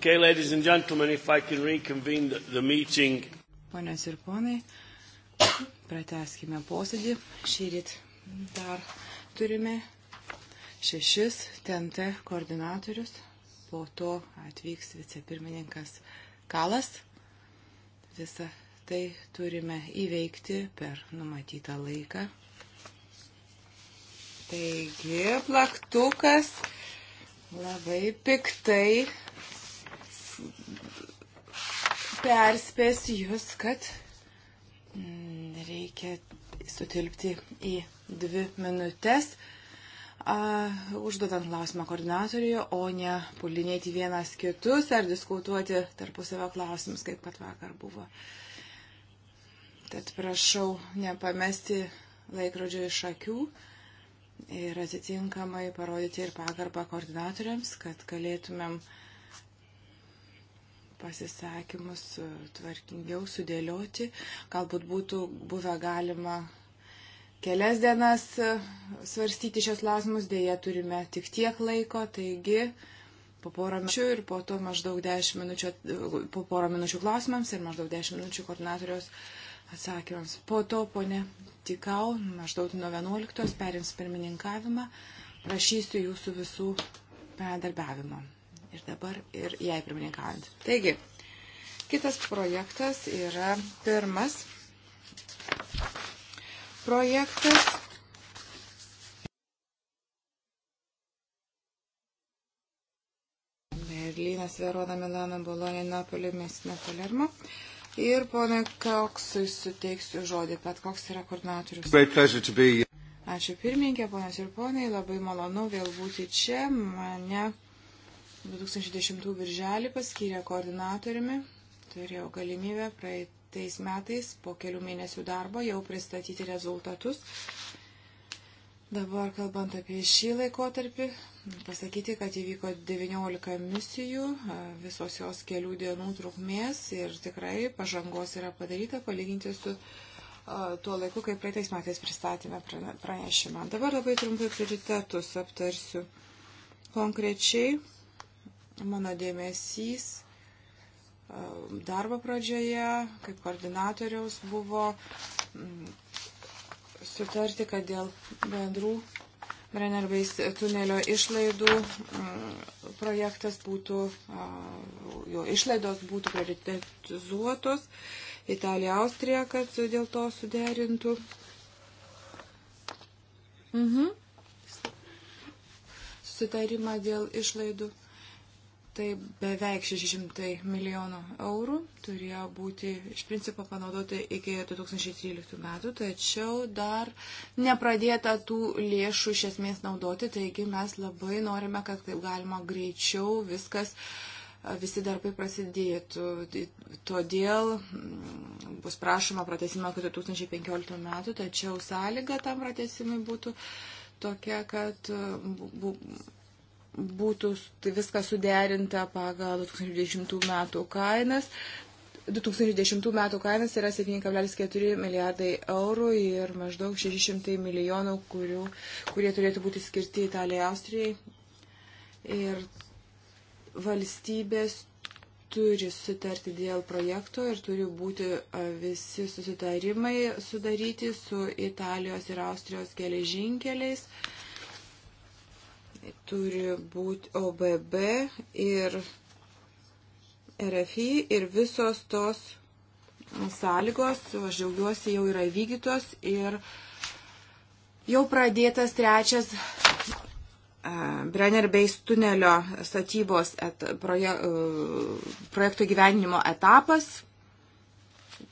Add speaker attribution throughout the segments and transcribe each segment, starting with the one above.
Speaker 1: Okay, ladies and gentlemen, if I can reconvene the, the meeting. Ponios ir ponai, prateskime posėdį. Šįryt dar turime šešis TNT koordinatorius. Po to atvyks vicepirmininkas Kalas. Visą tai turime įveikti per numatytą laiką. Taigi, plaktukas labai piktai perspės jūs, kad mm, reikia sutilpti į dvi minutės, uh, užduodant klausimą koordinatoriui, o ne pulinėti vienas kitus ar diskutuoti tarpusavio klausimus, kaip pat vakar buvo. Tad prašau nepamesti laikrodžio iš akių ir atitinkamai parodyti ir pagarbą koordinatoriams, kad galėtumėm uh, pasisakymus e, tvarkingiau sudėlioti. Galbūt būtų buvę galima kelias dienas e, svarstyti šios lasmus, dėja turime tik tiek laiko, taigi po porą minučių ir po to maždaug 10 minučių, e, po porą minučių klausimams ir maždaug 10 minučių koordinatorios atsakymams. Po to, ponė Tikau, maždaug nuo 11 perims pirmininkavimą, prašysiu jūsų visų bendarbiavimo ir dabar ir jai pirmininkaujant. Taigi, kitas projektas yra pirmas projektas. Berlynas, Verona, Milano, Bolonija, Napoli, Mesina, Palermo. Ir ponai Koksui suteiksiu žodį, pat koks yra koordinatorius. Ačiū pirmininkė, ponas ir ponai, labai malonu vėl būti čia. Mane 2010 birželį paskyrė koordinatoriumi. Turėjau galimybę praeitais metais po kelių mėnesių darbo jau pristatyti rezultatus. Dabar kalbant apie šį laikotarpį, pasakyti, kad įvyko 19 misijų, visos jos kelių dienų trukmės ir tikrai pažangos yra padaryta palyginti su tuo laiku, kai praeitais metais pristatėme pranešimą. Dabar labai trumpai prioritetus aptarsiu konkrečiai mano dėmesys darbo pradžioje, kaip koordinatoriaus, buvo mm, sutarti, kad dėl bendrų Brennerbeis tunelio išlaidų mm, projektas būtų, jo išlaidos būtų prioritetizuotos, Italija, Austrija, kad dėl to suderintų. Mhm. Sutarimą dėl išlaidų tai beveik 600 milijonų eurų turėjo būti iš principo panaudoti iki 2013 metų, tačiau dar nepradėta tų lėšų iš esmės naudoti, taigi mes labai norime, kad kaip galima greičiau viskas, visi darbai prasidėtų. Tai todėl mm, bus prašoma pratesimo iki 2015 metų, tačiau sąlyga tam pratesimui būtų tokia, kad bu, bu, būtų tai viskas suderinta pagal 2010 metų kainas. 2010 metų kainas yra 7,4 milijardai eurų ir maždaug 600 milijonų, kurių, kurie turėtų būti skirti Italijai, Austrijai. Ir valstybės turi sutarti dėl projekto ir turi būti visi susitarimai sudaryti su Italijos ir Austrijos geležinkeliais. Uh, turi būti OBB ir RFI ir visos tos sąlygos, aš džiaugiuosi, jau yra įvykdytos ir jau pradėtas trečias e, Brenner Base tunelio statybos et, proje, e, projekto gyvenimo etapas,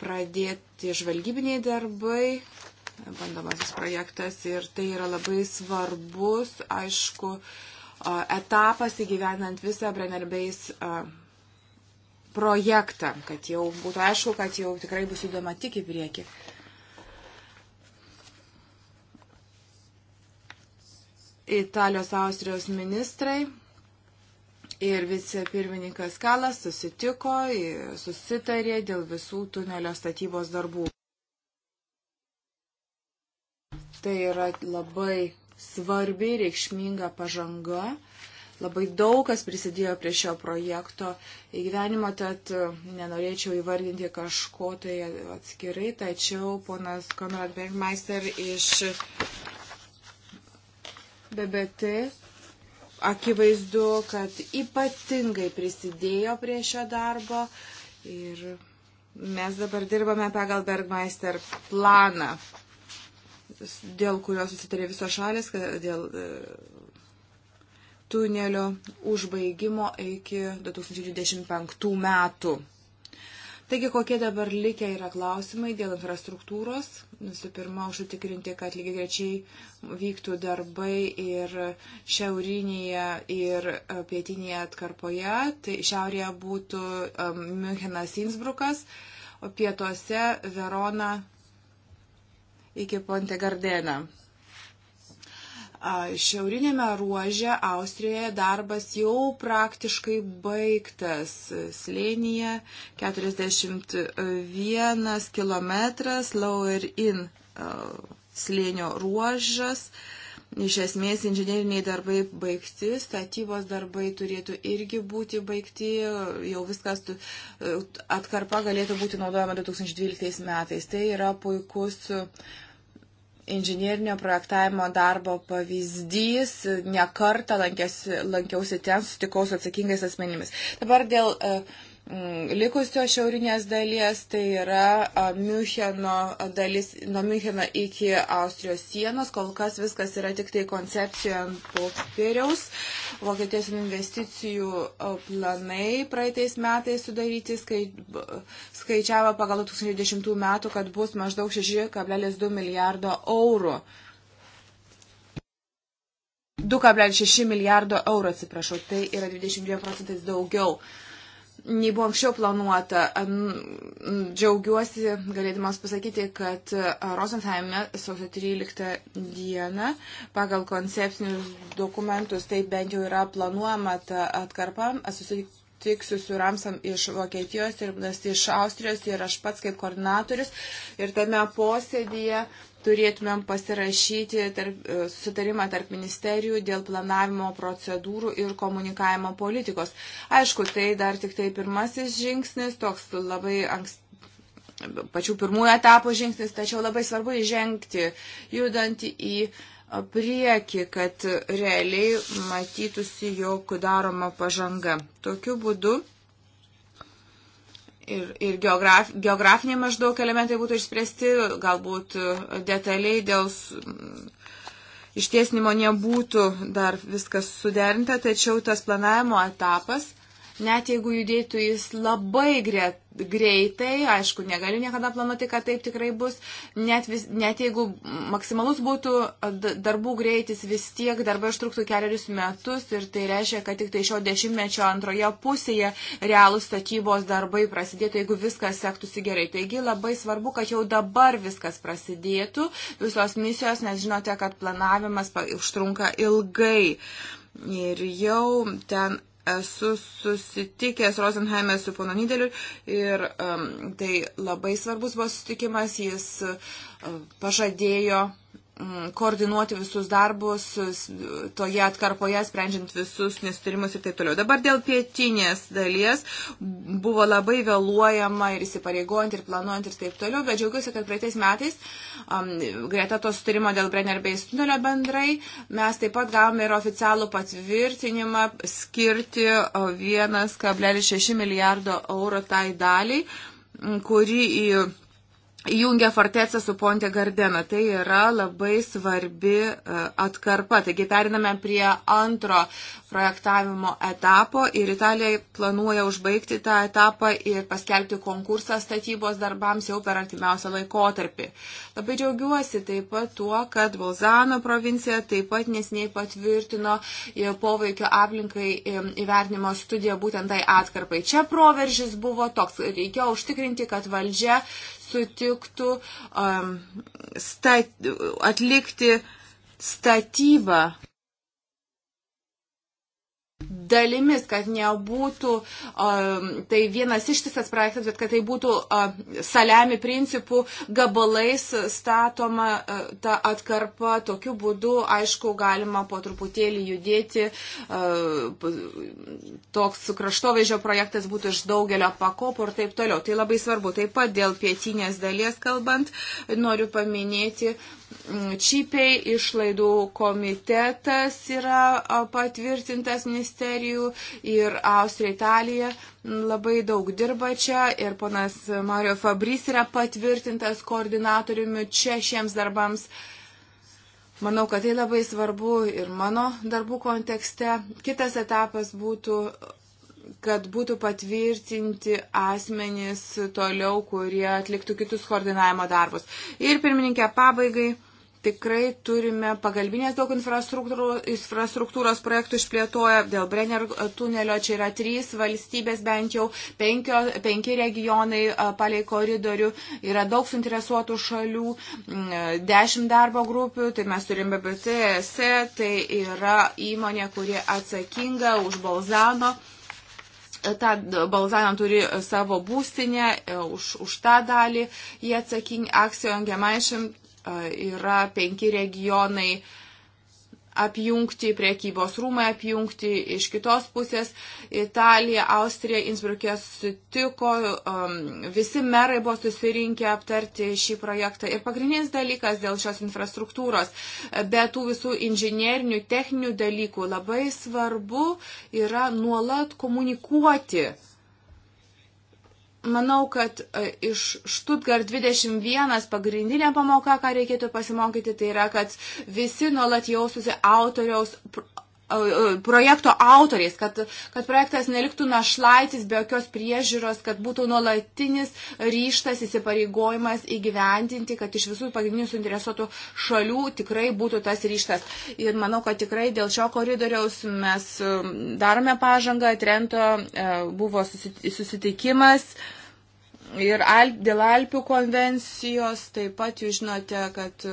Speaker 1: pradėti žvalgybiniai darbai, bandomasis projektas ir tai yra labai svarbus, aišku, etapas įgyvenant visą Brennerbeis projektą, kad jau būtų aišku, kad jau tikrai bus įdoma tik į priekį. Italijos Austrijos ministrai ir vicepirmininkas Kalas susitiko, susitarė dėl visų tunelio statybos darbų. tai yra labai svarbi, reikšminga pažanga. Labai daug kas prisidėjo prie šio projekto įgyvenimo, tad e, nenorėčiau įvardinti kažko tai atskirai, tačiau ponas Konrad Bergmeister iš BBT akivaizdu, kad ypatingai prisidėjo prie šio darbo ir mes dabar dirbame pagal Bergmeister planą dėl kurios susitarė visos šalis, dėl e, tunelio užbaigimo iki 2025 metų. Taigi, kokie dabar likę yra klausimai dėl infrastruktūros? Visų pirma, užtikrinti, kad lygiai grečiai vyktų darbai ir šiaurinėje, ir e, pietinėje atkarpoje. Tai šiaurėje būtų um, e, Münchenas Innsbrukas, o pietuose Verona, iki Ponte Gardena. Šiaurinėme ruože Austrijoje darbas jau praktiškai baigtas. Slėnyje 41 km Lower In slėnio ruožas. Iš esmės inžinieriniai darbai baigti, statybos darbai turėtų irgi būti baigti, jau viskas e, atkarpa galėtų būti naudojama 2012 metais. Tai yra puikus uh, inžinierinio projektavimo darbo pavyzdys, nekartą lankiausi ten, sutikau su atsakingais asmenimis. Dabar dėl uh, Mm, likusios šiaurinės dalies, tai yra Müncheno dalis, nuo Müncheno iki Austrijos sienos, kol kas viskas yra tik tai koncepcija ant popieriaus. Vokietijos investicijų planai praeitais metais sudaryti skai, skaičiavo pagal 2010 metų, kad bus maždaug 6,2 milijardo eurų. 2,6 milijardo eurų, atsiprašau, tai yra 22 procentais daugiau. Uh, nei buvo anksčiau planuota. Džiaugiuosi, galėdamas pasakyti, kad e, Rosenheime sausio 13 dieną pagal koncepcinius dokumentus taip bent jau yra planuojama ta atkarpa. Susitiksiu su Ramsam iš Vokietijos ir iš Austrijos ir aš pats kaip koordinatorius. Ir tame posėdėje turėtumėm pasirašyti tarp, e, susitarimą tarp ministerijų dėl planavimo procedūrų ir komunikavimo politikos. Aišku, tai dar tik tai pirmasis žingsnis, toks labai anksti pačių pirmųjų etapų žingsnis, tačiau labai svarbu įžengti, judant į priekį, kad realiai matytųsi, jog daroma pažanga. Tokiu būdu ir, ir geograf, geografiniai maždaug elementai būtų išspręsti, galbūt detaliai dėl ištiesnimo nebūtų dar viskas suderinta, tačiau tas planavimo etapas net jeigu judėtų jis labai greit, greitai, aišku, negaliu niekada planuoti, kad taip tikrai bus, net, vis, net jeigu maksimalus būtų darbų greitis, vis tiek darbai užtruktų keliarius metus ir tai reiškia, kad tik tai šio dešimtmečio antroje pusėje realūs statybos darbai prasidėtų, jeigu viskas sektųsi gerai. Taigi labai svarbu, kad jau dabar viskas prasidėtų, visos misijos, nes žinote, kad planavimas užtrunka ilgai. Ir jau ten esu susitikęs Rosenheime su pono Nideliu ir um, tai labai svarbus buvo susitikimas, jis uh, pažadėjo Mm, koordinuoti visus darbus toje atkarpoje, sprendžiant visus nesutarimus ir taip toliau. Dabar dėl pietinės dalies buvo labai vėluojama ir įsipareigojant ir planuojant ir taip toliau, bet džiaugiuosi, kad praeitais metais um, greta to sutarimo dėl Brenner bei tunelio bendrai mes taip pat gavome ir oficialų patvirtinimą skirti 1,6 milijardo eurų tai daliai, kuri į jungia fortecę su Ponte Gardeną. Tai yra labai svarbi e, atkarpa. Taigi periname prie antro projektavimo etapo ir Italija planuoja užbaigti tą etapą ir paskelbti konkursą statybos darbams jau per artimiausią laikotarpį. Labai džiaugiuosi taip pat tuo, kad Bolzano provincija taip pat nesniai patvirtino e, poveikio aplinkai e, įvertinimo studiją būtent tai atkarpai. Čia proveržis buvo toks. Reikėjo užtikrinti, kad valdžia sutiktų um, stat, atlikti statybą dalimis, kad nebūtų um, tai vienas ištisas projektas, bet kad tai būtų um, saliami principų gabalais statoma uh, ta atkarpa. Tokiu būdu, aišku, galima po truputėlį judėti. Uh, toks kraštovaizdžio projektas būtų iš daugelio pakopų ir taip toliau. Tai labai svarbu. Taip pat dėl pietinės dalies kalbant, noriu paminėti. Čipiai išlaidų komitetas yra patvirtintas ministerijos ministerijų ir Austrija, Italija labai daug dirba čia ir ponas Mario Fabrys yra patvirtintas koordinatoriumi čia šiems darbams. Manau, kad tai labai svarbu ir mano darbų kontekste. Kitas etapas būtų kad būtų patvirtinti asmenys toliau, kurie atliktų kitus koordinavimo darbus. Ir pirmininkė pabaigai tikrai turime pagalbinės daug infrastruktūros, infrastruktūros projektų išplėtoję. Dėl Brenner tunelio čia yra trys valstybės, bent jau penkio, penki regionai palei koridorių. Yra daug suinteresuotų šalių, e, dešimt darbo grupių. Tai mes turime BBTS, tai yra įmonė, kuri atsakinga už Balzano e, ta Balzano turi e, savo būstinę, už, už tą dalį jie atsakingi, akcijo Angemaišim E, yra penki regionai apjungti, priekybos rūmai apjungti, iš kitos pusės Italija, Austrija, Innsbruckė sutiko, um, visi merai buvo susirinkę aptarti šį projektą. Ir pagrindinis dalykas dėl šios infrastruktūros, be tų visų inžinierinių, techninių dalykų, labai svarbu yra nuolat komunikuoti Manau, kad e, iš Stuttgart 21 pagrindinė pamoka, ką reikėtų pasimokyti, tai yra, kad visi nuolat jaustusi autoriaus projekto autoriais, kad, kad projektas neliktų našlaitis be jokios priežiūros, kad būtų nuolatinis ryštas įsipareigojimas įgyvendinti, kad iš visų pagrindinių suinteresuotų šalių tikrai būtų tas ryštas. Ir manau, kad tikrai dėl šio koridoriaus mes um, darome pažangą. Trento uh, buvo susitikimas. Ir Alp, dėl Alpių konvencijos taip pat jūs žinote, kad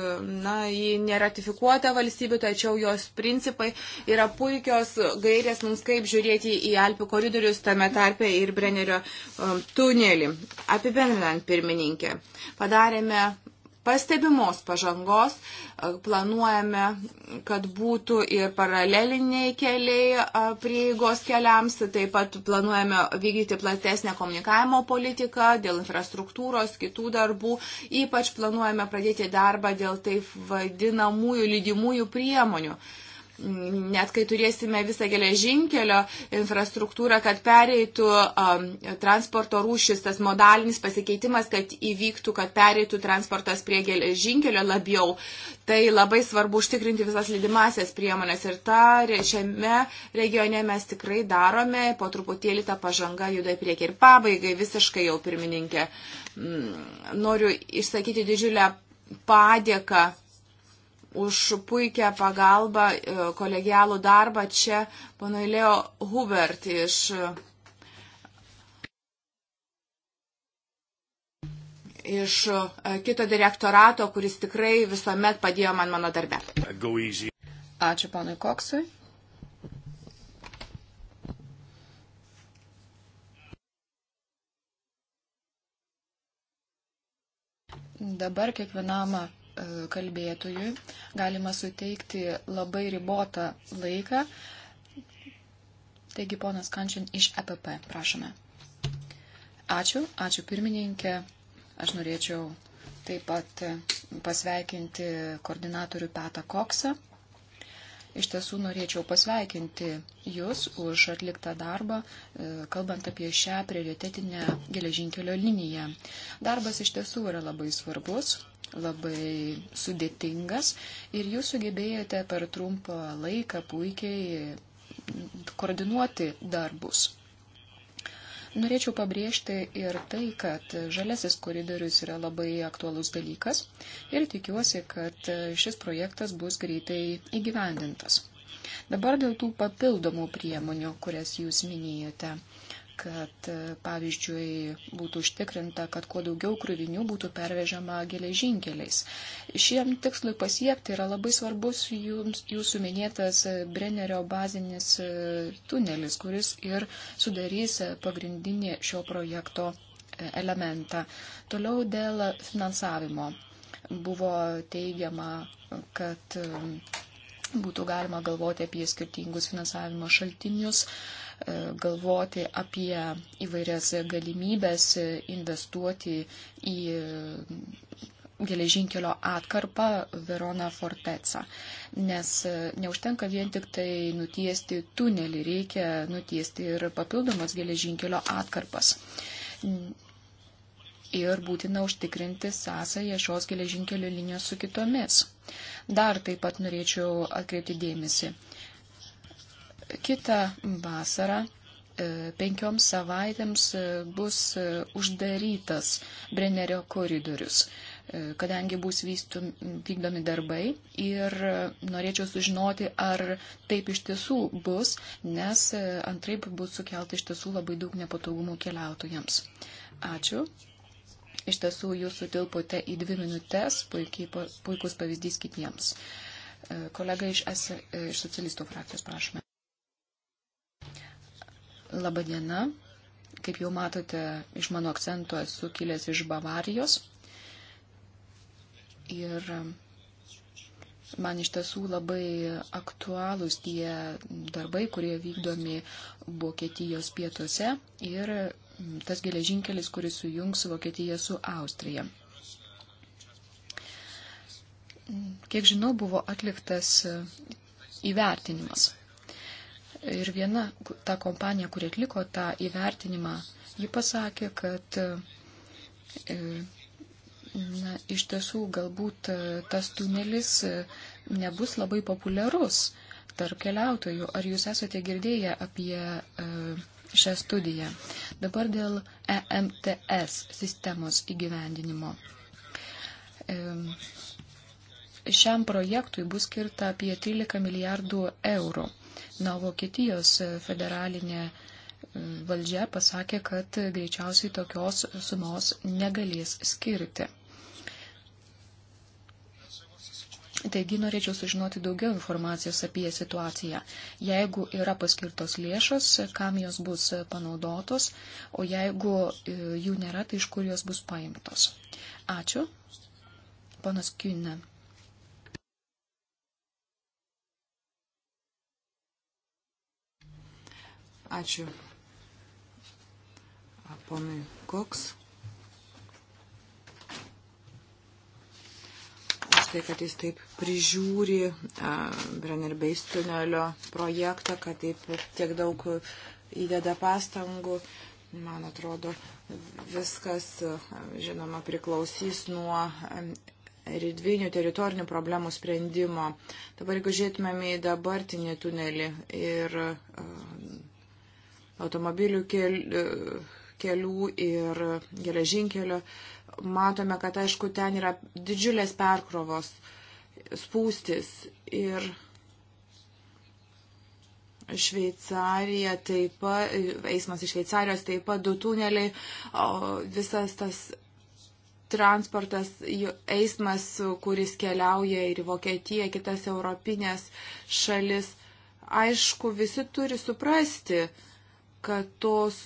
Speaker 1: na, jį neratifikuota valstybių, tačiau jos principai yra puikios gairės mums, kaip žiūrėti į Alpių koridorius tame tarpe ir Brenerio um, tunelį. Apibendrinant pirmininkę, padarėme pastebimos pažangos. Planuojame, kad būtų ir paraleliniai keliai prieigos keliams, taip pat planuojame vykdyti platesnę komunikavimo politiką dėl infrastruktūros, kitų darbų. Ypač planuojame pradėti darbą dėl taip vadinamųjų lydimųjų priemonių. Uh, net kai turėsime visą geležinkelio infrastruktūrą, kad pereitų um, transporto rūšis, tas modalinis pasikeitimas, kad įvyktų, kad pereitų transportas prie geležinkelio labiau, tai labai svarbu užtikrinti visas lydimasias priemonės ir tą šiame regione mes tikrai darome, po truputėlį ta pažanga juda į priekį. Ir pabaigai visiškai jau pirmininkė, mm, noriu išsakyti didžiulę padėką už puikią pagalbą, e, kolegialų darbą. Čia pono Leo Hubert iš. Iš e, kito direktorato, kuris tikrai visuomet padėjo man mano darbe. Ačiū ponui Koksui.
Speaker 2: Dabar kiekvienam E, kalbėtojui galima suteikti labai ribotą laiką. Taigi, ponas Kančian iš EPP, prašome. Ačiū, ačiū pirmininkė. Aš norėčiau taip pat pasveikinti koordinatorių Petą Koksą Iš tiesų norėčiau pasveikinti Jūs už atliktą darbą, e, kalbant apie šią prioritetinę geležinkelio liniją. Darbas iš tiesų yra labai svarbus, labai sudėtingas ir Jūs sugebėjote per trumpą laiką puikiai koordinuoti darbus. Norėčiau pabrėžti ir tai, kad žalesis koridorius yra labai aktualus dalykas ir tikiuosi, kad šis projektas bus greitai įgyvendintas. Dabar dėl tų papildomų priemonių, kurias jūs minėjote kad, e, pavyzdžiui, būtų užtikrinta, kad kuo daugiau krūvinių būtų pervežama geležinkeliais. Šiem tikslui pasiekti yra labai svarbus jums, jūsų minėtas e, Brennerio bazinis e, tunelis, kuris ir sudarys pagrindinį šio projekto elementą. Toliau dėl finansavimo. Buvo teigiama, kad Būtų galima galvoti apie skirtingus finansavimo šaltinius, e, galvoti apie įvairias galimybės investuoti į geležinkelio atkarpą Verona Forteca. Nes e, neužtenka vien tik tai nutiesti tunelį, reikia nutiesti ir papildomas geležinkelio atkarpas. Ir būtina užtikrinti sąsąją šios geležinkelio linijos su kitomis. Dar taip pat norėčiau atkreipti dėmesį. Kita vasara e, penkioms savaitėms e, bus e, uždarytas Brennerio koridorius kadangi bus vystum, vykdomi darbai ir norėčiau sužinoti, ar taip iš tiesų bus, nes antraip bus sukelta iš tiesų labai daug nepatogumų keliautojams. Ačiū. Iš tiesų, jūs sutilpote į dvi minutės, puikiai, puikus pavyzdys kitiems. E, kolega iš, S, e, iš socialistų frakcijos, prašome. Labadiena. Kaip jau matote, iš mano akcento esu kilęs iš Bavarijos. Ir e, man iš tiesų labai aktualūs tie darbai, kurie vykdomi Vokietijos pietuose ir tas geležinkelis, kuris sujungs Vokietiją su Austrija. Kiek žinau, buvo atliktas e, įvertinimas. Ir viena ta kompanija, kuri atliko tą įvertinimą, ji pasakė, kad e, na, iš tiesų galbūt e, tas tunelis nebus labai populiarus tarp keliautojų. Ar jūs esate girdėję apie uh, šią studiją. Dabar dėl EMTS sistemos įgyvendinimo. Šiam projektui bus skirta apie 13 milijardų eurų. Na, Vokietijos federalinė e, valdžia pasakė, kad greičiausiai tokios sumos negalės skirti. Taigi norėčiau sužinoti daugiau informacijos apie situaciją. Jeigu yra paskirtos lėšos, kam jos bus panaudotos, o jeigu e, jų nėra, tai iš kur jos bus paimtos. Ačiū. Panas Kyne.
Speaker 1: Ačiū. Ponui Koks. tai, kad jis taip prižiūri Brenner Beistunelio projektą, kad taip tiek daug įdeda pastangų. Man atrodo, viskas, žinoma, priklausys nuo erdvinių teritorinių problemų sprendimo. Dabar, jeigu žiūrėtumėme į dabartinį tunelį ir automobilių kelių ir geležinkelio matome, kad aišku, ten yra didžiulės perkrovos, spūstis ir Šveicarija taip pat, eismas iš Šveicarijos taip pat, du tuneliai, visas tas transportas, eismas, kuris keliauja ir į Vokietiją, kitas europinės šalis. Aišku, visi turi suprasti, kad tos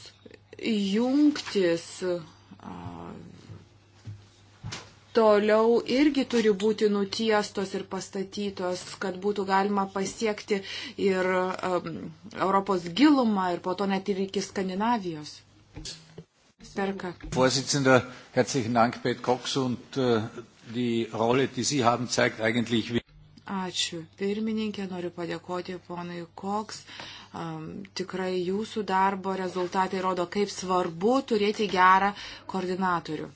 Speaker 1: jungtis toliau irgi turi būti nutiestos ir pastatytos, kad būtų galima pasiekti ir um, Europos gilumą ir po to net ir iki Skandinavijos. Perka. Vorsitzender,
Speaker 3: herzlichen Dank, Pet Cox, und äh, die Rolle, die Sie haben, zeigt eigentlich, wie.
Speaker 1: Ačiū. Pirmininkė, noriu padėkoti ponui Koks. Um, tikrai jūsų darbo rezultatai rodo, kaip svarbu turėti gerą koordinatorių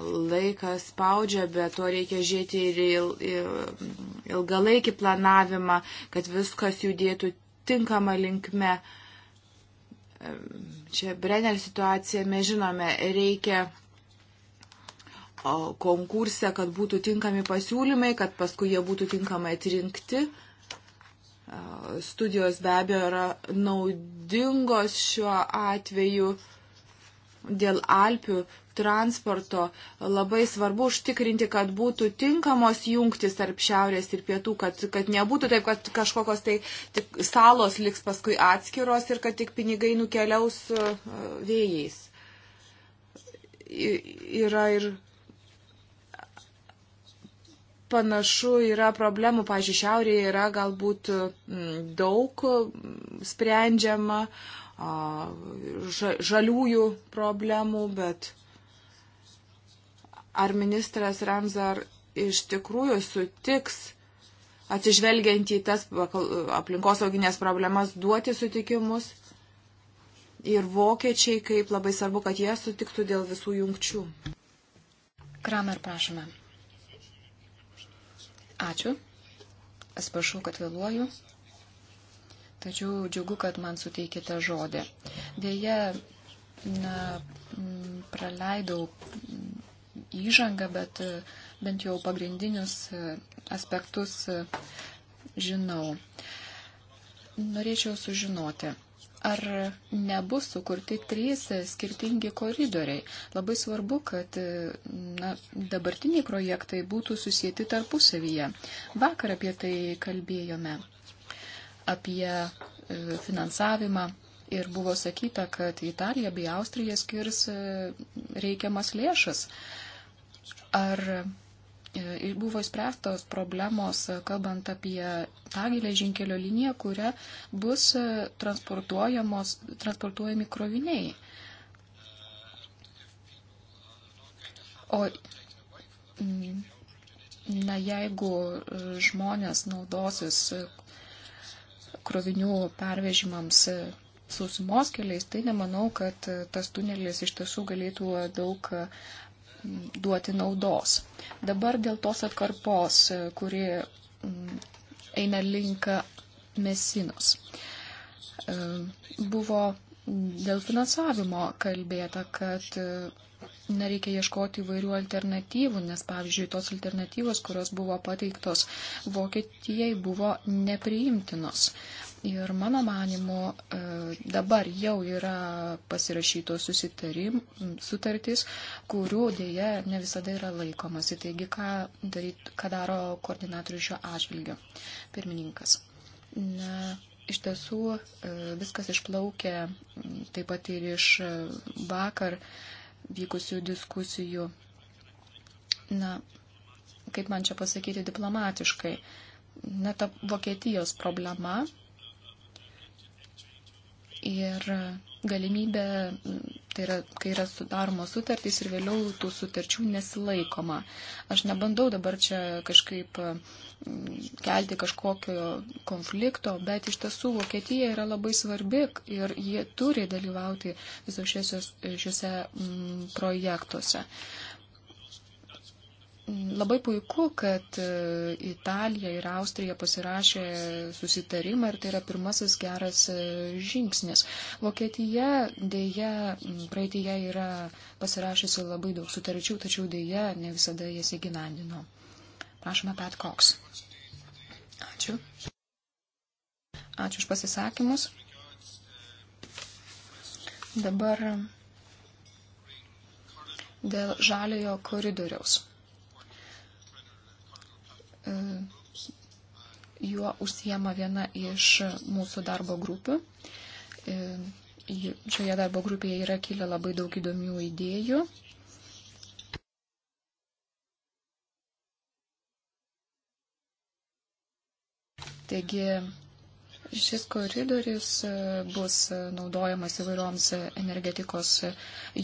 Speaker 1: laikas spaudžia, bet to reikia žiūrėti ir ilgalaikį planavimą, kad viskas judėtų tinkama linkme. Čia Brenner situacija, mes žinome, reikia konkurse, kad būtų tinkami pasiūlymai, kad paskui jie būtų tinkamai atrinkti. Studijos be abejo yra naudingos šiuo atveju dėl Alpių transporto labai svarbu užtikrinti, kad būtų tinkamos jungtis tarp šiaurės ir pietų, kad, kad nebūtų taip, kad kažkokios tai salos liks paskui atskiros ir kad tik pinigai nukeliaus e, vėjais. Yra ir panašu yra problemų, pažiūrėjau, šiaurėje yra galbūt daug sprendžiama žaliųjų problemų, bet ar ministras Ramzar iš tikrųjų sutiks, atsižvelgiant į tas aplinkosauginės problemas, duoti sutikimus. Ir vokiečiai, kaip labai svarbu, kad jie sutiktų dėl visų jungčių. Kramer, prašome.
Speaker 2: Ačiū. Atsiprašau, kad vėluoju. Tačiau džiugu, kad man suteikite žodį. Dėje na, praleidau įžangą, bet e, bent jau pagrindinius e, aspektus e, žinau. Norėčiau sužinoti, ar nebus sukurti trys skirtingi koridoriai. Labai svarbu, kad na, dabartiniai projektai būtų susijęti tarpusavyje. Vakar apie tai kalbėjome, apie finansavimą ir buvo sakyta, kad Italija bei Austrija skirs reikiamas lėšas. Ar e, buvo įspręstos problemos, kalbant apie tą geležinkelio liniją, kuria bus e, transportuojami kroviniai. O na, jeigu e, žmonės naudosis krovinių pervežimams sausumos keliais, tai nemanau, kad tas tunelis iš tiesų galėtų daug duoti naudos. Dabar dėl tos atkarpos, e, kuri mm, eina link mesinos. E, buvo dėl finansavimo kalbėta, kad e, nereikia ieškoti įvairių alternatyvų, nes, pavyzdžiui, tos alternatyvos, kurios buvo pateiktos Vokietijai, buvo nepriimtinos. Ir mano manimu, e, dabar jau yra pasirašytos susitarim, sutartys, kurių dėje ne visada yra laikomasi. Taigi, ką, daryt, ką daro koordinatorius šio atžvilgiu? Pirmininkas. Na, iš tiesų, e, viskas išplaukė taip pat ir iš e, vakar vykusių diskusijų. Na, kaip man čia pasakyti diplomatiškai. Na, ta Vokietijos problema ir galimybė, tai yra, kai yra sudaromos sutartys ir vėliau tų sutarčių nesilaikoma. Aš nebandau dabar čia kažkaip mm, kelti kažkokio konflikto, bet iš tiesų Vokietija yra labai svarbi ir jie turi dalyvauti visose šiuose mm, projektuose. Labai puiku, kad e, Italija ir Austrija pasirašė susitarimą ir tai yra pirmasis geras e, žingsnis. Vokietija dėja praeitėje yra pasirašysi labai daug sutarčių, tačiau dėja ne visada jas įgyvendino. Prašome, Pat Cox. Ačiū. Ačiū už pasisakymus. Dabar dėl žaliojo koridoriaus E, juo užsiema viena iš mūsų darbo grupių. E, šioje darbo grupėje yra kilę labai daug įdomių idėjų. Taigi šis koridorius e, bus naudojamas įvairioms energetikos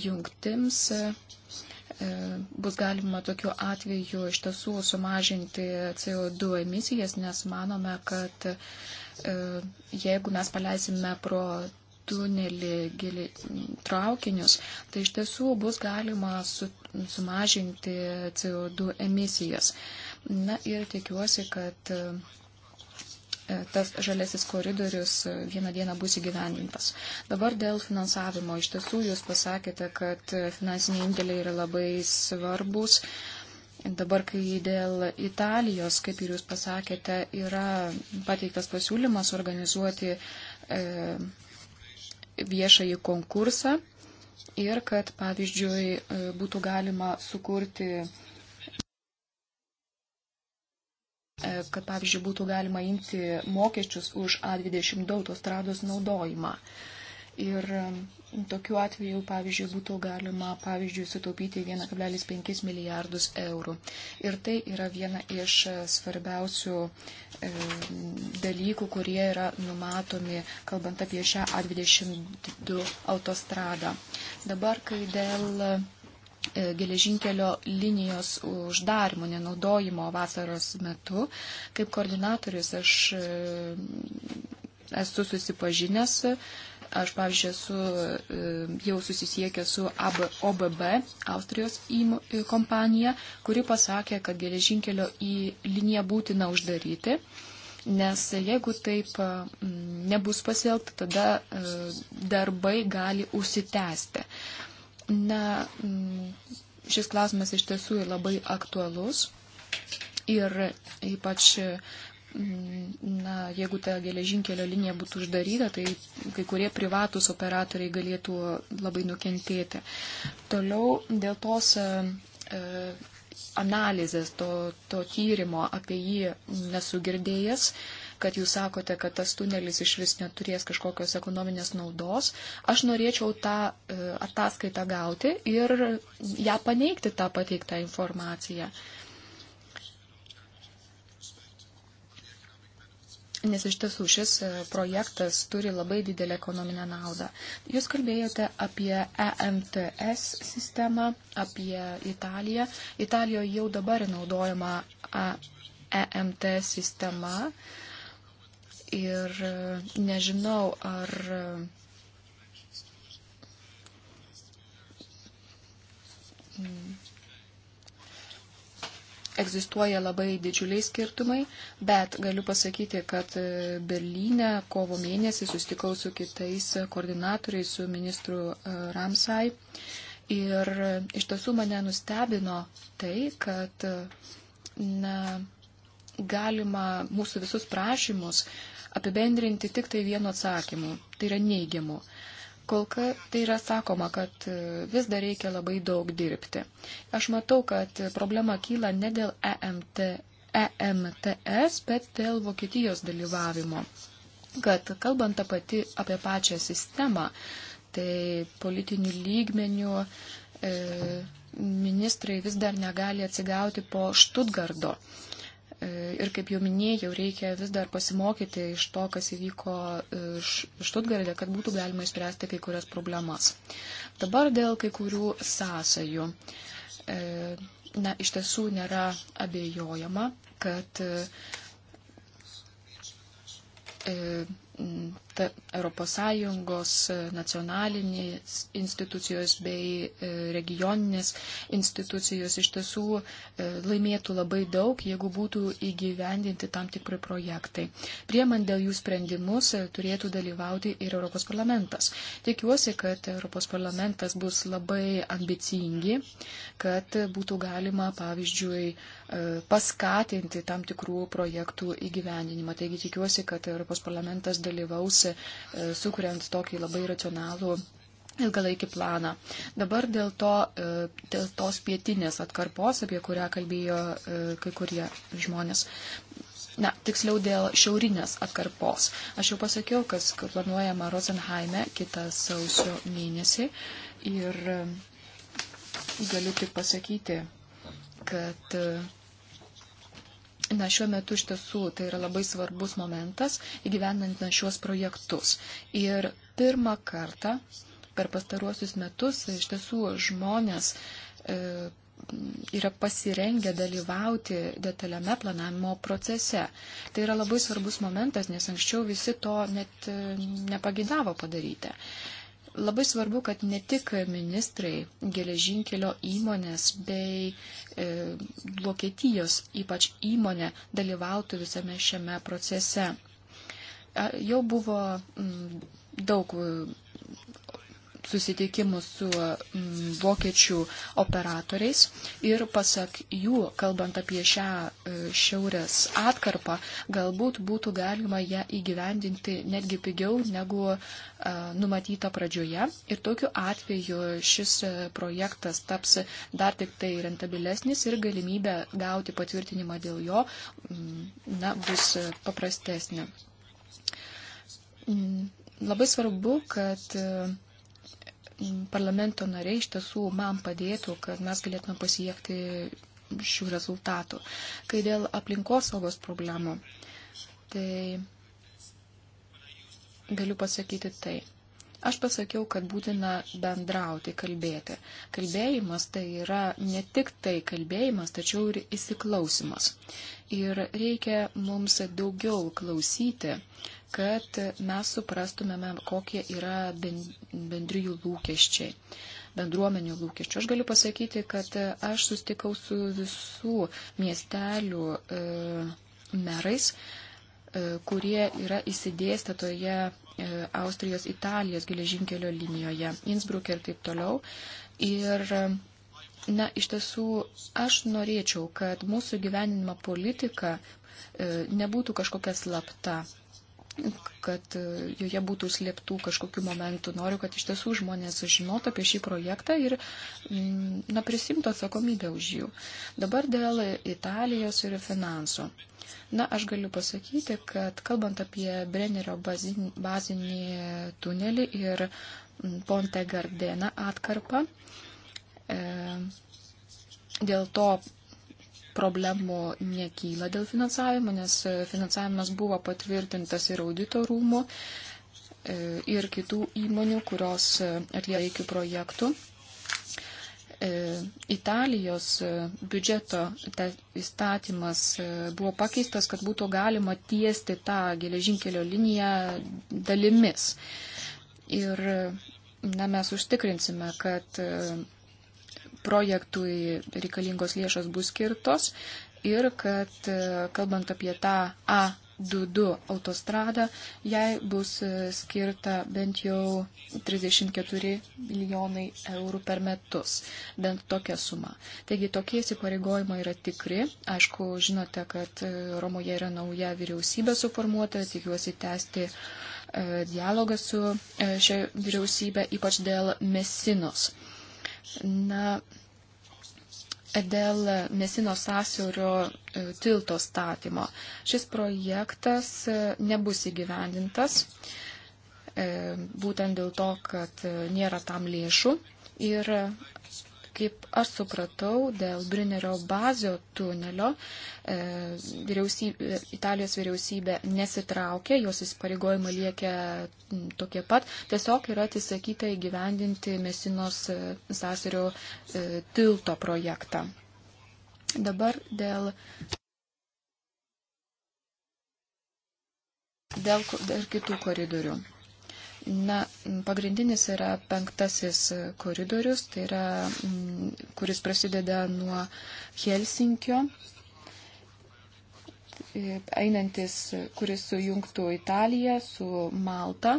Speaker 2: jungtims E, bus galima tokiu atveju iš tiesų sumažinti CO2 emisijas, nes manome, kad e, jeigu mes paleisime pro tunelį gili, traukinius, tai iš tiesų bus galima su, sumažinti CO2 emisijas. Na ir tikiuosi, kad E, tas žalesis koridorius e, vieną dieną bus įgyvendintas. Dabar dėl finansavimo. Iš tiesų, jūs pasakėte, kad finansiniai indėliai yra labai svarbus. Dabar, kai dėl Italijos, kaip ir jūs pasakėte, yra pateiktas pasiūlymas organizuoti e, viešąjį konkursą ir kad, pavyzdžiui, e, būtų galima sukurti E, kad, pavyzdžiui, būtų galima imti mokesčius už A22 autostrados naudojimą. Ir e, tokiu atveju, pavyzdžiui, būtų galima, pavyzdžiui, sutaupyti 1,5 milijardus eurų. Ir tai yra viena iš e, svarbiausių e, dalykų, kurie yra numatomi, kalbant apie šią A22 autostradą. Dabar, kai dėl E, geležinkelio linijos uždarimo, nenaudojimo vasaros metu. Kaip koordinatorius aš e, esu susipažinęs, aš, pavyzdžiui, esu e, jau susisiekęs su AB, OBB, Austrijos kompanija, kuri pasakė, kad geležinkelio į liniją būtina uždaryti. Nes jeigu taip nebus pasielgta, tada darbai gali užsitęsti. Na, mm, šis klausimas iš tiesų yra labai aktualus ir ypač mm, na, jeigu ta geležinkelio linija būtų uždaryta, tai kai kurie privatus operatoriai galėtų labai nukentėti. Toliau dėl tos e, e analizės, to, to tyrimo apie jį nesugirdėjęs, kad jūs sakote, kad tas tunelis iš vis neturės kažkokios ekonominės naudos. Aš norėčiau tą e, ataskaitą gauti ir ją paneigti tą pateiktą informaciją. Nes iš tiesų šis e, projektas turi labai didelę ekonominę naudą. Jūs kalbėjote apie EMTS sistemą, apie Italiją. Italijoje jau dabar naudojama EMTS sistema. Uh, Ir e, nežinau, ar e, mm, egzistuoja labai didžiuliai skirtumai, bet galiu pasakyti, kad e, Berlyne kovo mėnesį sustikau su kitais koordinatoriais, su ministru Ramsai. Ir iš tiesų mane nustebino tai, kad na, galima mūsų visus prašymus apibendrinti tik tai vienu atsakymu, tai yra neigiamu. Kol kas tai yra sakoma, kad e, vis dar reikia labai daug dirbti. Aš matau, kad problema kyla ne dėl EMT, EMTS, bet dėl Vokietijos dalyvavimo. Kad kalbant pati, apie pačią sistemą, tai politinių lygmenių e, ministrai vis dar negali atsigauti po Štutgardo. E, E, ir kaip jau minėjau, reikia vis dar pasimokyti iš to, kas įvyko e, Štutgardė, kad būtų galima išspręsti kai kurias problemas. Dabar dėl kai kurių sąsajų. E, na, iš tiesų nėra abejojama, kad ES nacionalinės institucijos bei e, regioninės institucijos iš tiesų e, laimėtų labai daug, jeigu būtų įgyvendinti tam tikri projektai. Priemant dėl jų sprendimus e, turėtų dalyvauti ir Europos parlamentas. Tikiuosi, kad Europos parlamentas bus labai ambicingi, kad būtų galima, pavyzdžiui, E, paskatinti tam tikrų projektų įgyvendinimą. Taigi tikiuosi, kad Europos parlamentas dalyvaus, e, sukuriant tokį labai racionalų ilgalaikį planą. Dabar dėl, to, e, dėl tos pietinės atkarpos, apie kurią kalbėjo kai kurie žmonės. Na, tiksliau dėl šiaurinės atkarpos. Aš jau pasakiau, kas planuojama Rosenheime kitą sausio mėnesį ir galiu tik pasakyti, kad Na, šiuo metu iš tiesų tai yra labai svarbus momentas įgyvenant na šiuos projektus. Ir pirmą kartą per pastaruosius metus iš tiesų žmonės e, yra pasirengę dalyvauti detaliame planavimo procese. Tai yra labai svarbus momentas, nes anksčiau visi to net e, nepagidavo padaryti. E, Labai svarbu, kad ne tik ministrai, geležinkelio įmonės bei e, Vokietijos ypač įmonė dalyvautų visame šiame procese. Jau buvo m, daug susitikimus su mm, vokiečių operatoriais ir pasak jų, kalbant apie šią e, šiaurės atkarpą, galbūt būtų galima ją įgyvendinti netgi pigiau negu e, numatyta pradžioje. Ir tokiu atveju šis e, projektas taps dar tik tai rentabilesnis ir galimybė gauti patvirtinimą dėl jo mm, na, bus paprastesnė. Mm, labai svarbu, kad parlamento nariai iš tiesų man padėtų, kad mes galėtume pasiekti šių rezultatų. Kai dėl aplinkosaugos problemų, tai galiu pasakyti tai. Aš pasakiau, kad būtina bendrauti, kalbėti. Kalbėjimas tai yra ne tik tai kalbėjimas, tačiau ir įsiklausimas. Ir reikia mums daugiau klausyti, kad mes suprastumėme, kokie yra bendrijų lūkesčiai bendruomenių lūkesčių. Aš galiu pasakyti, kad aš sustikau su visų miestelių e, merais, e, kurie yra įsidėstę toje e, Austrijos Italijos geležinkelio linijoje, Innsbruck ir taip toliau. Ir Na, iš tiesų, aš norėčiau, kad mūsų gyvenimo politika e, nebūtų kažkokia slapta, kad e, joje būtų slėptų kažkokiu momentu. Noriu, kad iš tiesų žmonės žinotų apie šį projektą ir mm, na, prisimtų atsakomybę už jų. Dabar dėl Italijos ir finansų. Na, aš galiu pasakyti, kad kalbant apie Brennerio bazinį, bazinį tunelį ir mm, Ponte Gardeną atkarpą, E, dėl to problemų nekyla dėl finansavimo, nes finansavimas buvo patvirtintas ir audito rūmų, e, ir kitų įmonių, kurios atlieka iki projektų. E, Italijos biudžeto įstatymas buvo pakeistas, kad būtų galima tiesti tą geležinkelio liniją dalimis. Ir na, mes užtikrinsime, kad projektui reikalingos lėšos bus skirtos ir kad e, kalbant apie tą A22 autostradą, jai bus e, skirta bent jau 34 milijonai eurų per metus, bent tokia suma. Taigi tokie įsipareigojimai yra tikri. Aišku, žinote, kad e, Romoje yra nauja vyriausybė suformuota, tikiuosi tęsti dialogą su šia vyriausybė, ypač dėl Mesinos Na, dėl Mesino sąsiaurio e, tilto statymo. Šis projektas e, nebus įgyvendintas e, būtent dėl to, kad nėra tam lėšų ir Kaip aš supratau, dėl Brinerio bazio tunelio e, vyriausybė, Italijos vyriausybė nesitraukė, jos įsipareigojimai liekia tokie pat, tiesiog yra atsisakyta įgyvendinti Mesinos e, sąsirio e, tilto projektą. Dabar dėl. Dėl, dėl kitų koridorių. Na, pagrindinis yra penktasis koridorius, tai yra, mm, kuris prasideda nuo Helsinkio, einantis, kuris sujungtų Italiją su Malta.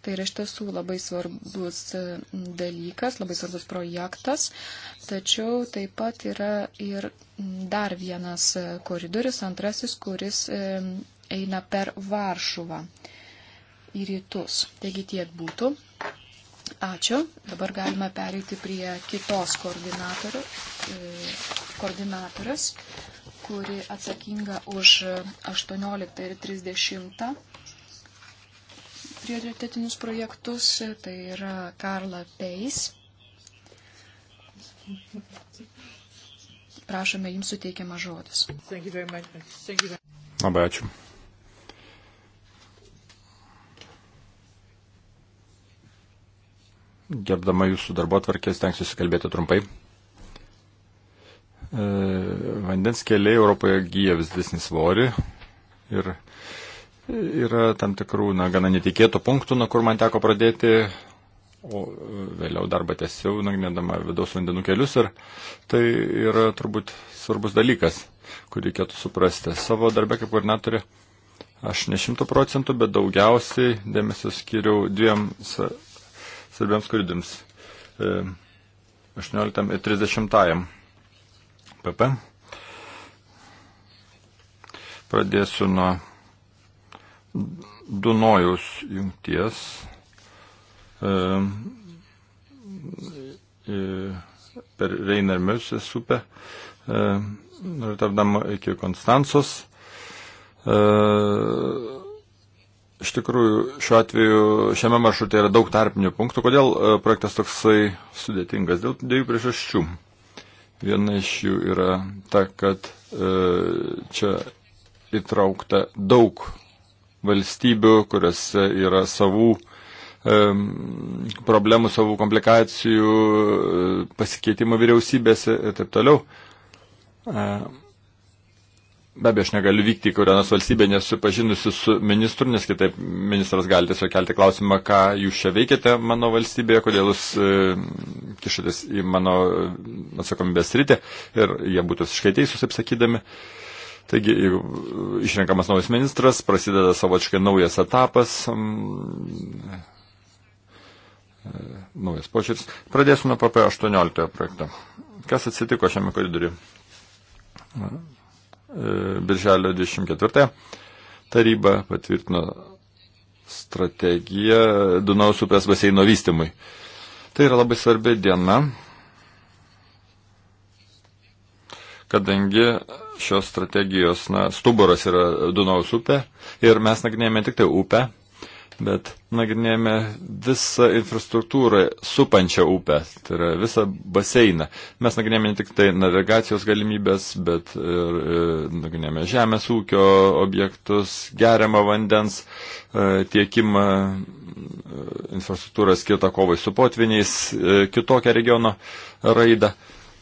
Speaker 2: Tai yra iš tiesų labai svarbus mm, dalykas, labai svarbus projektas. Tačiau taip pat yra ir mm, dar vienas koridorius, antrasis, kuris eina per Varšuvą į rytus. Taigi tiek būtų. Ačiū. Dabar galime pereiti prie kitos e, koordinatorės, kuri atsakinga už 18 ir 30 prioritetinius projektus. Tai yra Karla Peis. Prašome, jums suteikiamas žodis.
Speaker 3: Labai ačiū. Gerbdama jūsų darbo atvarkės, tenksiuosi kalbėti trumpai. E, vandens keliai Europoje gyja vis didesnį svorį ir yra tam tikrų, na, gana netikėtų punktų, nuo kur man teko pradėti, o vėliau darbą tęsiau, nagrinėdama vidaus vandenų kelius ir tai yra turbūt svarbus dalykas, kurį reikėtų suprasti. Savo darbę kaip koordinatorė aš ne šimtų procentų, bet daugiausiai dėmesio skiriau dviem svarbiams koridoriams. 18 e, ir 30 pp. Pradėsiu nuo Dunojaus jungties e, e, per Reinermiusės upę Rotterdamo iki Konstancos. Uh, Iš tikrųjų, šiuo atveju šiame maršrute yra daug tarpinių punktų. Kodėl e, projektas toksai sudėtingas? Dėl dviejų priežasčių. Viena iš jų yra ta, kad e, čia įtraukta daug valstybių, kuriuose yra savų e, problemų, savų komplikacijų, e, pasikeitimo vyriausybėse ir taip toliau. E, Be abejo, aš negaliu vykti į kurią nors valstybę nesupažinusi su ministru, nes kitaip ministras gali tiesiog kelti klausimą, ką jūs čia veikiate mano valstybėje, kodėl jūs e, kišatės į mano e, atsakomybės rytį ir jie būtų visiškai teisūs apsakydami. Taigi, jeigu e, išrenkamas naujas ministras, prasideda savočiai naujas etapas, m, e, naujas počiaris. Pradėsiu nuo PP18 projekto. Kas atsitiko šiame koridoriu? Birželio 24 taryba patvirtino strategiją Dunaus upės baseino vystimui. Tai yra labai svarbi diena, kadangi šios strategijos na, stuburas yra Dunaus upė ir mes nagrinėjame tik tai upę, bet nagrinėjame visą infrastruktūrą supančią upę, tai yra visą baseiną. Mes nagrinėjame ne tik tai navigacijos galimybės, bet ir, ir nagrinėjame žemės ūkio objektus, geriamą vandens e, tiekimą, e, infrastruktūrą skirtą kovai su potviniais, e, kitokią regiono raidą.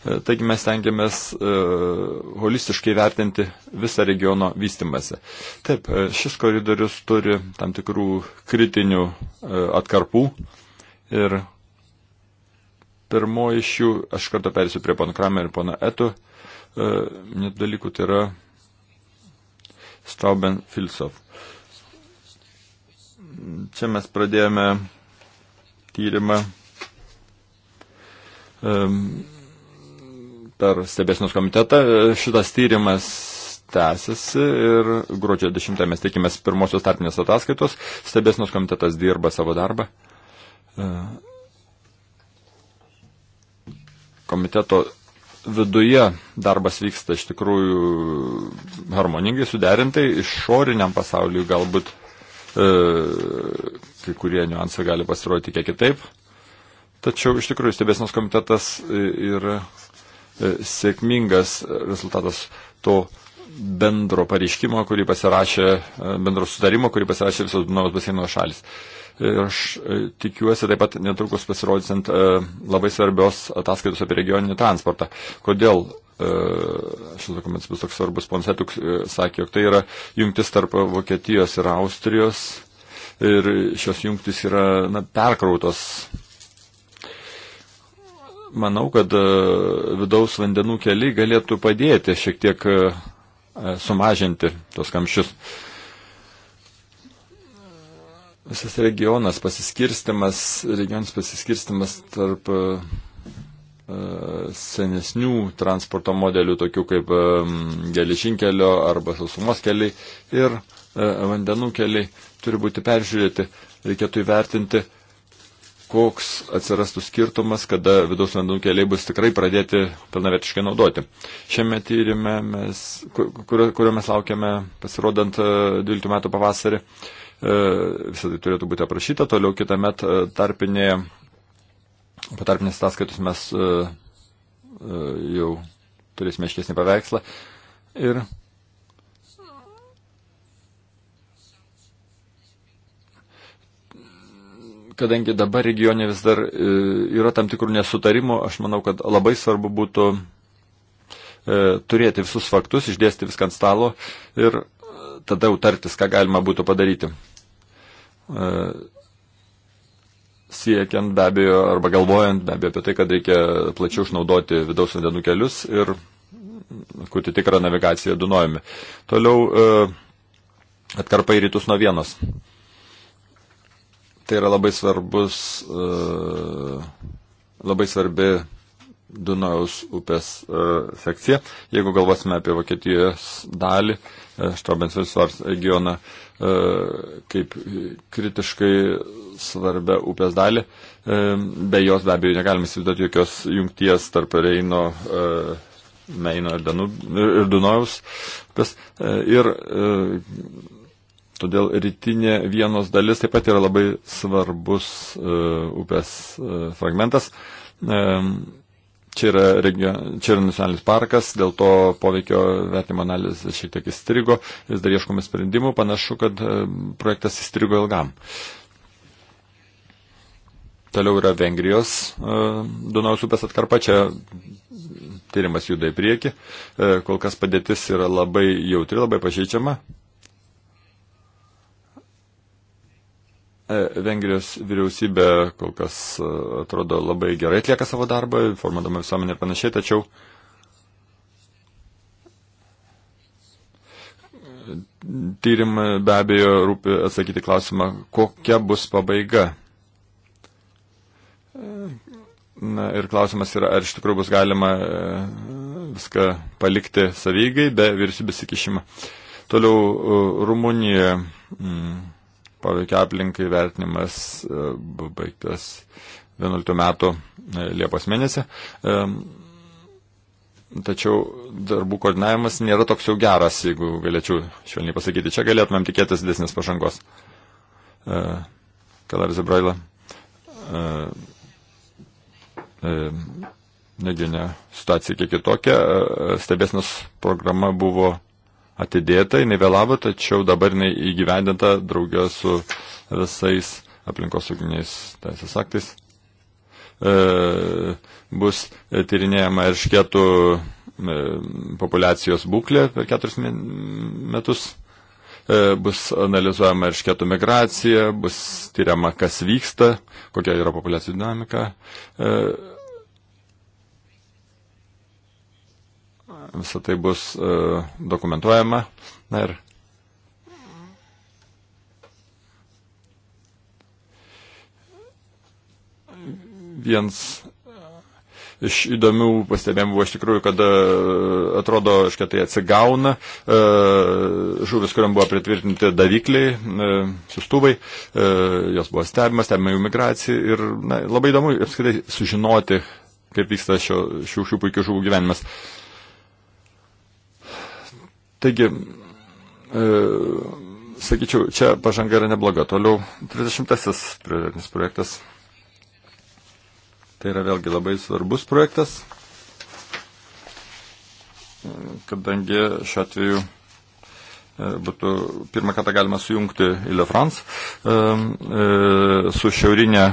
Speaker 3: E, taigi mes tengiamės uh, e, holistiškai vertinti visą regiono vystimąsi. Taip, e, šis koridorius turi tam tikrų kritinių uh, atkarpų ir pirmoji iš jų, aš kartą persiu prie pono Kramer ir pono Etu, uh, net dalykų tai yra Stauben Filsov. Čia mes pradėjome tyrimą. Um, per stebėsinos komitetą. E, šitas tyrimas tęsiasi ir gruodžio 10 mes tikimės pirmosios tarpinės ataskaitos. Stebėsinos komitetas dirba savo darbą. E, komiteto viduje darbas vyksta iš tikrųjų harmoningai suderintai, išoriniam pasauliu galbūt e, kai kurie niuansai gali pasirodyti kiek kitaip. Tačiau iš tikrųjų stebėsinos komitetas e, yra. Ir E, sėkmingas rezultatas to bendro pareiškimo, kurį pasirašė, e, bendro sutarimo, kurį pasirašė visos Dunavos baseino šalis. Ir aš e, tikiuosi taip pat netrukus pasirodysiant labai svarbios ataskaitos apie regioninį transportą. Kodėl šis dokumentas bus toks svarbus? Ponsetuk sakė, jog tai yra jungtis tarp Vokietijos ir Austrijos. Ir šios jungtis yra na, perkrautos Manau, kad e, vidaus vandenų keli galėtų padėti šiek tiek e, e, sumažinti tos kamščius. Visas regionas pasiskirstimas, regionas pasiskirstimas tarp senesnių transporto modelių, tokių kaip geležinkelio arba sausumos keliai ir vandenų keliai turi būti peržiūrėti. Reikėtų įvertinti koks atsirastų skirtumas, kada vidaus vandenų keliai bus tikrai pradėti pilnavertiškai naudoti. Šiame tyrimė, mes, kurio, kurio mes laukiame pasirodant 12 e, metų pavasarį, e, visą tai turėtų būti aprašyta, toliau kitą metą e, tarpinėje, po tarpinės ataskaitos mes jau turėsime aiškesnį paveikslą. Ir kadangi dabar regione vis dar e, yra tam tikrų nesutarimų, aš manau, kad labai svarbu būtų e, turėti visus faktus, išdėsti viską ant stalo ir e, tada utartis, ką galima būtų padaryti. Siekiant be abejo, arba galvojant be abejo apie tai, kad reikia plačiau išnaudoti vidaus vandenų kelius ir kurti tikrą navigaciją Dunojumi. Toliau atkarpa į rytus nuo vienos. Tai yra labai svarbus, e, labai svarbi Dunaus upės e, sekcija. Jeigu galvosime apie Vokietijos dalį, e, Štrobensvilsvars regioną kaip kritiškai svarbę upės dalį, be jos be abejo negalime įsivaizduoti jokios jungties tarp Reino Meino ir, Danub, ir Dunojaus. Ir, ir Todėl rytinė vienos dalis taip pat yra labai svarbus uh, upės uh, fragmentas. Um, čia yra, region, čia yra nacionalinis parkas, dėl to poveikio vertimo analizė šiek tiek įstrigo, vis dar ieškome sprendimų, panašu, kad projektas įstrigo ilgam. Toliau yra Vengrijos Dunaus upės atkarpa, čia tyrimas juda į priekį, kol kas padėtis yra labai jautri, labai pažeidžiama, E, Vengrijos vyriausybė kol kas e, atrodo labai gerai atlieka savo darbą, formuodama visuomenę ir panašiai, tačiau e, tyrimai be abejo rūpi atsakyti klausimą, kokia bus pabaiga. Na ir klausimas yra, ar iš tikrųjų bus galima viską palikti savygai be vyriausybės įkišimo. Toliau Rumunija. Mm, poveikia aplinkai vertinimas e, baigtas 11 metų e, Liepos mėnesį. E, tačiau darbų koordinavimas nėra toks jau geras, jeigu galėčiau švelniai pasakyti. Čia galėtumėm tikėtis didesnės pažangos. Kalaris Braila. Negi ne, situacija kiek kitokia. Stebėsnos programa buvo atidėta, jinai vėlavo, tačiau dabar jinai įgyvendinta draugė su visais aplinkosauginiais teisės aktais. E, bus tyrinėjama eršketų e, populacijos būklė per keturis metus e, bus analizuojama eršketų migracija, bus tyriama, kas vyksta, kokia yra populiacijų dinamika. E, visą tai bus e, dokumentuojama. Na ir viens iš įdomių pastebėjimų buvo iš tikrųjų, kad e, atrodo, kad tai atsigauna e, žuvis, kuriam buvo pritvirtinti davikliai, sustuvai, jos buvo stebimas, stebima jų migracija ir na, labai įdomu apskritai sužinoti, kaip vyksta šio, šių, šių puikių žuvų gyvenimas. Uh, Taigi, e, sakyčiau, čia pažanga yra nebloga. Toliau 30-asis prioritetinis projektas. Tai yra vėlgi labai svarbus projektas, kadangi šiuo atveju e, būtų pirmą kartą galima sujungti Ile France e, e, su šiaurinė,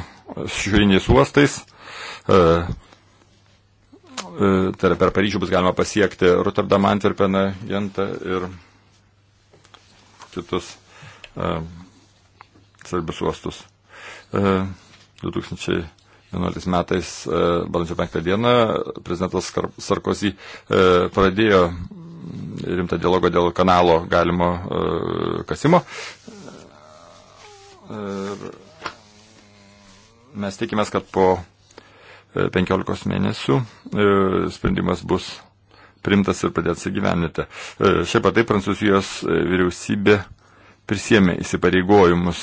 Speaker 3: su šiauriniais uostais, E, tai yra per Paryžių bus galima pasiekti Rotterdamą, Antverpeną, Gentą ir kitus uh, svarbius uostus. E, uh, 2011 metais, uh, balandžio 5 dieną, prezidentas Sarkozy uh, pradėjo rimtą dialogą dėl kanalo galimo uh, kasimo. Ir mes tikimės, kad po 15 mėnesių e, sprendimas bus primtas ir pradėtas įgyvendinti. E, šiaip ar taip Prancūzijos e, vyriausybė prisėmė įsipareigojimus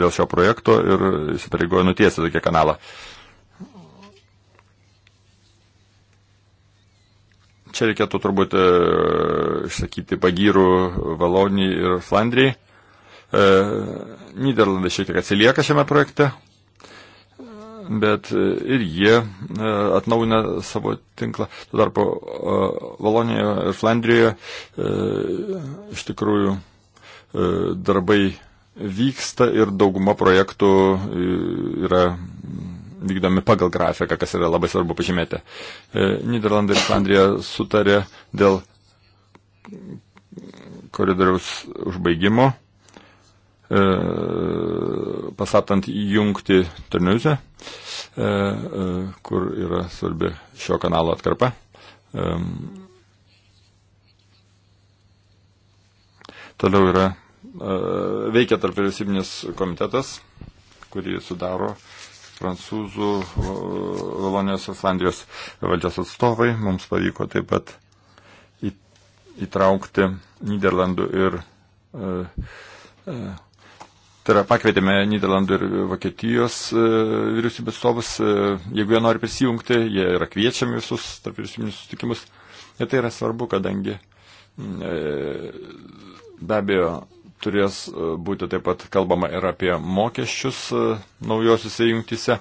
Speaker 3: dėl šio projekto ir įsipareigojo nutiesti tokį kanalą. Čia reikėtų turbūt išsakyti pagyrų Valonijai ir Flandrijai. Niderlandai šiek tiek atsilieka šiame projekte bet e, ir jie e, atnaujina savo tinklą. Tuo tarpu e, Valonijoje ir Flandrijoje iš tikrųjų darbai vyksta ir dauguma projektų yra vykdomi pagal grafiką, kas yra labai svarbu pažymėti. Niderlandai ir Flandrija sutarė dėl koridoriaus užbaigimo E, pasatant jungti Ternuzę, e, e, kur yra svarbi šio kanalo atkarpa. Toliau yra veikia tarp vyriausybinis komitetas, kurį sudaro prancūzų, Valonijos ir Flandijos valdžios atstovai. Mums pavyko taip pat įtraukti Niderlandų ir e, e, Tai yra, pakvietėme Niderlandų ir Vokietijos e, vyriausybės atstovus, e, jeigu jie nori prisijungti, jie yra kviečiami visus tarp vyriausybinius sutikimus. Ir tai yra svarbu, kadangi e, be abejo turės būti taip pat kalbama ir apie mokesčius naujosiuose jungtise,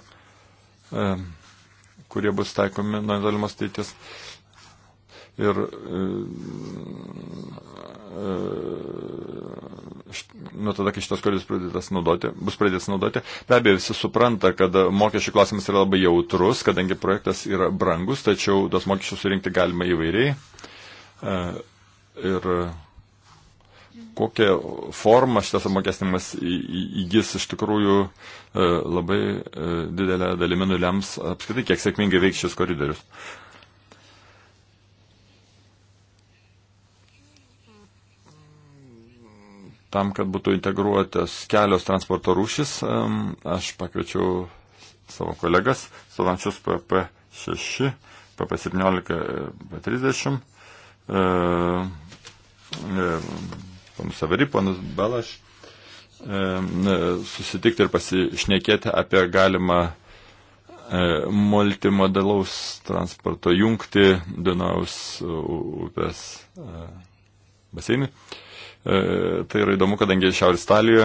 Speaker 3: kurie bus taikomi nuo įdalimos teities. Tai Ir e, e, nuo tada, kai šitas kodas pradėtas naudoti, bus pradėtas naudoti, be abejo visi supranta, kad mokesčių klausimas yra labai jautrus, kadangi projektas yra brangus, tačiau tos mokesčius surinkti galima įvairiai. E, ir kokią formą šitas apmokestinimas įgis iš tikrųjų labai didelę dalimi nulems apskritai, kiek sėkmingai veiks šis koridorius. tam, kad būtų integruotas kelios transporto rūšis, aš pakviečiau savo kolegas, savančius PP6, PP17, PP30, panus Savary, panus Belaš, susitikti ir pasišnekėti apie galimą e, multimodalaus transporto jungti Dunaus upės e, baseinį. Uh, E, tai yra įdomu, kadangi Šiaurės Italijoje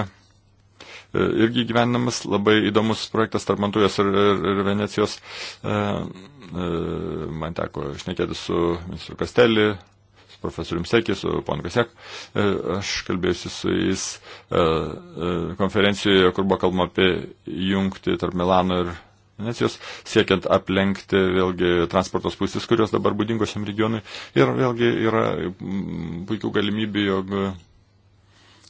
Speaker 3: e, irgi gyvenamas labai įdomus projektas tarp Mantujos ir, ir, ir Venecijos. E, man teko išnekėti su ministru Kastelį, su profesorium Sekį, su ponu Kasek. Aš kalbėjusi su jais konferencijoje, kur buvo kalbama apie jungti tarp Milano ir Venecijos, siekiant aplenkti vėlgi transportos pusės, kurios dabar būdingos šiam regionui. Ir vėlgi yra puikių galimybių, jog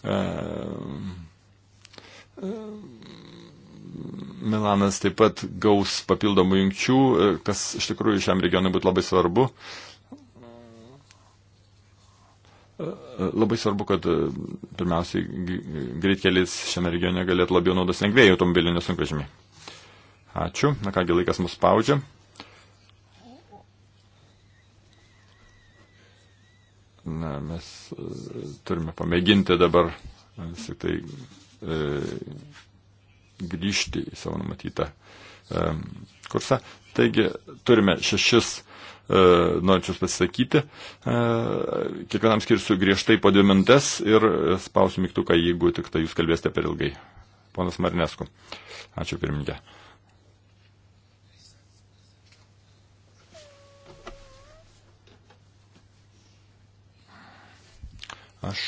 Speaker 3: Milanas taip pat gaus papildomų jungčių, e, kas iš tikrųjų šiam regionui būtų labai svarbu. E, e, labai svarbu, kad pirmiausiai greitkelis šiame regione galėtų labiau naudos lengvėjai automobilinių sunkvežimiai. Ačiū. Na kągi, laikas mus spaudžia. na, mes e, turime pamėginti dabar e, vis tik tai e, grįžti į savo numatytą e, kursą. Taigi turime šešis e, norinčius pasisakyti. E, kiekvienam skirsiu griežtai po dvi mintes ir spausiu mygtuką, jeigu tik tai jūs kalbėsite per ilgai. Ponas Marinesku. Ačiū pirmininkė. Aš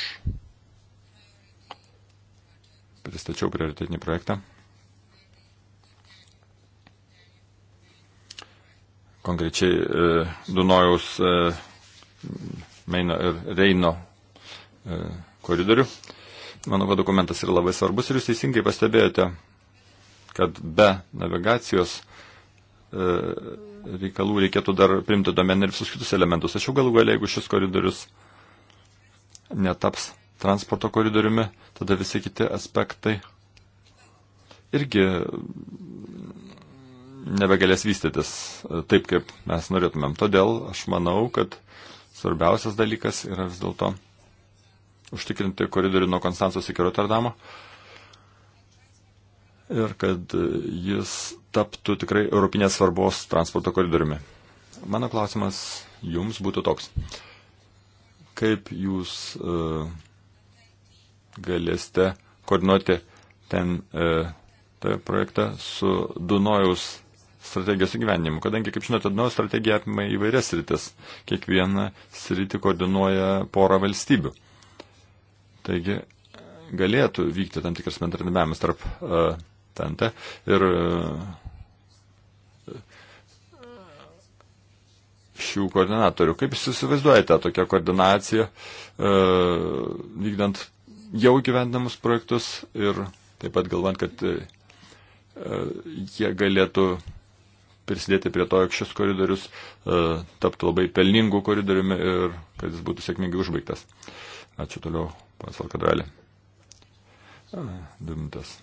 Speaker 3: pristačiau prioritetinį projektą. Konkrečiai e, Dunojaus e, Meino ir Reino e, koridorių. Manau, kad dokumentas yra labai svarbus ir jūs teisingai pastebėjote, kad be navigacijos e, reikalų reikėtų dar primti domenį ir visus kitus elementus. Tačiau galų galia, jeigu šis koridorius netaps transporto koridoriumi, tada visi kiti aspektai irgi nebegalės vystytis taip, kaip mes norėtumėm. Todėl aš manau, kad svarbiausias dalykas yra vis dėlto užtikrinti koridorių nuo Konstantos iki Rotterdamo ir kad jis taptų tikrai europinės svarbos transporto koridoriumi. Mano klausimas jums būtų toks kaip jūs uh, galėsite koordinuoti ten uh, tą projektą su Dunojaus strategijos įgyvenimu, kadangi, kaip žinote, Dunojaus strategija apima įvairias sritis, kiekvieną sritį koordinuoja porą valstybių. Taigi galėtų vykti tam tikras bendradarbiavimas tarp uh, e, TNT ir uh, šių koordinatorių. Kaip jūs įsivaizduojate tokią koordinaciją, e, vykdant jau gyvendamus projektus ir taip pat galvant, kad e, jie galėtų prisidėti prie to, jog šis koridorius e, taptų labai pelningų koridoriumi ir kad jis būtų sėkmingai užbaigtas. Ačiū toliau, panas Valkadralė. Dvi minutės.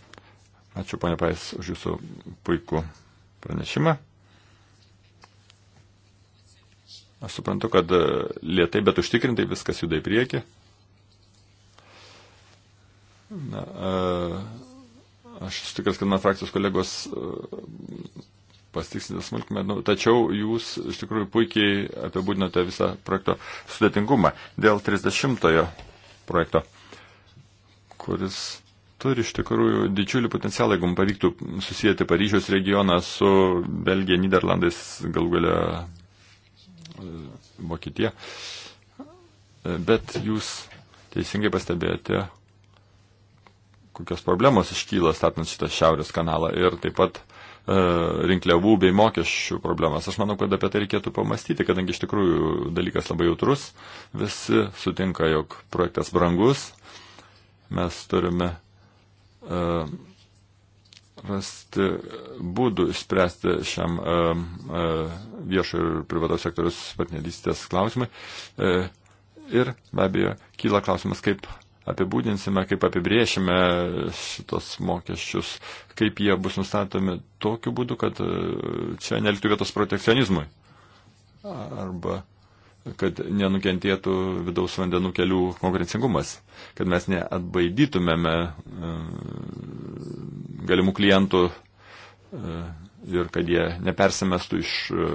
Speaker 3: Ačiū, ponia Pais, už jūsų puikų pranešimą. Aš suprantu, kad e, lietai, bet užtikrintai viskas juda į priekį. Na, e, aš sutikras, kad man frakcijos kolegos e, pastiksinti smulkmę, nu, tačiau jūs iš tikrųjų puikiai apibūdinote visą projekto sudėtingumą dėl 30-ojo projekto, kuris turi iš tikrųjų didžiulį potencialą, jeigu mums pavyktų susijęti Paryžiaus regioną su Belgija, Niderlandais, gal galia E, Vokietija. E, bet jūs teisingai pastebėjote, kokios problemos iškyla statant šitą šiaurės kanalą ir taip pat e, rinkliavų bei mokesčių problemas. Aš manau, kad apie tai reikėtų pamastyti, kadangi iš tikrųjų dalykas labai jautrus. Visi sutinka, jog projektas brangus. Mes turime uh, rasti būdų išspręsti šiam e, e, viešo ir privataus sektoriaus partnerystės klausimai. E, ir be abejo, kyla klausimas, kaip apibūdinsime, kaip apibriešime šitos mokesčius, kaip jie bus nustatomi tokiu būdu, kad čia neliktų vietos protekcionizmui. Arba kad nenukentėtų vidaus vandenų kelių konkurencingumas, kad mes neatbaidytumėme e, galimų klientų e, ir kad jie nepersimestų iš e,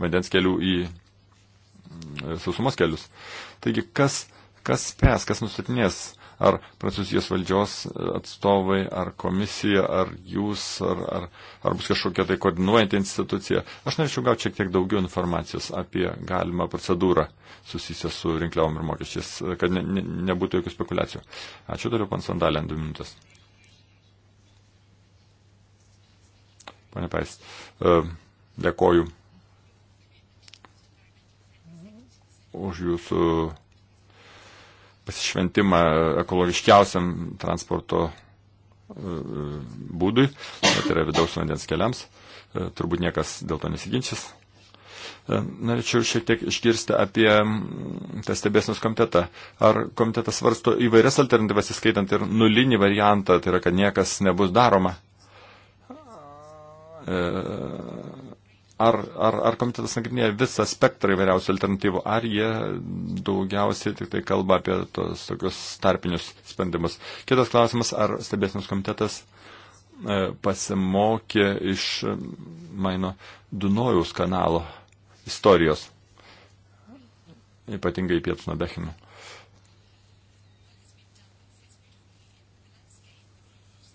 Speaker 3: vandens kelių į sausumos kelius. Taigi, kas, kas spręs, kas nustatinės ar prancūzijos valdžios atstovai, ar komisija, ar jūs, ar, ar, ar bus kažkokia tai koordinuojanti institucija. Aš norėčiau gauti šiek tiek daugiau informacijos apie galimą procedūrą susijusią su rinkliavom ir mokesčiais, kad ne, ne, nebūtų jokių spekulacijų. Ačiū toliau, pan Sandalė, ant du minutės. Pane Pais, e, dėkoju už jūsų pasišventimą ekologiškiausiam transporto e, būdui, tai yra vidaus vandens keliams. E, turbūt niekas dėl to nesiginčys. E, norėčiau šiek tiek išgirsti apie mm, tą stebėsnos komitetą. Ar komitetas svarsto įvairias alternatyvas, įskaitant ir nulinį variantą, tai yra, kad niekas nebus daroma? Ar, ar, ar komitetas nagrinėja visą spektrą įvairiausių alternatyvų, ar jie daugiausiai tik tai kalba apie tos tokius tarpinius sprendimus. Kitas klausimas, ar stebėsinos komitetas e, pasimokė iš e, maino Dunojaus kanalo istorijos, ypatingai pietų nuo Bechinų.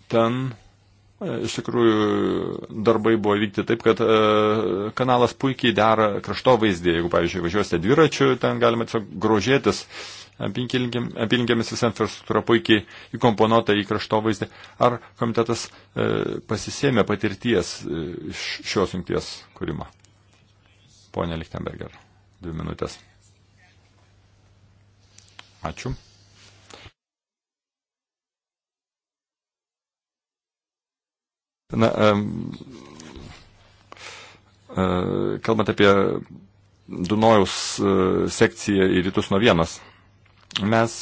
Speaker 3: Ten E, iš tikrųjų, darbai buvo vykti taip, kad e, kanalas puikiai dera kraštovaizdį. Jeigu, pavyzdžiui, važiuosite dviračiu, ten galima tiesiog grožėtis apylinkėmis visą infrastruktūrą puikiai įkomponuota į kraštovaizdį. Ar komitetas e, pasisėmė patirties iš šios jungties kūrimo? Pone Lichtenberger, dvi minutės. Ačiū. Na, e, kalbant apie Dunojaus e, sekciją į rytus nuo vienas, mes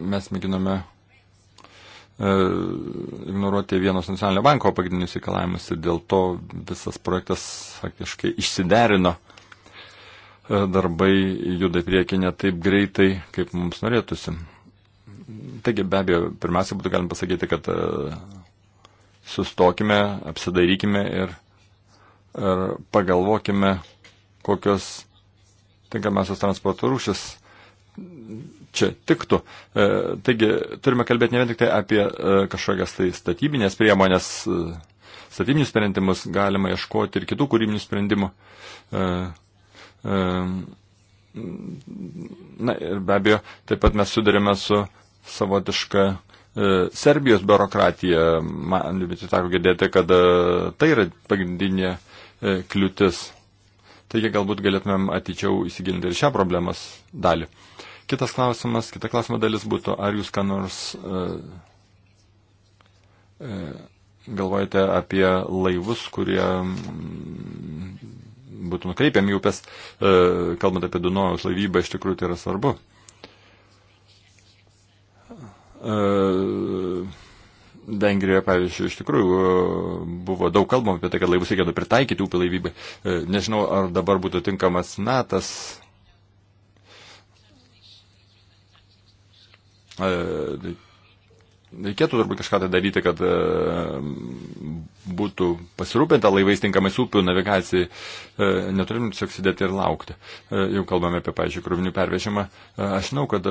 Speaker 3: mes mėginame e, ignoruoti vienos nacionalinio banko pagrindinius reikalavimus ir dėl to visas projektas faktiškai išsiderino. Darbai juda į priekį ne taip greitai, kaip mums norėtųsi. Taigi be abejo, pirmiausia būtų galim pasakyti, kad e, sustokime, apsidairykime ir, ir pagalvokime, kokios tinkamiausios transporto rūšis čia tiktų. E, taigi turime kalbėti ne vien tik tai apie e, kažkokias tai statybinės priemonės, e, statybinius sprendimus, galima ieškoti ir kitų kūrybinių sprendimų. E, e, na ir be abejo, taip pat mes sudarėme su e, savotišką e, Serbijos biurokratija, man visi sako girdėti, kad e, tai yra pagrindinė e, kliūtis. Taigi galbūt galėtumėm ateičiau įsigilinti ir šią problemos dalį. Kitas klausimas, kita klausimo dalis būtų, ar jūs ką nors galvojate apie laivus, kurie būtų nukreipiami upės, kalbant apie Dunojaus laivybą, iš tikrųjų tai yra svarbu. E, Vengrijoje, pavyzdžiui, iš tikrųjų e, buvo daug kalbama apie tai, kad laivus reikėtų pritaikyti upių laivybai. E, nežinau, ar dabar būtų tinkamas metas. Reikėtų turbūt kažką tai daryti, kad būtų pasirūpinta laivais tinkamais upių navigacijai. Neturim tiesiog sėdėti ir laukti. Jau kalbame apie, pavyzdžiui, krovinių pervežimą. Aš žinau, kad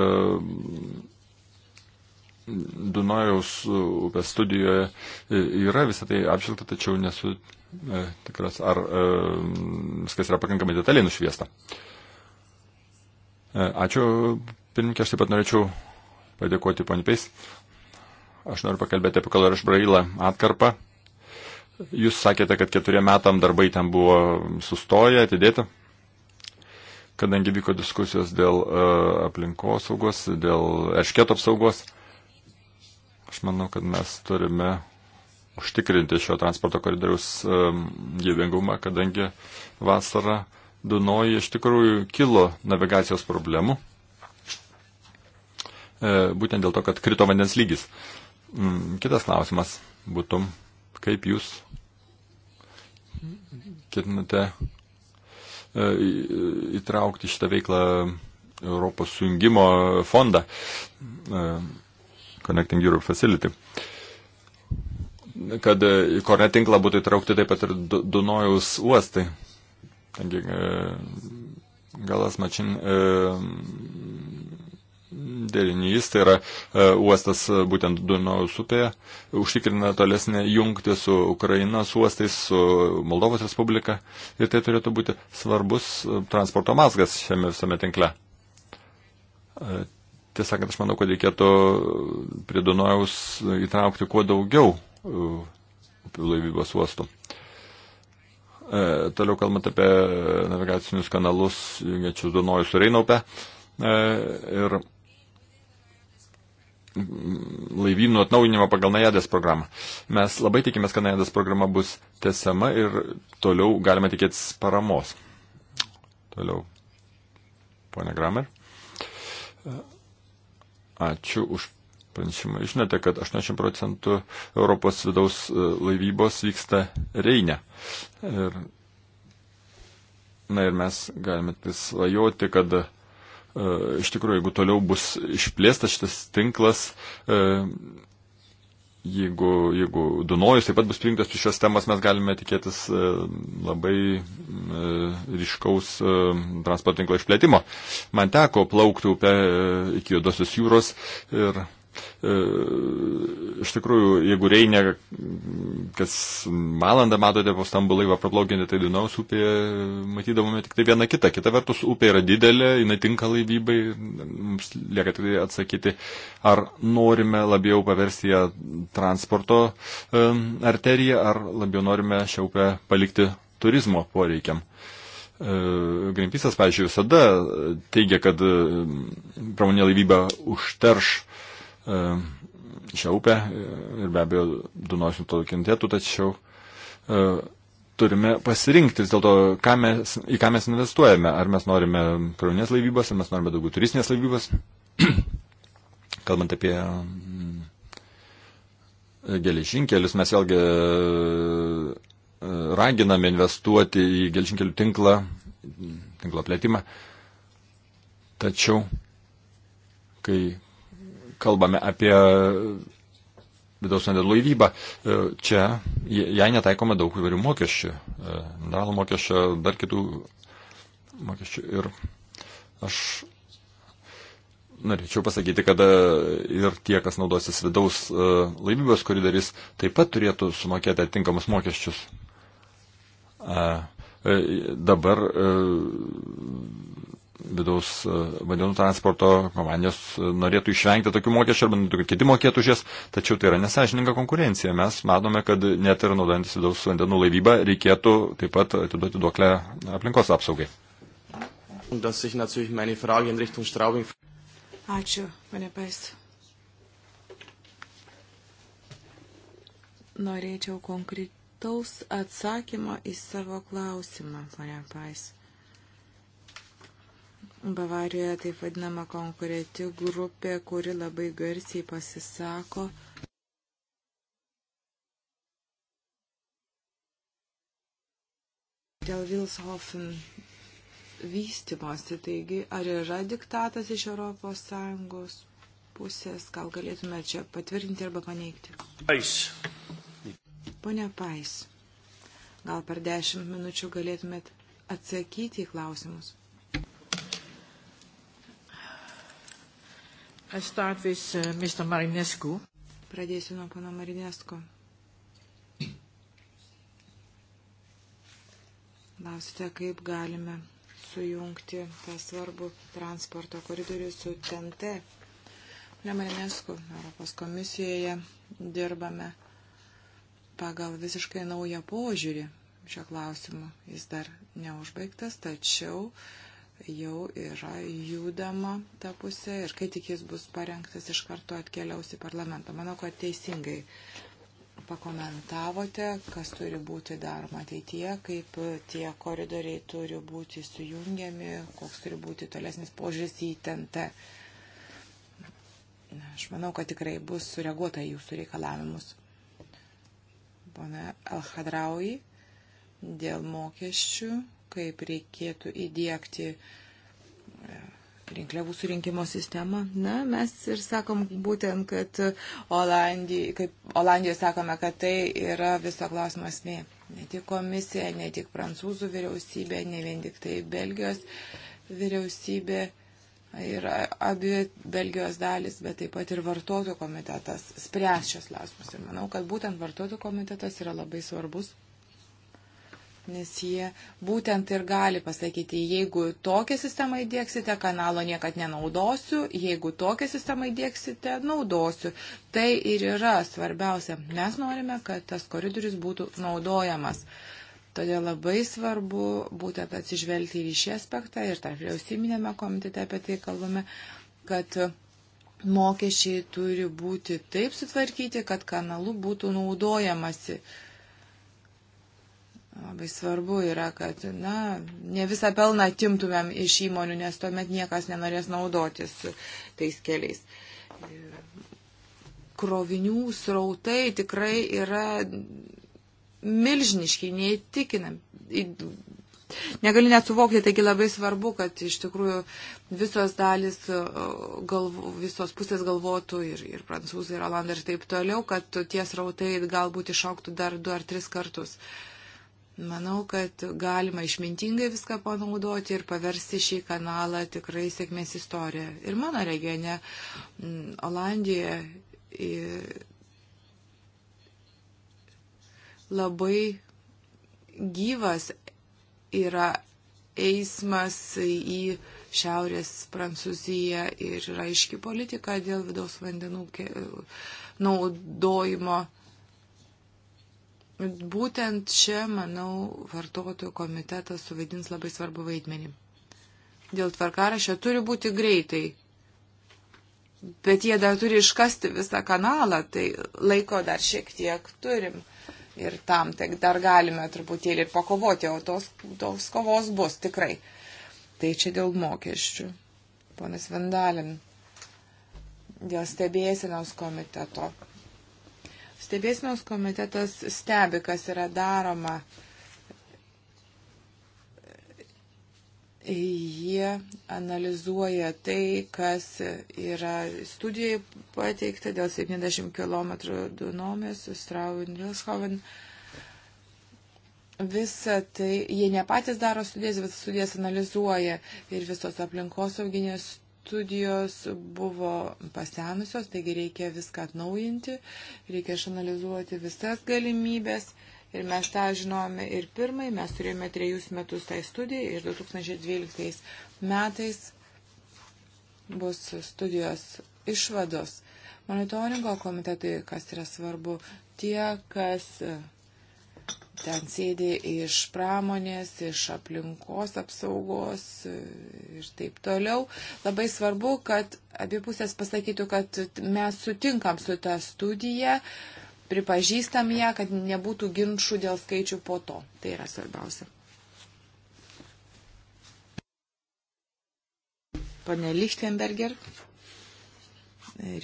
Speaker 3: Dunojaus upės studijoje e, yra visą tai apšilta, tačiau nesu e, tikras, ar e, viskas yra pakankamai detaliai nušviesta. E, ačiū, pirmininkė, aš taip pat norėčiau padėkoti ponipiais. Aš noriu pakalbėti apie Kaloriš Brailą atkarpą. Jūs sakėte, kad keturiem metam darbai ten buvo sustoję, atidėti, kadangi vyko diskusijos dėl uh, aplinkosaugos, dėl eršketo apsaugos. Uh, Aš manau, kad mes turime užtikrinti šio transporto koridoriaus gyvingumą, kadangi vasarą Dunoji iš tikrųjų kilo navigacijos problemų. E, būtent dėl to, kad krito vandens lygis. Mm, kitas klausimas būtum, kaip jūs ketinate e, įtraukti šitą veiklą Europos sujungimo fondą. E, Connecting Europe Facility. Kad e, į kornet tinklą būtų įtraukti taip pat ir Dunojaus uostai. Taigi, e, galas mačin e, derinys, tai yra uostas būtent Dunojaus upėje, užtikrina tolesnę jungtį su Ukraina, su uostais, su Moldovos Respublika ir tai turėtų būti svarbus transporto mazgas šiame visame tinkle tiesą sakant, aš manau, kad reikėtų prie Dunojaus įtraukti kuo daugiau uh, laivybos uostų. E, toliau kalbant apie navigacinius kanalus, jungiančius Dunojų su Reinaupė e, ir laivynų atnaujinimą pagal Najadės programą. Mes labai tikimės, kad Najadės programa bus tesama ir toliau galima tikėtis paramos. Toliau, ponia Gramer. E, Ačiū už pranešimą. Žinote, kad 80 procentų Europos vidaus e, laivybos vyksta Reinė. Ir, na ir mes galime prisvajoti, kad e, iš tikrųjų, jeigu toliau bus išplėstas šitas tinklas, e, jeigu, jeigu Dunojus taip pat bus priimtas prie šios temos, mes galime tikėtis e, labai e, ryškaus e, transporto tinklo išplėtimo. Man teko plaukti upę iki Jodosios jūros ir E, iš tikrųjų, jeigu Reinė, kas valandą matote po stambų laivą praplaukinti, tai Dunaus upėje matydavome tik tai vieną kitą. Kita vertus, upė yra didelė, jinai tinka laivybai, mums lieka tik tai atsakyti, ar norime labiau paversti ją transporto e, arteriją, ar labiau norime šią upę palikti turizmo poreikiam. E, Greenpeace'as, pavyzdžiui, visada teigia, kad pramonė laivyba užterš E, šią upę e, ir be abejo Dunojus nuo to kentėtų, tačiau e, turime pasirinkti dėl to, ką mes, į ką mes investuojame. Ar mes norime krovinės laivybos, ar mes norime daugiau turistinės laivybos. Kalbant apie mm, geležinkelius, mes vėlgi raginame investuoti į gelžinkelių tinklą, tinklo plėtimą. Tačiau, kai kalbame apie vidaus vandenų laivybą, e, čia jai netaikoma daug įvairių mokesčių, dalo e, mokesčio, dar kitų mokesčių. Ir aš norėčiau pasakyti, kad e, ir tie, kas naudosis vidaus laivybos koridoriais, taip pat turėtų sumokėti atitinkamus mokesčius. Dabar vidaus e, vandenų transporto kompanijos e, norėtų išvengti tokių mokesčių arba norėtų, kad kiti mokėtų už jas, tačiau tai yra nesažininga konkurencija. Mes matome, kad net ir naudojantis vidaus vandenų laivybą reikėtų taip pat atiduoti duoklę aplinkos apsaugai.
Speaker 1: Ačiū, pane Pais. Norėčiau konkretaus atsakymo į savo klausimą, pane Pais. Bavarijoje taip vadinama konkurenti grupė, kuri labai garsiai pasisako. Dėl Vilshofen vystimosi, taigi ar yra diktatas iš ES pusės, gal galėtume čia patvirtinti arba paneigti. Pais. Pone Pais, gal per dešimt minučių galėtumėt atsakyti į klausimus. I start with uh, Mr. Marinescu. Pradėsiu nuo pono Marinescu. Klausite, kaip galime sujungti tą svarbų transporto koridorių su TNT. Ne Marinescu, Europos komisijoje dirbame pagal visiškai naują požiūrį šio klausimu. Jis dar neužbaigtas, tačiau uh, jau yra judama ta pusė ir kai tik jis bus parengtas, iš karto atkeliaus į parlamentą. Manau, kad teisingai pakomentavote, kas turi būti daroma ateityje, kaip tie koridoriai turi būti sujungiami, koks turi būti tolesnis požiūris į TNT. Aš manau, kad tikrai bus sureaguota į jūsų reikalavimus. Pone Alhadraui, dėl mokesčių kaip reikėtų įdėkti e, rinkliavų surinkimo sistemą. Na, mes ir sakom būtent, kad Olandijai, kaip Olandijoje sakome, kad tai yra viso klausimo esmė. Ne tik komisija, ne tik prancūzų vyriausybė, ne vien tik tai Belgijos vyriausybė ir abi Belgijos dalis, bet taip pat ir vartotojų komitetas spręs šios klausimus. Ir manau, kad būtent vartotojų komitetas yra labai svarbus nes jie būtent ir gali pasakyti, jeigu tokią sistemą įdėksite, kanalo niekad nenaudosiu, jeigu tokią sistemą įdėksite, naudosiu. Tai ir yra svarbiausia. Mes norime, kad tas koridorius būtų naudojamas. Todėl labai svarbu būtent atsižvelgti ir į šį aspektą ir tarp vyriausybinėme komitete apie tai kalbame, kad mokesčiai turi būti taip sutvarkyti, kad kanalu būtų naudojamasi. Uh, Labai svarbu yra, kad na, ne visą pelną atimtumėm iš įmonių, nes tuomet niekas nenorės naudotis tais keliais. Krovinių srautai tikrai yra milžiniški, neįtikinami. Negali net suvokti, taigi labai svarbu, kad iš tikrųjų visos dalis, galvo, visos pusės galvotų ir, ir prancūzai, ir olandai ir taip toliau, kad ties rautai galbūt išauktų dar du ar tris kartus. Uh, Manau, kad galima išmintingai viską panaudoti ir paversti šį kanalą tikrai sėkmės istoriją. Ir mano regione, Olandijoje, labai gyvas yra eismas į šiaurės Prancūziją ir yra aiški politika dėl vidaus vandenų naudojimo. Būtent čia, manau, vartotojų komitetas suvaidins labai svarbu vaidmenį. Dėl tvarkarašio turi būti greitai, bet jie dar turi iškasti visą kanalą, tai laiko dar šiek tiek turim. Ir tam tiek dar galime truputėlį ir pakovoti, o tos, tos kovos bus tikrai. Tai čia dėl mokesčių. Ponas Vandalin, dėl stebėsienos komiteto. Stebėsinos komitetas stebi, kas yra daroma. Jie analizuoja tai, kas yra studijai pateikta dėl 70 km dunomės, Strauin Vilshoven. Visą tai, jie ne patys daro studijas, bet studijas analizuoja ir visos aplinkosauginės studijos buvo pasenusios, taigi reikia viską atnaujinti, reikia išanalizuoti visas galimybės. Ir mes tą žinojome ir pirmai, mes turėjome trejus metus tai studijai ir 2012 metais bus studijos išvados. Monitoringo komitetai, kas yra svarbu, tie, kas Ten sėdi iš pramonės, iš aplinkos apsaugos ir taip toliau. Labai svarbu, kad abipusės pasakytų, kad mes sutinkam su tą studiją, pripažįstam ją, kad nebūtų ginčių dėl skaičių po to. Tai yra svarbiausia. Pane Lichtenberger,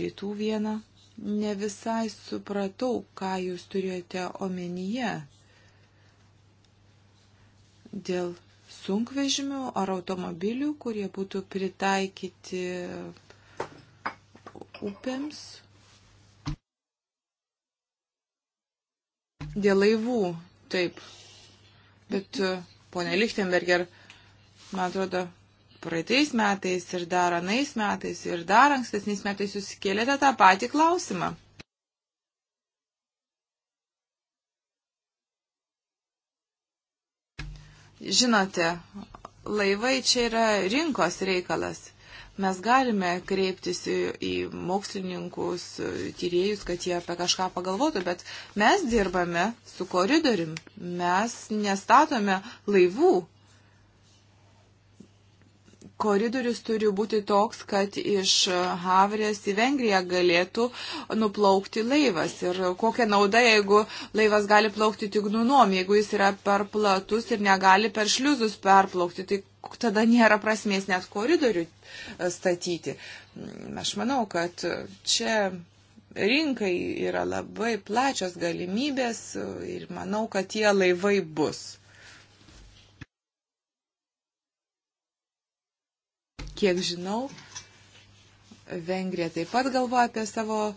Speaker 1: rytų vieną. Ne visai supratau, ką jūs turėjote omenyje dėl sunkvežimių ar automobilių, kurie būtų pritaikyti upėms, dėl laivų, taip. Bet, e, ponė Lichtenberger, man atrodo, praeitais metais ir dar anais metais ir dar ankstesniais metais jūs kėlėte tą patį klausimą. Žinote, laivai čia yra rinkos reikalas. Mes galime kreiptis į, į mokslininkus, tyriejus, kad jie apie kažką pagalvotų, bet mes dirbame su koridorium, mes nestatome laivų, koridorius turi būti toks, kad iš Havrės į Vengriją galėtų nuplaukti laivas. Ir kokia nauda, jeigu laivas gali plaukti tik nunom, jeigu jis yra per platus ir negali per šliuzus perplaukti, tai tada nėra prasmės net koridorių e, statyti. Mm, aš manau, kad čia rinkai yra labai plačios galimybės ir manau, kad tie laivai bus. Kiek žinau, Vengrija taip pat galvoja apie savo e,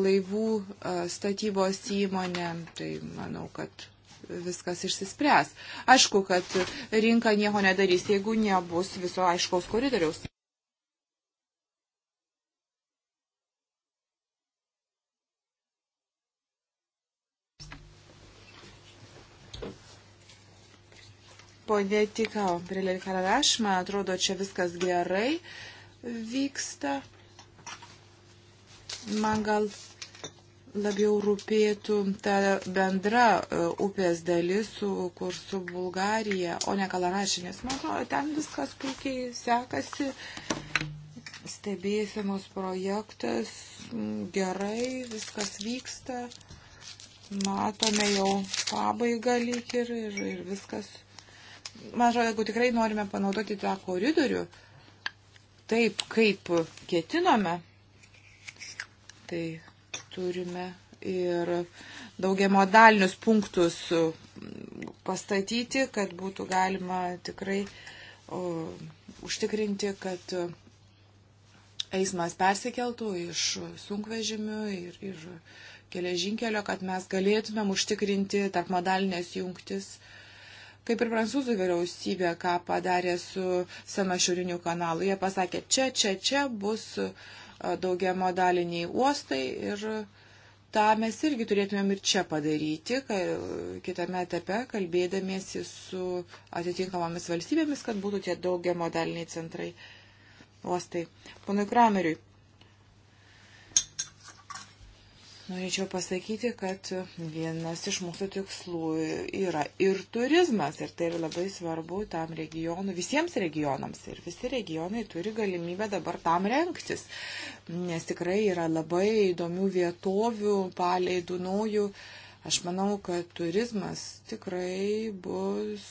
Speaker 1: laivų e, statybos įmonę, tai manau, kad viskas išsispręs. Aišku, kad rinka nieko nedarys, jeigu nebus viso aiškaus koridoriaus. Pone Tikau, Brilel Kararaš, man atrodo, čia viskas gerai vyksta. Man gal labiau rūpėtų ta bendra e, upės dalis, kur su Bulgarija, o ne Kalarašinės. Man atrodo, ten viskas puikiai sekasi. Stebėsenos projektas gerai, viskas vyksta. Matome jau pabaigą lyg ir, ir, ir viskas man atrodo, jeigu tikrai norime panaudoti tą koridorių taip, kaip ketinome, tai turime ir daugiamodalinius punktus mm, pastatyti, kad būtų galima tikrai o, užtikrinti, kad eismas persikeltų iš sunkvežimių ir, ir geležinkelio, kad mes galėtumėm užtikrinti tarpmodalinės jungtis uh, kaip ir prancūzų vyriausybė, ką padarė su sena šiauriniu kanalu. Jie pasakė, čia, čia, čia bus daugia modaliniai uostai ir tą mes irgi turėtumėm ir čia padaryti, kitame etape, kalbėdamiesi su atitinkamomis valstybėmis, kad būtų tie daugia modaliniai centrai uostai. Ponui Krameriui Norėčiau pasakyti, kad vienas iš mūsų tikslų yra ir turizmas, ir tai yra labai svarbu tam regionui, visiems regionams, ir visi regionai turi galimybę dabar tam renktis, nes tikrai yra labai įdomių vietovių, paliai Dunojų. Aš manau, kad turizmas tikrai bus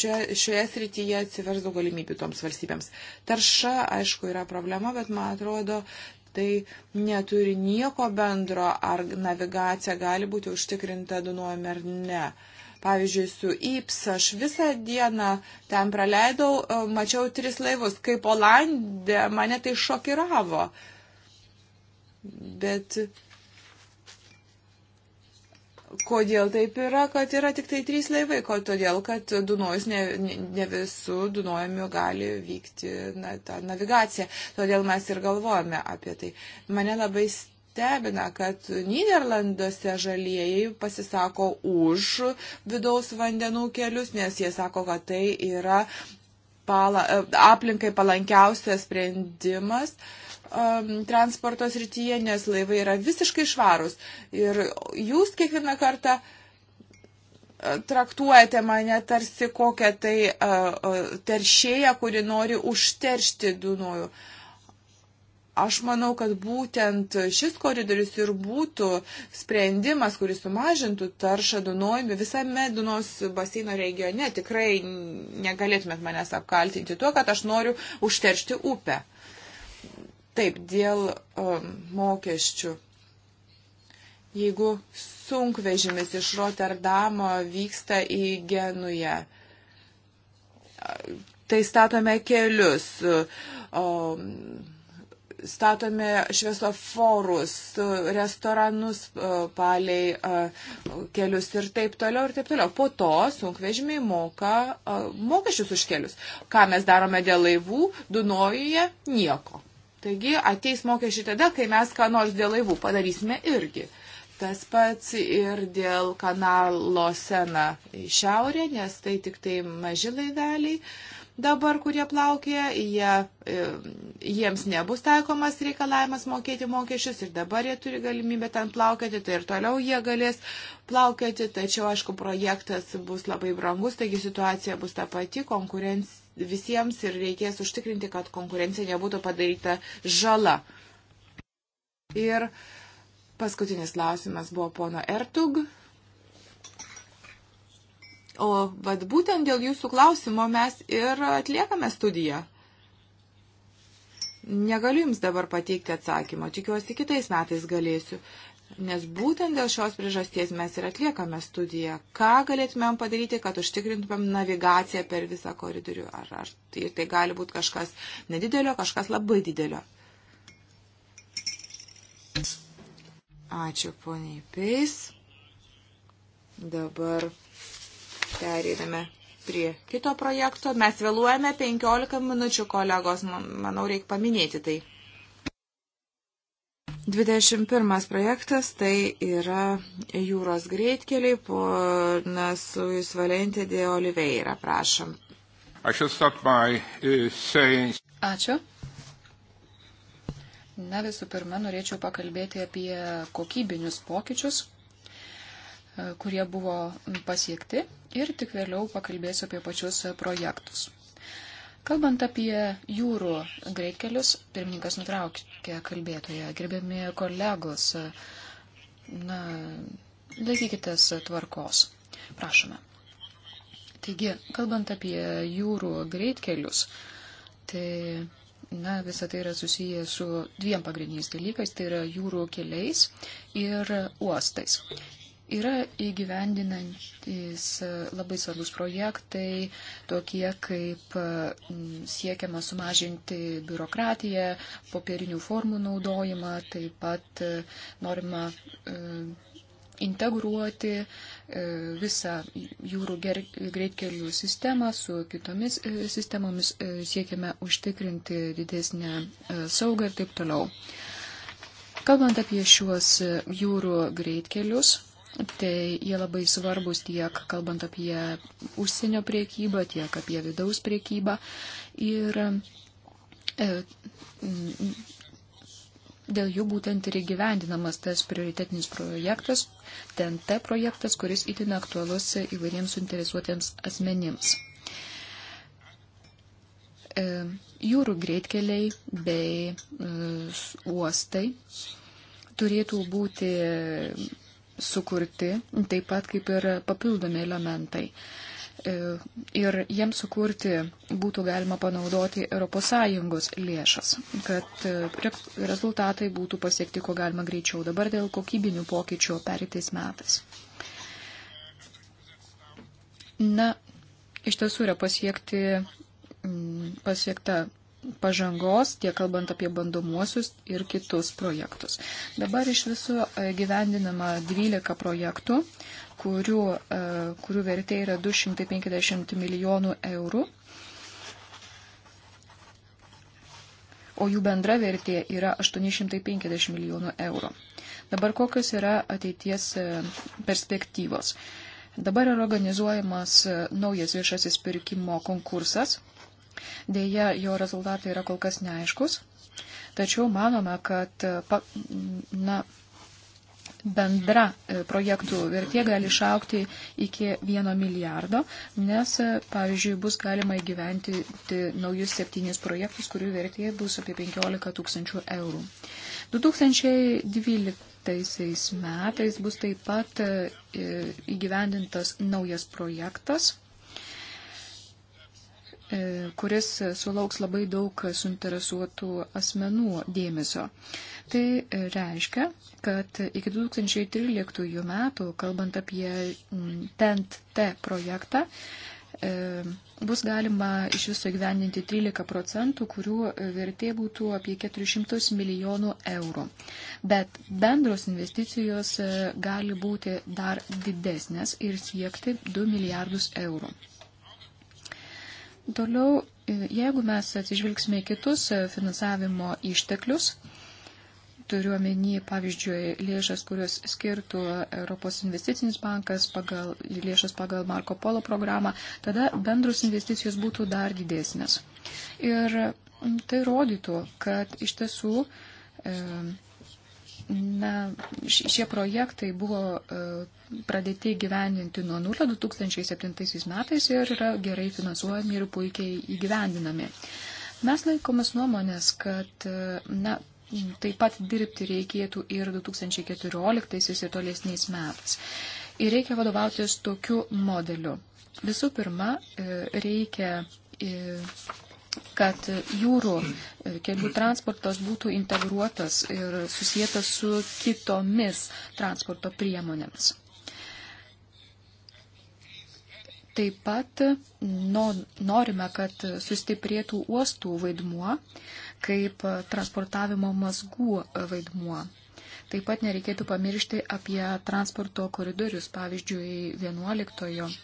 Speaker 1: čia šioje srityje atsivers daug galimybių toms valstybėms. Tarša, aišku, yra problema, bet man atrodo, tai neturi nieko bendro, ar navigacija gali būti užtikrinta Dunojumi ar ne. Pavyzdžiui, su IPS aš visą dieną ten praleidau, e, mačiau tris laivus, kaip Olandė, mane tai šokiravo. Bet Kodėl taip yra, kad yra tik tai trys laivai? Ko, todėl, kad Dunojus ne, ne, ne visų Dunojumi gali vykti na, tą navigaciją. Todėl mes ir galvojame apie tai. Mane labai stebina, kad Niderlanduose žalieji pasisako už vidaus vandenų kelius, nes jie sako, kad tai yra pala, aplinkai palankiausias sprendimas. Uh, um, transporto srityje, nes laivai yra visiškai švarūs. Ir jūs kiekvieną kartą uh, traktuojate mane tarsi kokią tai uh, uh teršėją, kuri nori užteršti Dunojų. Uh, Aš manau, kad būtent šis koridorius ir būtų sprendimas, kuris sumažintų taršą Dunojumi visame Dunos baseino regione. Tikrai negalėtumėt manęs apkaltinti tuo, kad aš noriu užteršti upę. Taip, dėl um, mokesčių. Jeigu sunkvežimis iš Rotterdamo vyksta į Genują, tai statome kelius, um, statome šviesoforus, restoranus uh, paliai uh, kelius ir taip toliau ir taip toliau. Po to sunkvežimiai moka uh, mokesčius už kelius. Ką mes darome dėl laivų Dunojuje? Nieko Taigi ateis mokesčiai tada, kai mes ką nors dėl laivų padarysime irgi. Tas pats ir dėl kanalo sena į šiaurę, nes tai tik tai maži laiveliai dabar, kurie plaukia, jie, e, jiems nebus taikomas reikalavimas mokėti mokesčius ir dabar jie turi galimybę ten plaukioti, tai ir toliau jie galės plaukioti, tačiau, aišku, projektas bus labai brangus, taigi situacija bus ta pati, konkurencija visiems ir reikės užtikrinti, kad konkurencija nebūtų padaryta žala. Ir paskutinis klausimas buvo pono Ertug. O vad būtent dėl jūsų klausimo mes ir atliekame studiją. Negaliu Jums dabar pateikti atsakymo, tikiuosi kitais metais galėsiu, Nes būtent dėl šios priežasties mes ir atliekame studiją, ką galėtumėm padaryti, kad užtikrintumėm navigaciją per visą koridorių. Ar, ar tai, tai gali būti kažkas nedidelio, kažkas labai didelio. Ačiū poniai Peis. Dabar pereiname prie kito projekto. Mes vėluojame 15 minučių, kolegos. Manau, reikia paminėti tai. 21 projektas tai yra jūros greitkeliai, ponas Luis Valentė de Oliveira, prašom.
Speaker 3: Uh,
Speaker 1: Ačiū. Na visų pirma, norėčiau pakalbėti
Speaker 2: apie kokybinius pokyčius, uh, kurie buvo pasiekti ir tik vėliau pakalbėsiu apie pačius projektus. Kalbant apie jūrų greitkelius, pirmininkas nutraukė kalbėtoje, gerbiami kolegos, na, laikykitės tvarkos. Prašome. Taigi, kalbant apie jūrų greitkelius, tai, na, visa tai yra susiję su dviem pagrindiniais dalykais, tai yra jūrų keliais ir uostais. Yra įgyvendinantis labai svarbus projektai, tokie kaip siekiama sumažinti biurokratiją, popierinių formų naudojimą, taip pat e, norima e, integruoti e, visą jūrų greitkelių sistemą su kitomis sistemomis, siekiame užtikrinti didesnę saugą ir taip toliau. Kalbant apie šiuos jūrų greitkelius, Tai jie labai svarbus tiek kalbant apie užsienio priekybą, tiek apie vidaus priekybą. Ir e, dėl jų būtent ir įgyvendinamas tas prioritetinis projektas, TNT projektas, kuris itin aktualus įvairiems suinteresuotiems asmenims. E, jūrų greitkeliai bei e, uostai turėtų būti sukurti, taip pat kaip ir papildomi elementai. E, ir jiems sukurti būtų galima panaudoti ES lėšas, kad e, rezultatai būtų pasiekti, ko galima greičiau dabar dėl kokybinių pokyčių pereitais metais. Na, iš tiesų yra pasiekti, pasiekta pažangos, tiek kalbant apie bandomuosius ir kitus projektus. Dabar iš viso e, gyvendinama 12 projektų, kurių, e, kurių vertė yra 250 milijonų eurų, o jų bendra vertė yra 850 milijonų eurų. Dabar kokios yra ateities e, perspektyvos? Dabar yra organizuojamas naujas viešasis pirkimo konkursas, Deja, jo rezultatai yra kol kas neaiškus, tačiau manome, kad na, bendra e, projektų vertė gali išaukti iki vieno milijardo, nes, e, pavyzdžiui, bus galima įgyventi naujus septynis projektus, kurių vertė bus apie 15 tūkstančių eurų. 2012 metais bus taip pat e, įgyvendintas naujas projektas E, kuris sulauks labai daug suinteresuotų asmenų dėmesio. Tai reiškia, kad iki 2013 metų, kalbant apie TENT-T mm, projektą, e, bus galima iš viso įgyvendinti 13 procentų, kurių vertė būtų apie 400 milijonų eurų. Bet bendros investicijos e, gali būti dar didesnės ir siekti 2 milijardus eurų. Toliau, e, jeigu mes atsižvilgsime į kitus e, finansavimo išteklius, turiu omeny, pavyzdžiui, lėšas, kurios skirtų Europos investicinis bankas, pagal, lėšas pagal Marko Polo programą, tada bendrus investicijos būtų dar didesnės. Ir tai rodytų, kad iš tiesų e, Na, šie projektai buvo e, pradėti gyvendinti nuo 0 2007 metais ir yra gerai finansuojami ir puikiai įgyvendinami. Mes laikomės nuomonės, kad e, na, taip pat dirbti reikėtų ir 2014 ir tolesniais metais. Ir reikia vadovautis tokiu modeliu. Visų pirma, e, reikia kad jūrų kelių transportas būtų integruotas ir susijęs su kitomis transporto priemonėmis. Taip pat norime, kad sustiprėtų uostų vaidmuo kaip transportavimo mazgų vaidmuo. Taip pat nereikėtų pamiršti apie transporto koridorius, pavyzdžiui, 11.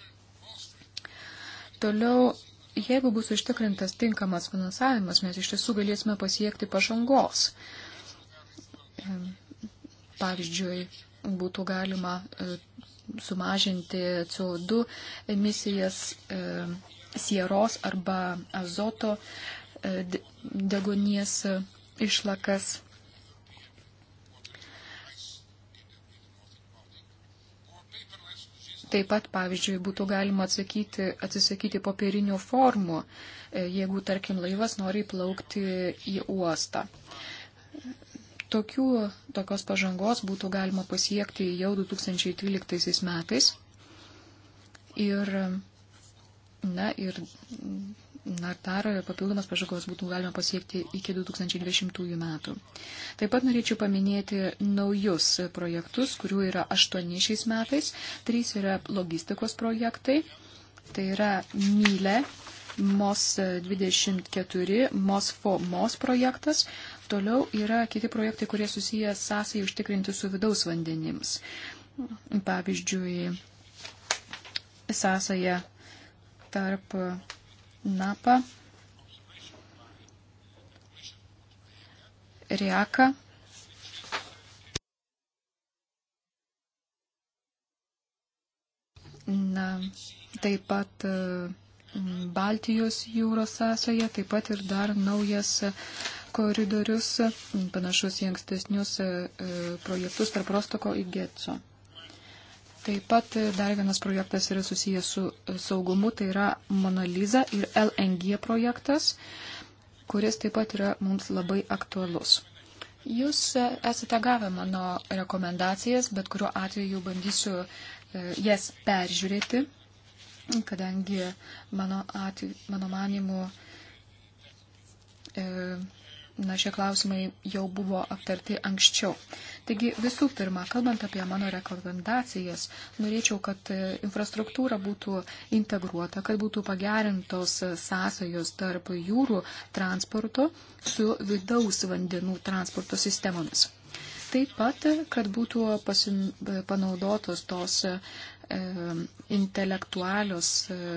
Speaker 2: Toliau jeigu bus užtikrintas tinkamas finansavimas, mes iš tiesų galėsime pasiekti pažangos. Pavyzdžiui, būtų galima e, sumažinti CO2 emisijas e, sieros arba azoto e, degonies išlakas Taip pat, pavyzdžiui, būtų galima atsakyti, atsisakyti popierinių formų, e, jeigu, tarkim, laivas nori plaukti į uostą. Tokių, tokios pažangos būtų galima pasiekti jau 2012 metais. Ir, na, ir Na ir dar papildomas pažagos būtų galima pasiekti iki 2020 metų. Taip pat norėčiau paminėti naujus projektus, kurių yra aštuoni šiais metais. Trys yra logistikos projektai. Tai yra Mylė, MOS 24, MOSFO MOS projektas. Toliau yra kiti projektai, kurie susiję sąsai užtikrinti su vidaus vandenims. Pavyzdžiui, sąsaja tarp Napa, Riaka. Na, taip pat mm, Baltijos jūros sąsoje, taip pat ir dar naujas koridorius, panašus į ankstesnius e, e, projektus tarp Rostoko į Getso. Taip pat dar vienas projektas yra susijęs su e, saugumu, tai yra Monaliza ir LNG projektas, kuris taip pat yra mums labai aktualus. Jūs e, esate gavę mano rekomendacijas, bet kuriuo atveju bandysiu e, jas peržiūrėti, kadangi mano, atveju, mano manimu na, šie klausimai jau buvo aptarti anksčiau. Taigi visų pirma, kalbant apie mano rekomendacijas, norėčiau, kad e, infrastruktūra būtų integruota, kad būtų pagerintos e, sąsajos tarp jūrų transporto su vidaus vandenų transporto sistemomis. Taip pat, e, kad būtų pasin, panaudotos tos e, intelektualios. E,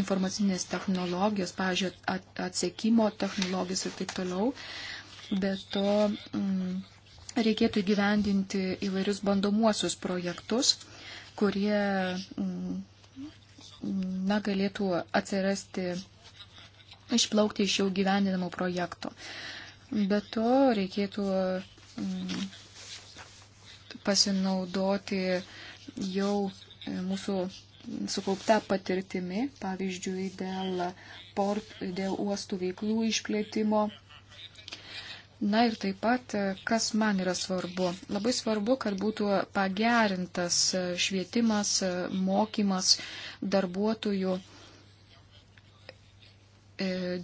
Speaker 2: informacinės technologijos, pavyzdžiui, atsiekimo technologijos ir taip toliau. Be to mm, reikėtų įgyvendinti įvairius bandomuosius projektus, kurie mm, na, galėtų atsirasti, išplaukti iš jau gyvendinamų projektų. Be to reikėtų mm, pasinaudoti jau mūsų sukaupta patirtimi, pavyzdžiui, dėl, port, dėl uostų veiklų išplėtimo. Na ir taip pat, kas man yra svarbu. Labai svarbu, kad būtų pagerintas švietimas, mokymas darbuotojų e,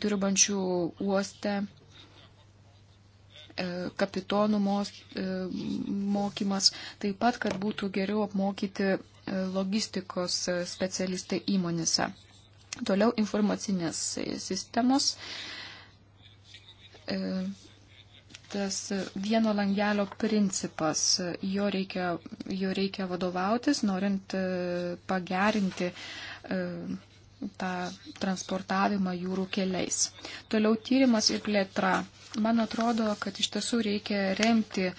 Speaker 2: dirbančių uoste, e, kapitonų e, mokymas, taip pat, kad būtų geriau apmokyti logistikos specialistai įmonėse. Toliau informacinės sistemos. E, tas vieno langelio principas, jo reikia, jo reikia vadovautis, norint e, pagerinti e, tą transportavimą jūrų keliais. Toliau tyrimas ir plėtra. Man atrodo, kad iš tiesų reikia remti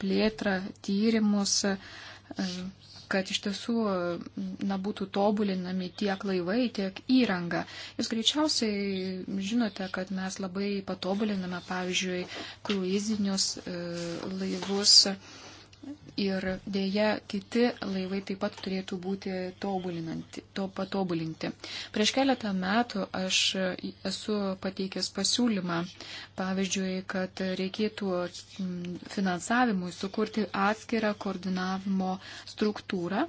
Speaker 2: plėtrą, tyrimus, kad iš tiesų na, būtų tobulinami tiek laivai, tiek įranga. Jūs greičiausiai žinote, kad mes labai patobuliname, pavyzdžiui, kruizinius e, laivus Ir dėja, kiti laivai taip pat turėtų būti to patobulinti. Prieš keletą metų aš esu pateikęs pasiūlymą, pavyzdžiui, kad reikėtų finansavimui sukurti atskirą koordinavimo struktūrą.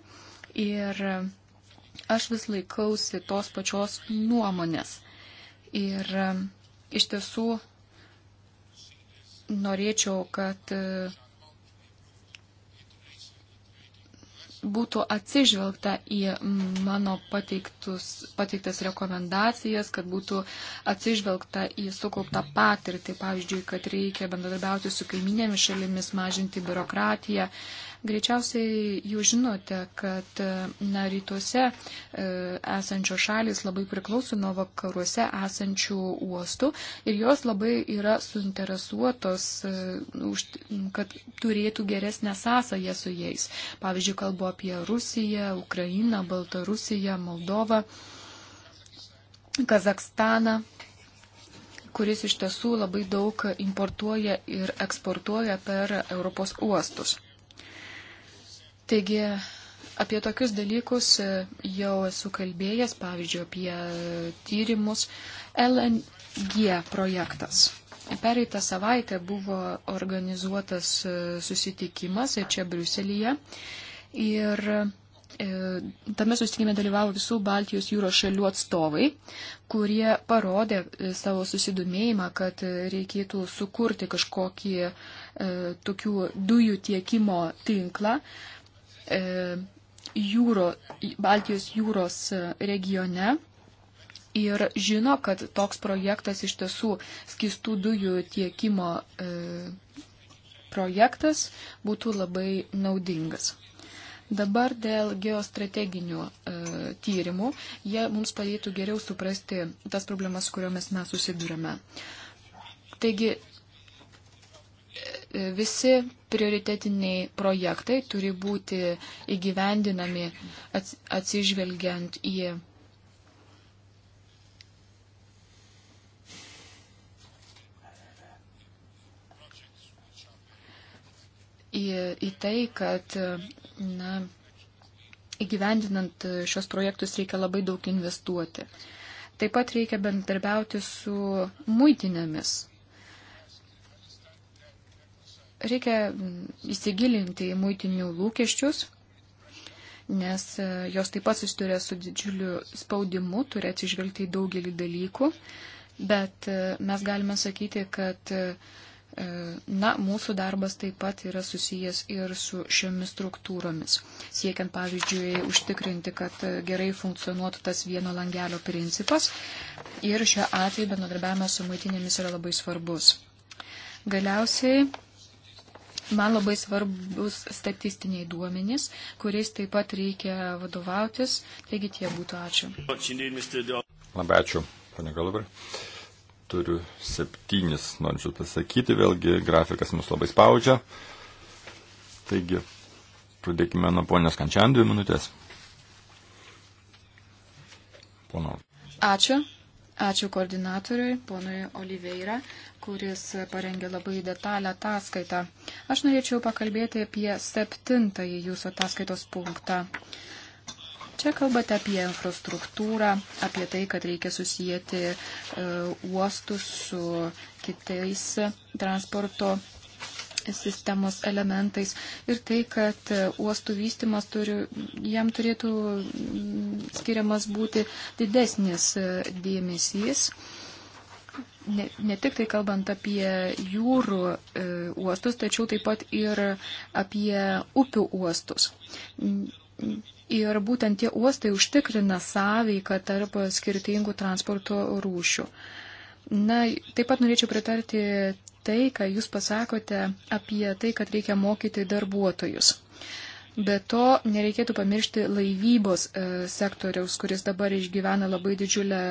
Speaker 2: Ir aš vis laikausi tos pačios nuomonės. Ir e, iš tiesų norėčiau, kad būtų atsižvelgta į mano pateiktas rekomendacijas, kad būtų atsižvelgta į sukauptą patirtį, pavyzdžiui, kad reikia bendradarbiauti su kaiminėmis šalimis, mažinti biurokratiją, Greičiausiai jūs žinote, kad e, na, rytuose e, esančios šalis labai priklauso nuo vakaruose esančių uostų ir jos labai yra suinteresuotos, e, kad turėtų geresnę sąsąją su jais. Pavyzdžiui, kalbu apie Rusiją, Ukrainą, Baltarusiją, Moldovą. Kazakstaną, kuris iš tiesų labai daug importuoja ir eksportuoja per Europos uostus. Taigi, apie tokius dalykus e, jau esu kalbėjęs, pavyzdžiui, apie tyrimus LNG projektas. Pereitą savaitę buvo organizuotas e, susitikimas e, čia Briuselyje ir tame susitikime dalyvavo visų Baltijos jūros šalių atstovai, kurie parodė savo susidomėjimą, kad reikėtų sukurti kažkokį e, tokių dujų tiekimo tinklą, e, E, jūro, Baltijos jūros regione ir žino, kad toks projektas iš tiesų skistų dujų tiekimo e, projektas būtų labai naudingas. Dabar dėl geostrateginių e, tyrimų, jie mums padėtų geriau suprasti tas problemas, kuriomis mes susidurime. Taigi visi prioritetiniai projektai turi būti įgyvendinami atsižvelgiant į į, į tai, kad na, įgyvendinant šios projektus reikia labai daug investuoti. Taip pat reikia bendarbiauti su muitinėmis. Reikia mm, įsigilinti į muitinių lūkesčius, nes e, jos taip pat susiduria su didžiuliu spaudimu, turi atsižvelgti į daugelį dalykų, bet e, mes galime sakyti, kad e, Na, mūsų darbas taip pat yra susijęs ir su šiomis struktūromis, siekiant, pavyzdžiui, užtikrinti, kad gerai funkcionuotų tas vieno langelio principas ir šiuo atveju bendradarbiavimas su maitinėmis yra labai svarbus. Galiausiai Man labai svarbus statistiniai duomenys, kuriais taip pat reikia vadovautis. Taigi tie būtų
Speaker 3: ačiū. Labai ačiū, pane Galubar. Turiu septynis, noriu pasakyti, vėlgi grafikas mus labai spaudžia. Taigi, pradėkime nuo ponios Kančian dvi minutės. Pono.
Speaker 2: Ačiū. Ačiū koordinatoriui, ponui Oliveira kuris parengė labai detalę ataskaitą. Aš norėčiau pakalbėti apie septintąjį jūsų ataskaitos punktą. Čia kalbate apie infrastruktūrą, apie tai, kad reikia susijęti e, uostus su kitais transporto sistemos elementais ir tai, kad e, uostų vystimas turi, jam turėtų skiriamas būti didesnis e, dėmesys. E, ne, ne tik tai kalbant apie jūrų e, uostus, tačiau taip pat ir apie upių uostus. Ir būtent tie uostai užtikrina sąveiką tarp skirtingų transporto rūšių. Na, taip pat norėčiau pritarti tai, ką jūs pasakote apie tai, kad reikia mokyti darbuotojus. Be to, nereikėtų pamiršti laivybos e, sektoriaus, kuris dabar išgyvena labai didžiulę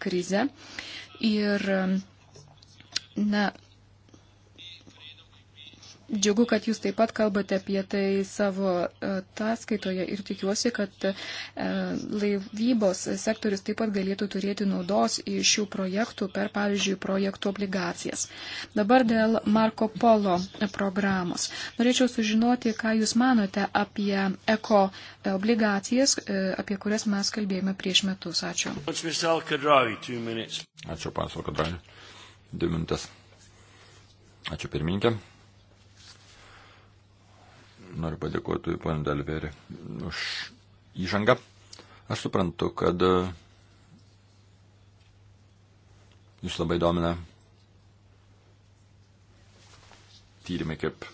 Speaker 2: krizę. E, Ir, na, Džiugu, kad jūs taip pat kalbate apie tai savo e, ataskaitoje ir tikiuosi, kad e, laivybos sektorius taip pat galėtų turėti naudos iš šių projektų per, pavyzdžiui, projektų obligacijas. Dabar dėl Marko Polo programos. Norėčiau sužinoti, ką jūs manote apie eko e, obligacijas, apie kurias mes kalbėjome prieš metus. Ačiū.
Speaker 3: Ačiū, panas Alkadravi. Dvi minutės. Ačiū pirmininkė. Noriu padėkoti pan Dalveri už įžangą. Aš suprantu, kad e, jūs labai domina tyrimai, kaip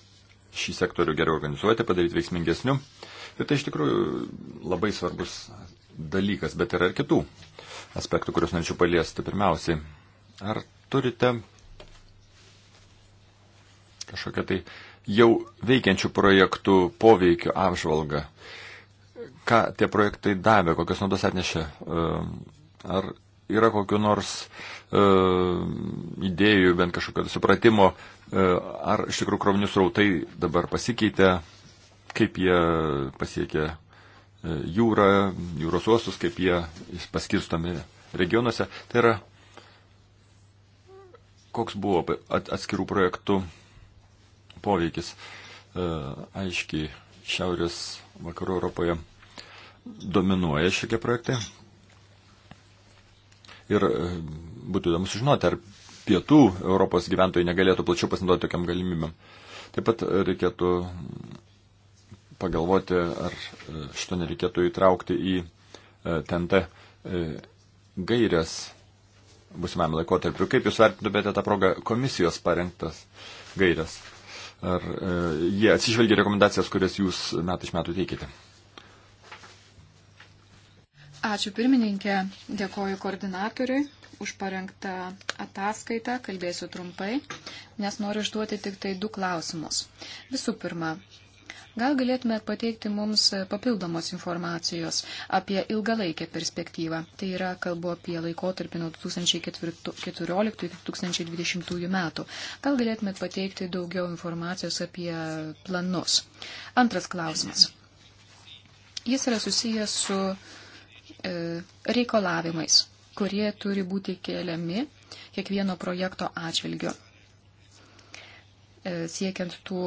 Speaker 3: šį sektorių geriau organizuoti, padaryti veiksmingesniu. Ir tai iš tikrųjų labai svarbus dalykas, bet yra ir kitų aspektų, kuriuos norėčiau paliesti. Pirmiausiai, ar turite kažkokią tai jau veikiančių projektų poveikio apžvalgą. Ką tie projektai davė, kokios naudos atnešė? Ehm, ar yra kokiu nors uh, idėjų, bent kažkokio supratimo, uh, ar iš tikrųjų krovinių srautai dabar pasikeitė, kaip jie pasiekė jūrą, jūros uostus, kaip jie paskirstomi regionuose. Tai yra, koks buvo atskirų projektų poveikis e, aiškiai Šiaurės vakarų Europoje dominuoja šiokie projektai. Ir e, būtų įdomu sužinoti, ar pietų Europos gyventojai negalėtų plačiau pasinaudoti tokiam galimybėm. Taip pat reikėtų pagalvoti, ar e, šito nereikėtų įtraukti į TNT gairias busimam laikotarpiu. Kaip Jūs vertintumėte tą progą komisijos parengtas gairias? ar e, jie atsižvelgia rekomendacijas, kurias jūs metai iš metų teikite?
Speaker 2: Ačiū pirmininkė, dėkoju koordinatoriui už parengtą ataskaitą, kalbėsiu trumpai, nes noriu išduoti tik tai du klausimus. Visų pirma, Gal galėtumėt pateikti mums papildomos informacijos apie ilgalaikę perspektyvą. Tai yra, kalbu apie laikotarpį nuo 2014 iki 2020 metų. Gal galėtumėt pateikti daugiau informacijos apie planus. Antras klausimas. Jis yra susijęs su e, reikalavimais, kurie turi būti keliami kiekvieno projekto atžvilgiu e, siekiant tų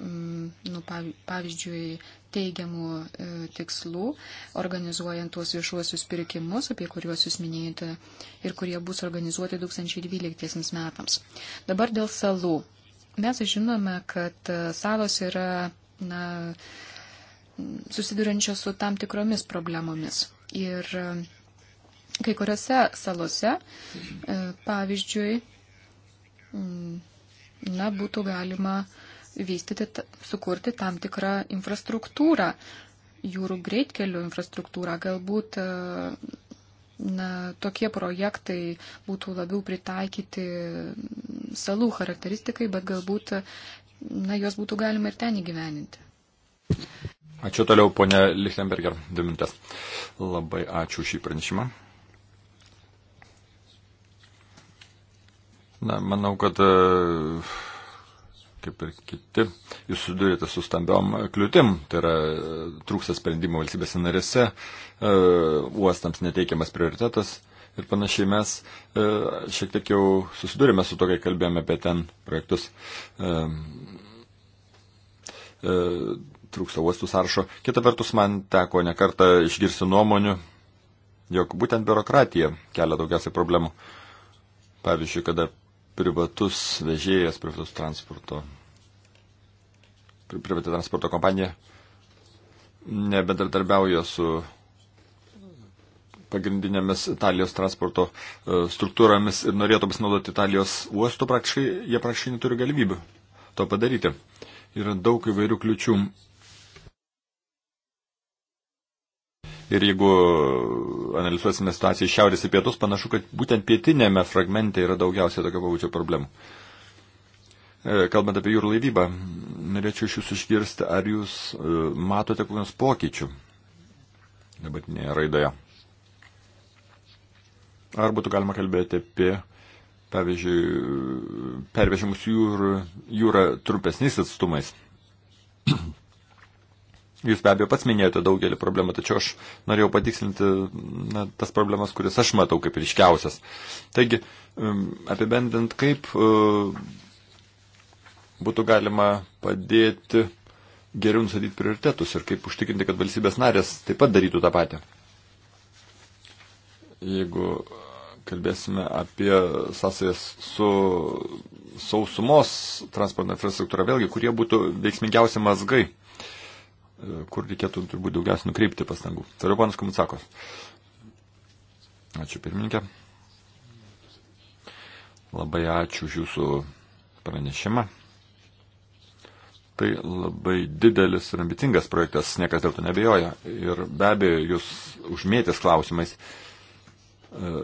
Speaker 2: Mm, nu, pavyzdžiui, teigiamų e, tikslų, organizuojant tuos viešuosius pirkimus, apie kuriuos jūs minėjote ir kurie bus organizuoti 2012 metams. Dabar dėl salų. Mes žinome, kad e, salos yra na, susidurančios su tam tikromis problemomis. Ir e, kai kuriuose salose, pavyzdžiui, mm, na, būtų galima uh, vystyti, sukurti tam tikrą infrastruktūrą, jūrų greitkelių infrastruktūrą. Galbūt e, na, tokie projektai būtų labiau pritaikyti salų charakteristikai, bet galbūt na, juos būtų galima ir ten įgyveninti.
Speaker 3: Ačiū toliau, ponė Lichtenberger, dvi minutės. Labai ačiū šį pranešimą. Na, manau, kad uh, kaip ir kiti, jūs sudurėte su stambiom kliūtim, tai yra e, trūksta sprendimų valstybės narėse, e, uostams neteikiamas prioritetas ir panašiai mes e, šiek tiek jau susidūrėme su to, kai kalbėjome apie ten projektus. Trūksta uostų sąrašo. Kita vertus, man teko nekartą išgirsti nuomonių, jog būtent biurokratija kelia daugiausiai problemų. Pavyzdžiui, kada privatus vežėjas, privatus transporto, privati transporto kompanija nebedardarbiauja su pagrindinėmis Italijos transporto e, struktūromis ir norėtų pasinaudoti Italijos uostų, praktiškai jie praktiškai neturi galimybių to padaryti. Yra daug įvairių kliučių Ir jeigu analizuosime situaciją iš šiaurės į pietus, panašu, kad būtent pietinėme fragmente yra daugiausiai tokio pavaučio problemų. E, kalbant apie jūrų laivybą, norėčiau iš jūsų išgirsti, ar jūs e, matote kokios pokyčių dabartinėje raidoje. Ar būtų galima kalbėti apie, pavyzdžiui, pervežimus jūrą, jūrą trumpesniais atstumais? Jūs be abejo pats minėjote daugelį problemų, tačiau aš norėjau patikslinti na, tas problemas, kurias aš matau kaip ryškiausias. Taigi, apibendrint, kaip e, būtų galima padėti geriau nusadyti prioritetus ir kaip užtikrinti, kad valstybės narės taip pat darytų tą patį. Jeigu kalbėsime apie sąsajas su sausumos transporto infrastruktūra, vėlgi, kurie būtų veiksmingiausi mazgai kur reikėtų turbūt daugiausiai nukreipti pastangų. Toliau panas Komutsakos. Ačiū pirmininkė. Labai ačiū už jūsų pranešimą. Tai labai didelis ir ambicingas projektas, niekas dėl to nebejoja. Ir be abejo, jūs užmėtės klausimais. E,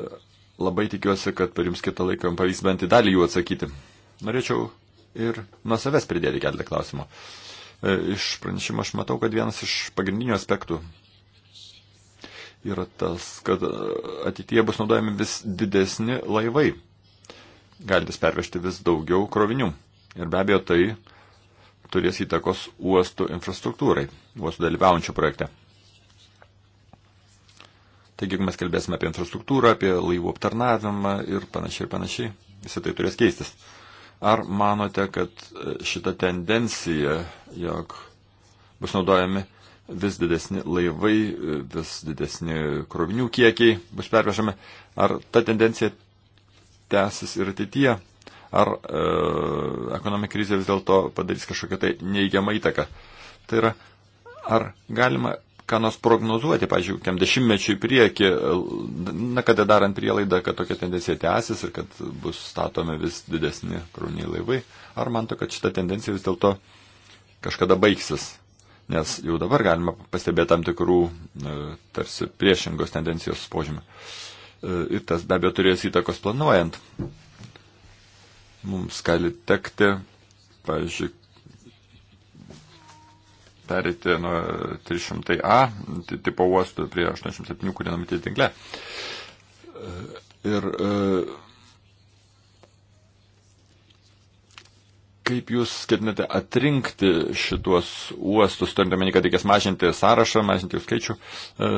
Speaker 3: labai tikiuosi, kad per jums kitą laiką pavyks bent į dalį jų atsakyti. Norėčiau ir nuo savęs pridėti keletą klausimų. Uh, E, iš pranešimo aš matau, kad vienas iš pagrindinių aspektų yra tas, kad e, ateityje bus naudojami vis didesni laivai, galintis pervežti vis daugiau krovinių. Ir be abejo tai turės įtakos uostų infrastruktūrai, uostų dalyvaujančių projekte. Taigi, jeigu mes kalbėsime apie infrastruktūrą, apie laivų aptarnavimą ir panašiai ir panašiai, visą tai turės keistis. Ar manote, kad e, šita tendencija, jog bus naudojami vis didesni laivai, e, vis didesni krovinių kiekiai bus pervežami, ar ta tendencija tęsis ir ateityje, ar e, ekonominė krizė vis dėlto padarys kažkokią tai neįgiamą įtaką. Tai yra, ar galima ką nors prognozuoti, pažiūrėjau, kiam dešimtmečiui prieki, na, kada darant prielaidą, kad tokia tendencija tęsis ir kad bus statomi vis didesni krūniai laivai, ar man to, kad šita tendencija vis dėlto kažkada baigsis? Nes jau dabar galima pastebėti tam tikrų e, tarsi priešingos tendencijos požymį. E, ir tas be abejo turės įtakos planuojant. Mums gali tekti, pažiūrėjau, perėti nuo 300A tipo uostų prie 87, kurie numatyti tinkle. Ir e, kaip jūs ketinate atrinkti šituos uostus, turint omeny, kad reikės mažinti sąrašą, mažinti jų skaičių, e,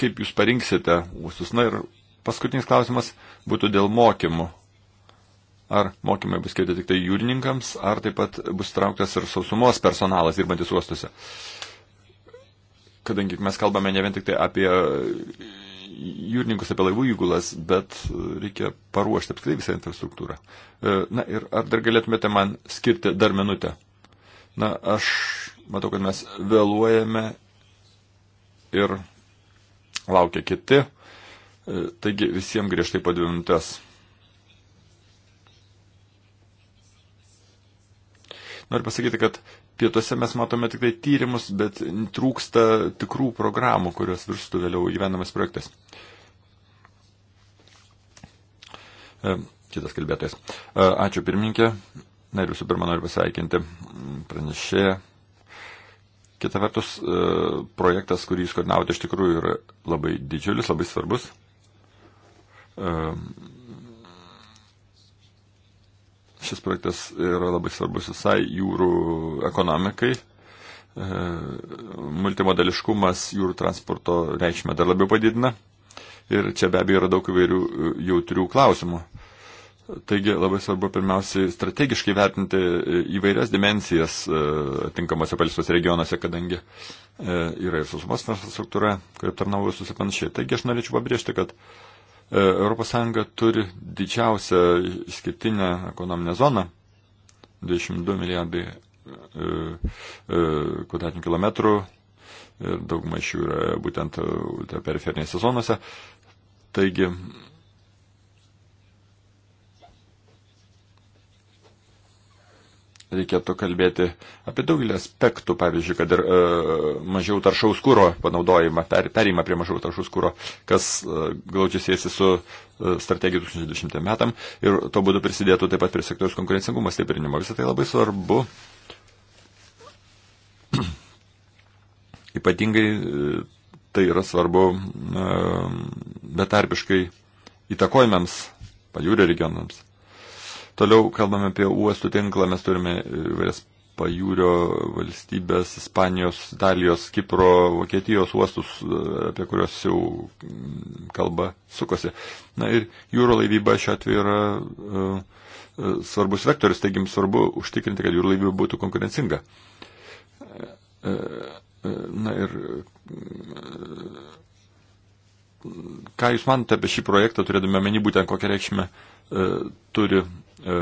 Speaker 3: kaip jūs parinksite uostus. Na ir paskutinis klausimas būtų dėl mokymų. Ar mokymai bus skirti tik tai jūrininkams, ar taip pat bus trauktas ir sausumos personalas dirbantis uostuose. Kadangi mes kalbame ne vien tik tai apie jūrininkus, apie laivų įgulas, bet reikia paruošti apskritai visą infrastruktūrą. E, na ir ar dar galėtumėte man skirti dar minutę? Na, aš matau, kad mes vėluojame ir laukia kiti. E, taigi visiems griežtai po dvi minutės. Noriu pasakyti, kad pietuose mes matome tik tai tyrimus, bet trūksta tikrų programų, kurios virstų vėliau gyvenamas projektas. E, kitas kalbėtojas. E, ačiū pirmininkė. Na ir visų pirma noriu pasveikinti pranešėją. Kita vertus, e, projektas, kurį jūs koordinavote, iš tikrųjų yra labai didžiulis, labai svarbus. Šis projektas yra labai svarbus visai jūrų ekonomikai. E, multimodališkumas jūrų transporto reikšmę dar labiau padidina. Ir čia be abejo yra daug įvairių e, jautrių klausimų. Taigi labai svarbu pirmiausiai strategiškai vertinti e, įvairias dimensijas atinkamose palisvos regionuose, kadangi yra ir sausumos infrastruktūra, kuri aptarnauja visus ir panašiai. Taigi aš norėčiau pabrėžti, kad uh, ES turi didžiausią išskirtinę ekonominę zoną - 22 milijardai e, e, kvadratinių kilometrų ir dauguma iš jų yra būtent e, periferinėse zonose. Taigi reikėtų kalbėti apie daugelį aspektų, pavyzdžiui, kad ir e, mažiau taršaus kūro panaudojimą, per, perimą prie mažiau taršaus kūro, kas e, glaudžiai siejasi su e, strategija 2020 metam ir to būdu prisidėtų taip pat prie sektoriaus konkurencingumo stiprinimo. Visą tai labai svarbu. Ypatingai e, tai yra svarbu e, betarpiškai įtakojimams, pajūrio regionams. Toliau kalbame apie uostų tinklą, mes turime įvairias pajūrio valstybės, Ispanijos, Italijos, Kipro, Vokietijos uostus, apie kuriuos jau mm, kalba sukosi. Na ir jūro laivyba šiuo atveju yra uh, svarbus vektorius, taigi jums svarbu užtikrinti, kad jūro laivyba būtų konkurencinga. Uh, na ir uh, ką jūs manote apie šį projektą, turėdami omeny būtent kokią reikšmę turi E,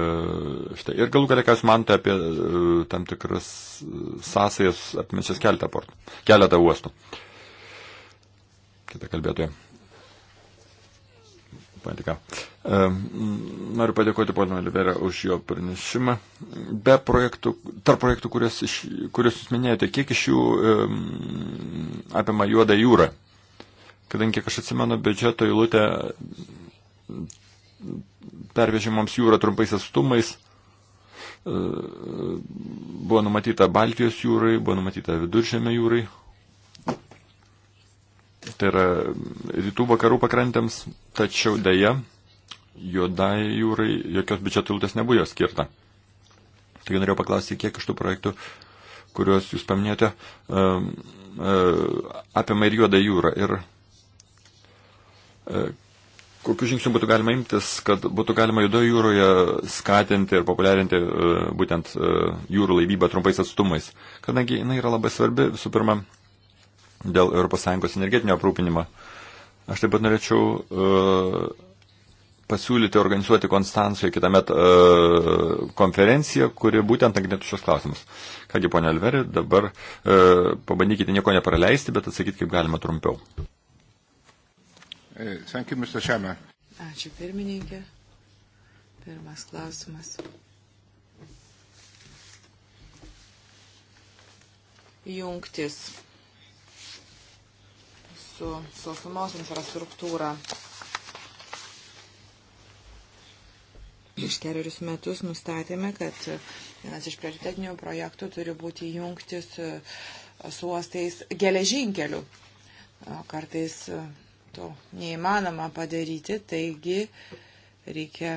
Speaker 3: štai. Ir galų galia, ką jūs manote apie e, tam tikras e, sąsajas apimečias keletą, portų, keletą uostų. Kita kalbėtoja. Patika. Noriu padėkoti pono Olivera už jo pranešimą. Be projektų, tarp projektų, kuriuos, iš, kuriuos jūs minėjote, kiek iš jų um, apima juodą jūrą? Kadangi, kiek aš atsimenu, biudžeto įlūtę pervežimams jūra trumpais atstumais. E, buvo numatyta Baltijos jūrai, buvo numatyta Viduržėme jūrai. Tai yra rytų vakarų pakrantėms, tačiau dėja, juodai jūrai jokios biudžeto eilutės nebuvo skirta. Taigi norėjau paklausti, kiek iš tų projektų, kuriuos jūs paminėjote, e, e, apima ir juodą jūrą. Ir Kokiu žingsniu būtų galima imtis, kad būtų galima judoje jūroje skatinti ir populiarinti e, būtent e, jūrų laivybą trumpais atstumais, kadangi jinai yra labai svarbi visų pirma dėl ES energetinio aprūpinimo. Aš taip pat norėčiau uh, pasiūlyti organizuoti Konstancijoje kitą metą uh, konferenciją, kuri būtent nagrinėtų šios klausimus. Kągi, ponia Alveri, dabar uh, pabandykite nieko nepraleisti, bet atsakyti kaip galima trumpiau.
Speaker 1: Uh, thank you, Mr. Chairman. Ačiū pirmininkė. Pirmas klausimas. Jungtis su sausumos infrastruktūra. Prieš keliarius metus nustatėme, kad vienas iš prioritetinių projektų turi būti jungtis su uostais geležinkeliu. Kartais to neįmanoma padaryti, taigi reikia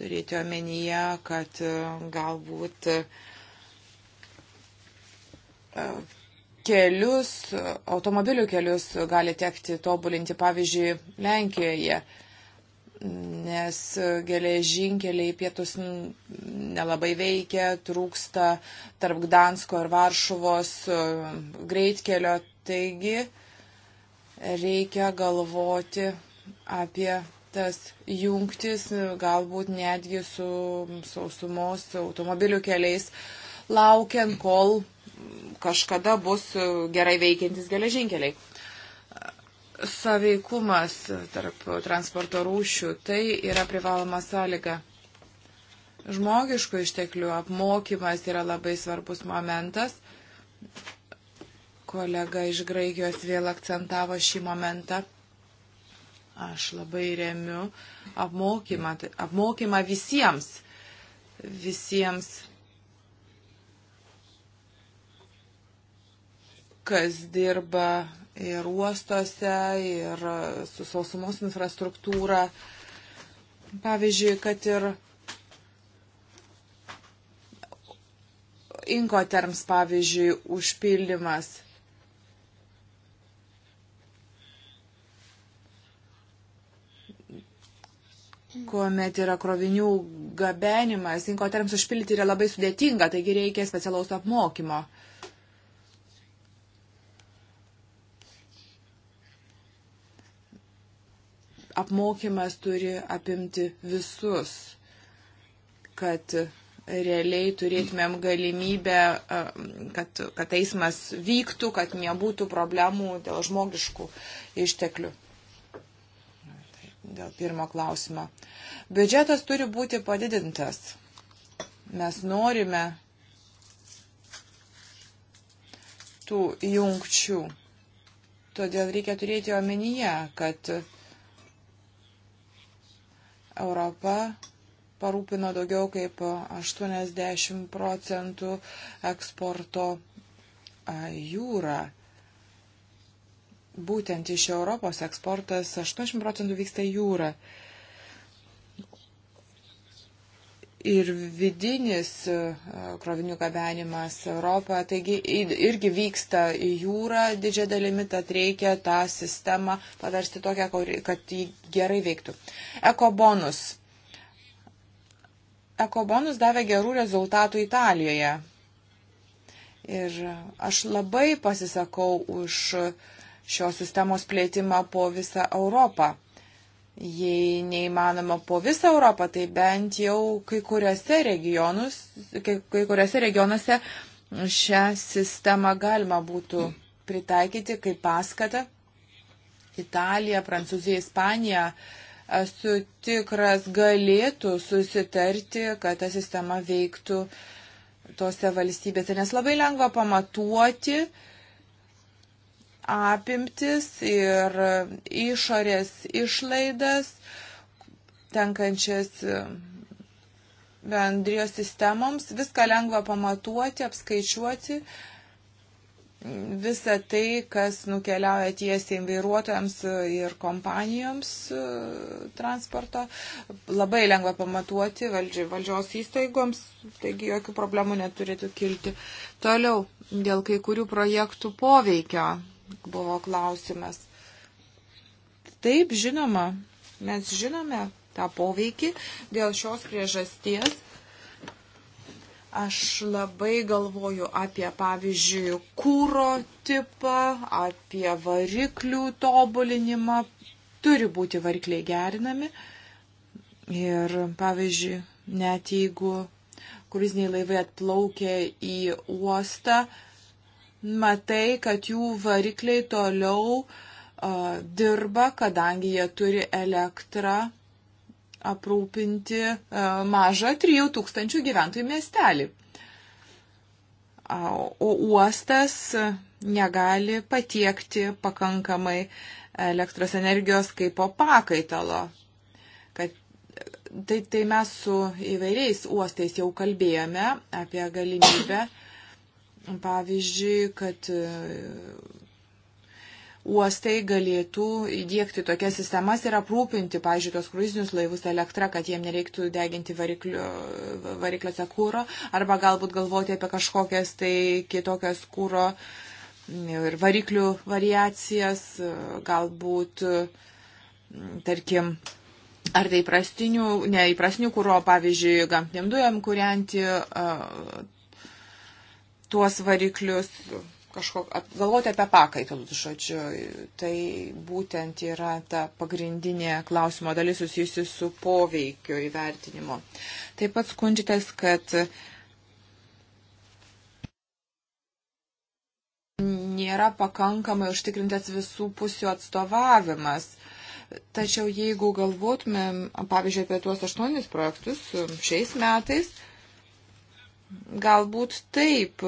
Speaker 1: turėti omenyje, kad e, galbūt e, kelius, automobilių kelius gali tekti tobulinti, pavyzdžiui, Lenkijoje, nes geležinkeliai pietus nelabai veikia, trūksta tarp Gdansko ir Varšuvos e, greitkelio, taigi reikia galvoti apie tas jungtis, galbūt netgi su sausumos automobilių keliais, laukiant, kol kažkada bus gerai veikiantis geležinkeliai. Saveikumas tarp transporto rūšių tai yra privaloma sąlyga. Žmogiškų išteklių apmokymas yra labai svarbus momentas Kolega iš Graikijos vėl akcentavo šį momentą. Aš labai remiu apmokymą, tai apmokymą visiems, visiems, kas dirba ir uostuose, ir su sausumos infrastruktūra. Pavyzdžiui, kad ir inkoterms, pavyzdžiui, užpildymas – kuomet yra krovinių gabenimas, inkoterms užpildyti yra labai sudėtinga, taigi reikia specialaus apmokymo. Apmokymas turi apimti visus, kad realiai turėtumėm galimybę, kad, kad eismas vyktų, kad nebūtų problemų dėl žmogiškų išteklių dėl pirmo klausimo. Biudžetas turi būti padidintas. Mes norime tų jungčių. Todėl reikia turėti omenyje, kad Europa parūpino daugiau kaip 80 procentų eksporto jūrą būtent iš Europos eksportas 80 procentų vyksta jūra. Ir vidinis e, krovinių gabenimas Europoje, taigi irgi vyksta į jūrą didžią dalimi, tad reikia tą sistemą paversti tokią, kad ji gerai veiktų. Ekobonus. Ekobonus davė gerų rezultatų Italijoje. Ir aš labai pasisakau už uh, šios sistemos plėtimą po visą Europą. Jei neįmanoma po visą Europą, tai bent jau kai kuriuose, regionus, kai, kai kuriuose regionuose šią sistemą galima būtų pritaikyti kaip paskatą. Italija, Prancūzija, Ispanija, esu tikras, galėtų susitarti, kad ta sistema veiktų tose valstybėse, nes labai lengva pamatuoti, uh, apimtis ir išorės išlaidas tenkančias e, bendrijos sistemoms. Viską lengva pamatuoti, apskaičiuoti. Visa tai, kas nukeliauja tiesiai vairuotojams ir kompanijoms e, transporto, labai lengva pamatuoti valdži, valdžios įstaigoms, taigi jokių problemų neturėtų kilti. Toliau, dėl kai kurių projektų poveikio buvo klausimas. Taip, žinoma, mes žinome tą poveikį dėl šios priežasties. Aš labai galvoju apie, pavyzdžiui, kūro tipą, apie variklių tobulinimą. Turi būti varikliai gerinami. Ir, pavyzdžiui, net jeigu kruiziniai laivai atplaukia į uostą, matai, kad jų varikliai toliau uh, dirba, kadangi jie turi elektrą aprūpinti uh, mažą 3000 gyventojų miestelį. Uh, o uostas negali patiekti pakankamai elektros energijos kaip pakaitalo. Kad, tai, tai mes su įvairiais uostais jau kalbėjome apie galimybę uh, Pavyzdžiui, kad e, uostai galėtų įdėkti tokias sistemas ir aprūpinti, pažiūrėjau, tos kruizinius laivus elektrą, kad jiem nereiktų deginti variklio, varikliuose kūro, arba galbūt galvoti apie kažkokias tai kitokias kūro ir variklių variacijas, e, galbūt, tarkim, ar tai įprastinių, neįprastinių kūro, pavyzdžiui, gamtiniam dujam kurianti tuos variklius, kažkok, galvoti apie pakaitalus, žodžiu. Tai būtent yra ta pagrindinė klausimo dalis susijusi su poveikio įvertinimu. Taip pat skundžiatės, kad nėra pakankamai užtikrintas visų pusių atstovavimas. Tačiau jeigu galvotumėm, pavyzdžiui, apie tuos aštuonis projektus šiais metais, Galbūt taip,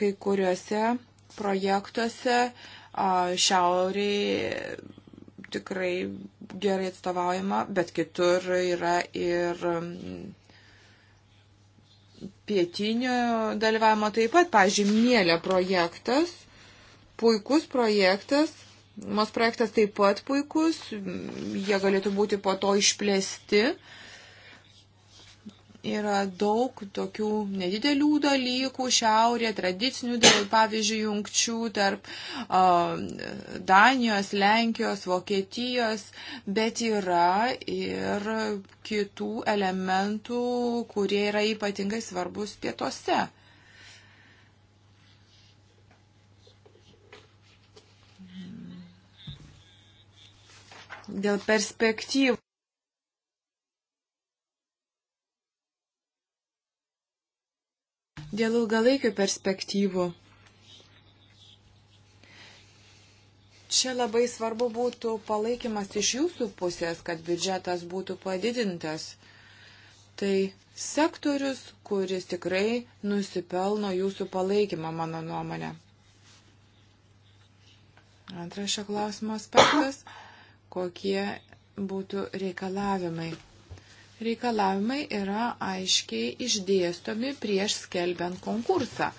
Speaker 1: kai kuriuose projektuose šiauriai tikrai gerai atstovaujama, bet kitur yra ir pietinio dalyvavimo taip pat, pažiūrėjau, mėlė projektas, puikus projektas, mūsų projektas taip pat puikus, jie galėtų būti po to išplėsti, uh, yra daug tokių nedidelių dalykų šiaurė, tradicinių, pavyzdžiui, jungčių tarp uh, Danijos, Lenkijos, Vokietijos, bet yra ir kitų elementų, kurie yra ypatingai svarbus pietuose. Dėl perspektyvų. Dėl ilgalaikių perspektyvų. Čia labai svarbu būtų palaikymas iš jūsų pusės, kad biudžetas būtų padidintas. Tai sektorius, kuris tikrai nusipelno jūsų palaikymą, mano nuomonė. Antras šio klausimo aspektas - kokie būtų reikalavimai reikalavimai yra aiškiai išdėstomi prieš skelbiant konkursą.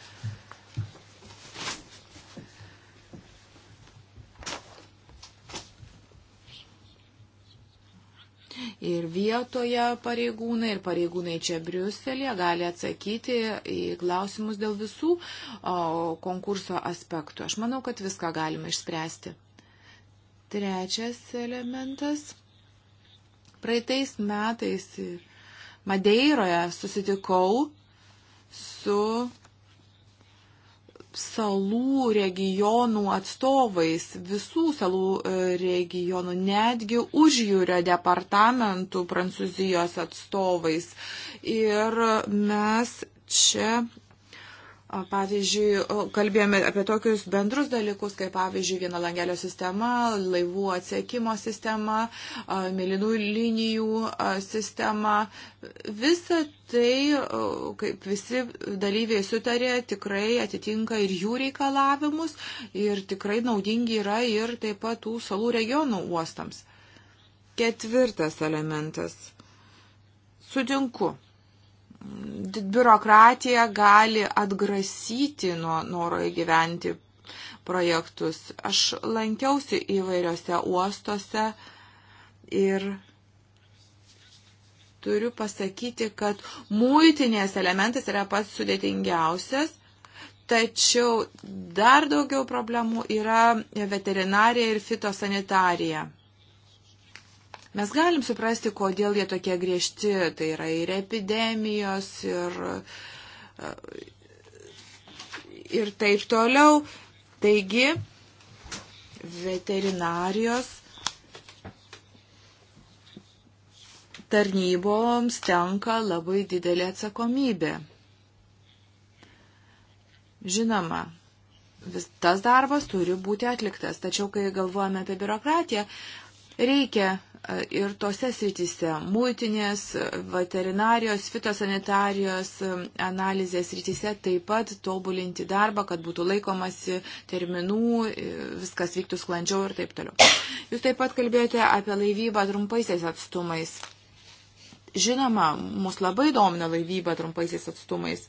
Speaker 1: ir vietoje pareigūnai, ir pareigūnai čia Briuselėje gali atsakyti į klausimus dėl visų o, konkurso aspektų. Aš manau, kad viską galima išspręsti. Trečias elementas Praeitais metais Madeiroje susitikau su salų regionų atstovais, visų salų e, regionų, netgi užjūrio departamentų Prancūzijos atstovais. Ir mes čia Pavyzdžiui, kalbėjome apie tokius bendrus dalykus, kaip pavyzdžiui, viena langelio sistema, laivų atsiekimo sistema, mėlynų linijų sistema. Visa tai, kaip visi dalyviai sutarė, tikrai atitinka ir jų reikalavimus ir tikrai naudingi yra ir taip pat tų salų regionų uostams. Ketvirtas elementas. Sutinku biurokratija gali atgrasyti nuo noro įgyventi projektus. Aš lankiausi įvairiose uostuose ir turiu pasakyti, kad muitinės elementas yra pats sudėtingiausias, tačiau dar daugiau problemų yra veterinarija ir fitosanitarija. Mes galim suprasti, kodėl jie tokie griežti, tai yra ir epidemijos, ir, e, ir taip toliau. Taigi, veterinarijos tarnyboms tenka labai didelė atsakomybė. Žinoma, vis tas darbas turi būti atliktas, tačiau kai galvojame apie biurokratiją, reikia ir tose srityse - mūtinės, veterinarijos, fitosanitarijos e, analizės srityse taip pat tobulinti darbą, kad būtų laikomasi terminų, e, viskas vyktų sklandžiau ir taip toliau. Jūs taip pat kalbėjote apie laivybą trumpaisiais atstumais. Žinoma, mus labai domina laivyba trumpaisiais atstumais.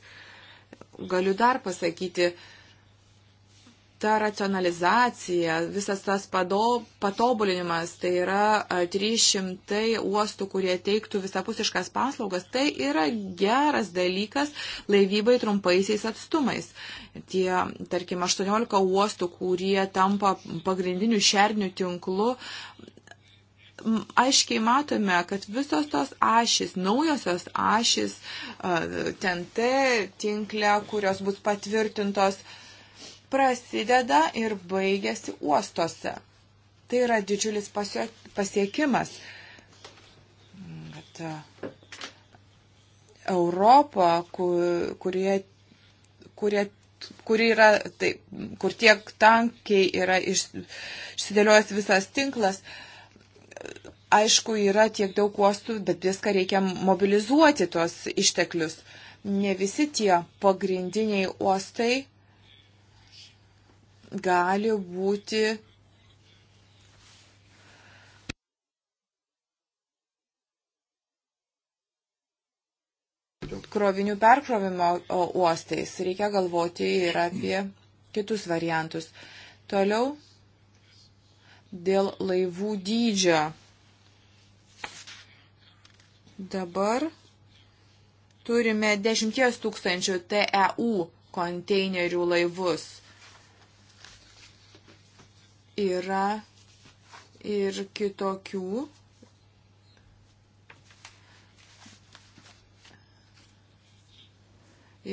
Speaker 1: Galiu dar pasakyti, uh, ta racionalizacija, visas tas pado, patobulinimas, tai yra 300 uostų, kurie teiktų visapusiškas paslaugas, tai yra geras dalykas laivybai trumpaisiais atstumais. Tie, tarkim, 18 uostų, kurie tampa pagrindiniu šernių tinklu, aiškiai matome, kad visos tos ašys, naujosios ašys, ten te tinkle, kurios bus patvirtintos, prasideda ir baigėsi uostuose. Tai yra didžiulis pasiekimas. Kad e, Europa, kur, kurie, kurie kur, yra, tai, kur tiek tankiai yra iš, išsidėliojęs visas tinklas. Aišku, yra tiek daug uostų, bet viską reikia mobilizuoti tuos išteklius. Ne visi tie pagrindiniai uostai gali būti krovinių perkrovimo uostais. Reikia galvoti ir apie kitus variantus. Toliau dėl laivų dydžio. Dabar turime 10 tūkstančių TEU konteinerių laivus yra ir kitokių.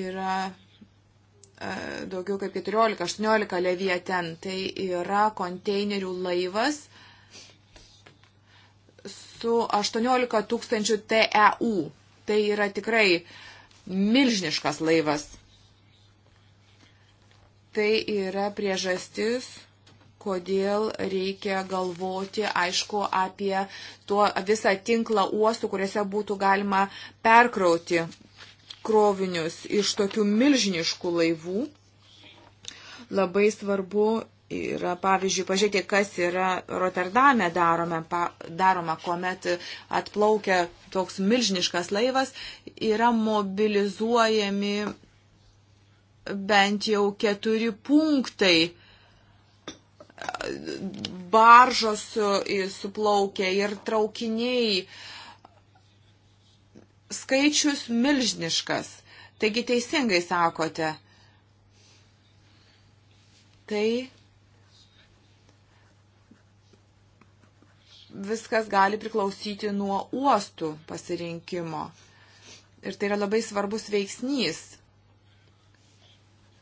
Speaker 1: Yra e, daugiau kaip 14-18 levyje ten. Tai yra konteinerių laivas su 18 tūkstančių TEU. Tai yra tikrai milžiniškas laivas. Tai yra priežastis, kodėl reikia galvoti, aišku, apie tuo visą tinklą uostų, kuriuose būtų galima perkrauti krovinius iš tokių milžiniškų laivų. Labai svarbu yra, pavyzdžiui, pažiūrėti, kas yra Rotterdame darome, pa, daroma, kuomet atplaukia toks milžiniškas laivas, yra mobilizuojami bent jau keturi punktai baržos suplaukia ir traukiniai. Skaičius milžiniškas. Taigi teisingai sakote. Tai viskas gali priklausyti nuo uostų pasirinkimo. Ir tai yra labai svarbus veiksnys.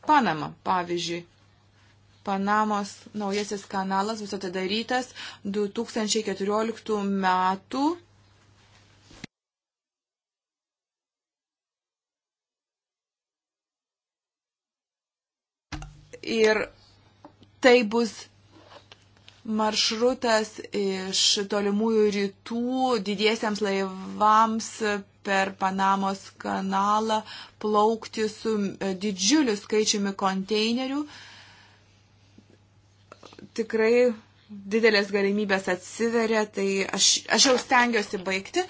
Speaker 1: Panama, pavyzdžiui, Panamos naujasis kanalas bus atidarytas 2014 metų. Ir tai bus maršrutas iš tolimųjų rytų didiesiams laivams per Panamos kanalą plaukti su didžiuliu skaičiumi konteinerių. Uh, tikrai didelės galimybės atsiveria, tai aš, aš jau stengiuosi baigti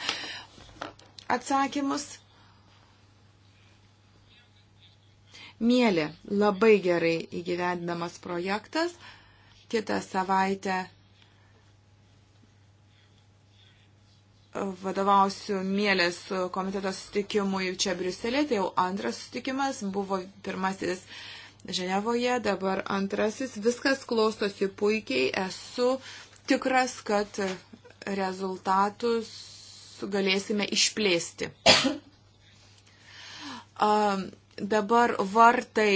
Speaker 1: atsakymus. Mėly, labai gerai įgyvendinamas projektas. Kitą savaitę vadovausiu mėlės komiteto sustikimui čia Briuselė, tai jau antras sustikimas, buvo pirmasis uh, Ženevoje, dabar antrasis, viskas klostosi puikiai, esu tikras, kad rezultatus galėsime išplėsti. dabar vartai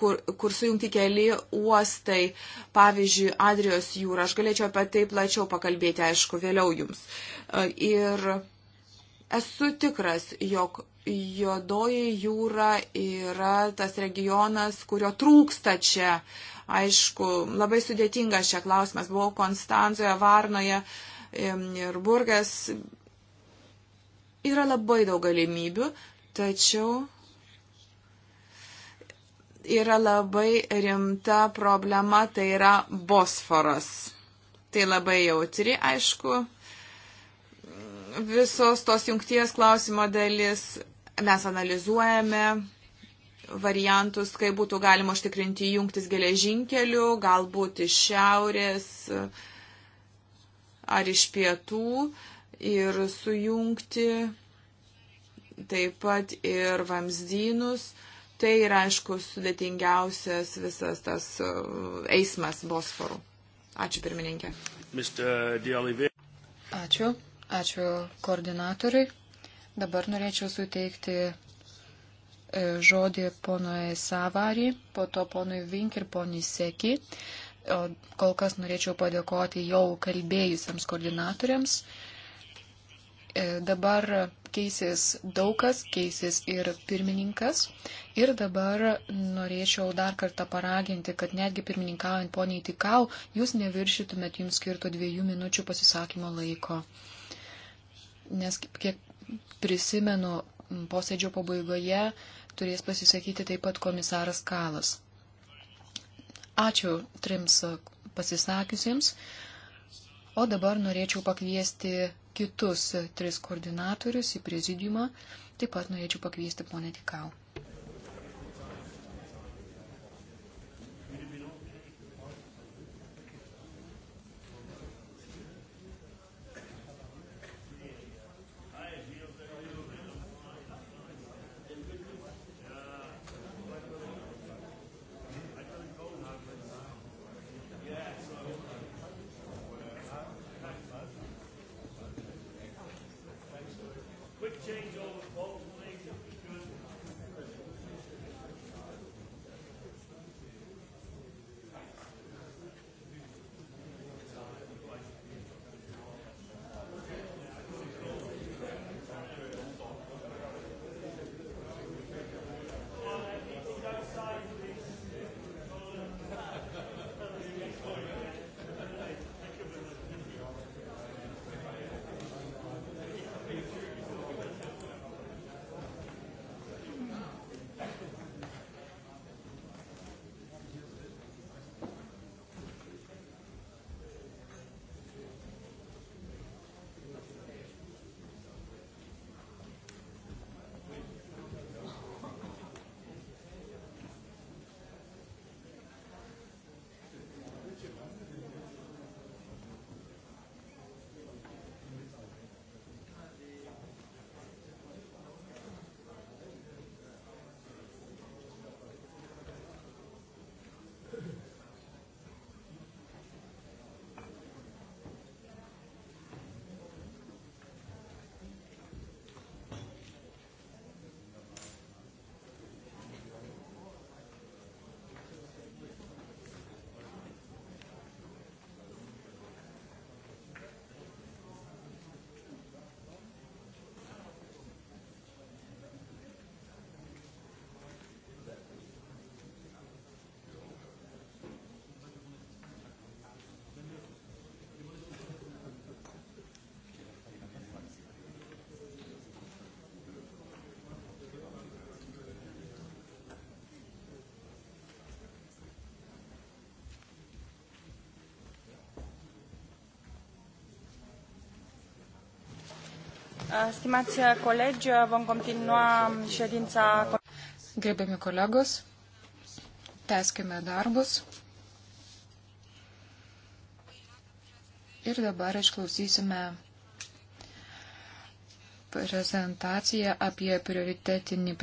Speaker 1: kur, kur sujungti keli uostai, pavyzdžiui, Adrijos jūra. Aš galėčiau apie tai plačiau pakalbėti, aišku, vėliau jums. Ir esu tikras, jog Jodoji jūra yra tas regionas, kurio trūksta čia. Aišku, labai sudėtingas čia klausimas. Buvau Konstanzoje, Varnoje ir Burgas. Yra labai daug galimybių, tačiau yra labai rimta problema, tai yra Bosforas. Tai labai jautri, aišku, visos tos jungties klausimo dalis. Mes analizuojame variantus, kaip būtų galima užtikrinti jungtis geležinkeliu, galbūt iš šiaurės ar iš pietų ir sujungti taip pat ir vamzdynus. Tai yra, aišku, sudėtingiausias visas tas e, eismas Bosforų. Ačiū pirmininkė. Ačiū. Ačiū koordinatoriui.
Speaker 2: Dabar norėčiau suteikti e, žodį ponui Savarį, po to ponui Vink ir ponui Seki. O kol kas norėčiau padėkoti jau kalbėjusiems koordinatoriams. E, dabar keisis daugas, keisis ir pirmininkas. Ir dabar norėčiau dar kartą paraginti, kad netgi pirmininkaujant poniai Tikau, jūs neviršytumėt jums skirto dviejų minučių pasisakymo laiko. Nes kiek prisimenu, posėdžio pabaigoje turės pasisakyti taip pat komisaras Kalas. Ačiū trims pasisakiusiems. O dabar norėčiau pakviesti kitus tris koordinatorius į prezidiumą. Taip pat norėčiau pakviesti ponę Tikau.
Speaker 1: Uh, stimați uh,
Speaker 2: colegi, uh, vom continua um, ședința. Gerbiami kolegos, tęskime darbus. Ir dabar išklausysime prezentaciją apie prioritetinį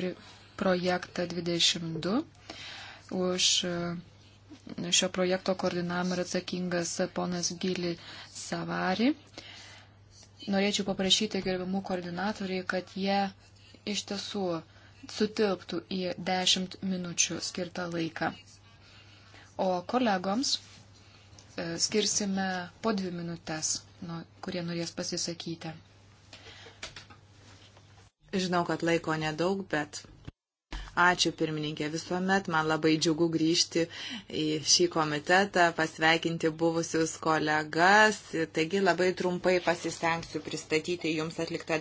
Speaker 2: projektą 22. Už šio projekto koordinavimą yra atsakingas ponas Gili Savari norėčiau paprašyti gerbiamų koordinatoriai, kad jie iš tiesų sutilptų į 10 minučių skirtą laiką. O kolegoms e, skirsime po 2
Speaker 1: minutės, kurie norės pasisakyti. Žinau, kad laiko nedaug, bet Ačiū pirmininkė. Visuomet man labai džiugu grįžti į šį komitetą, pasveikinti buvusius kolegas. Taigi labai trumpai pasistengsiu pristatyti jums atliktą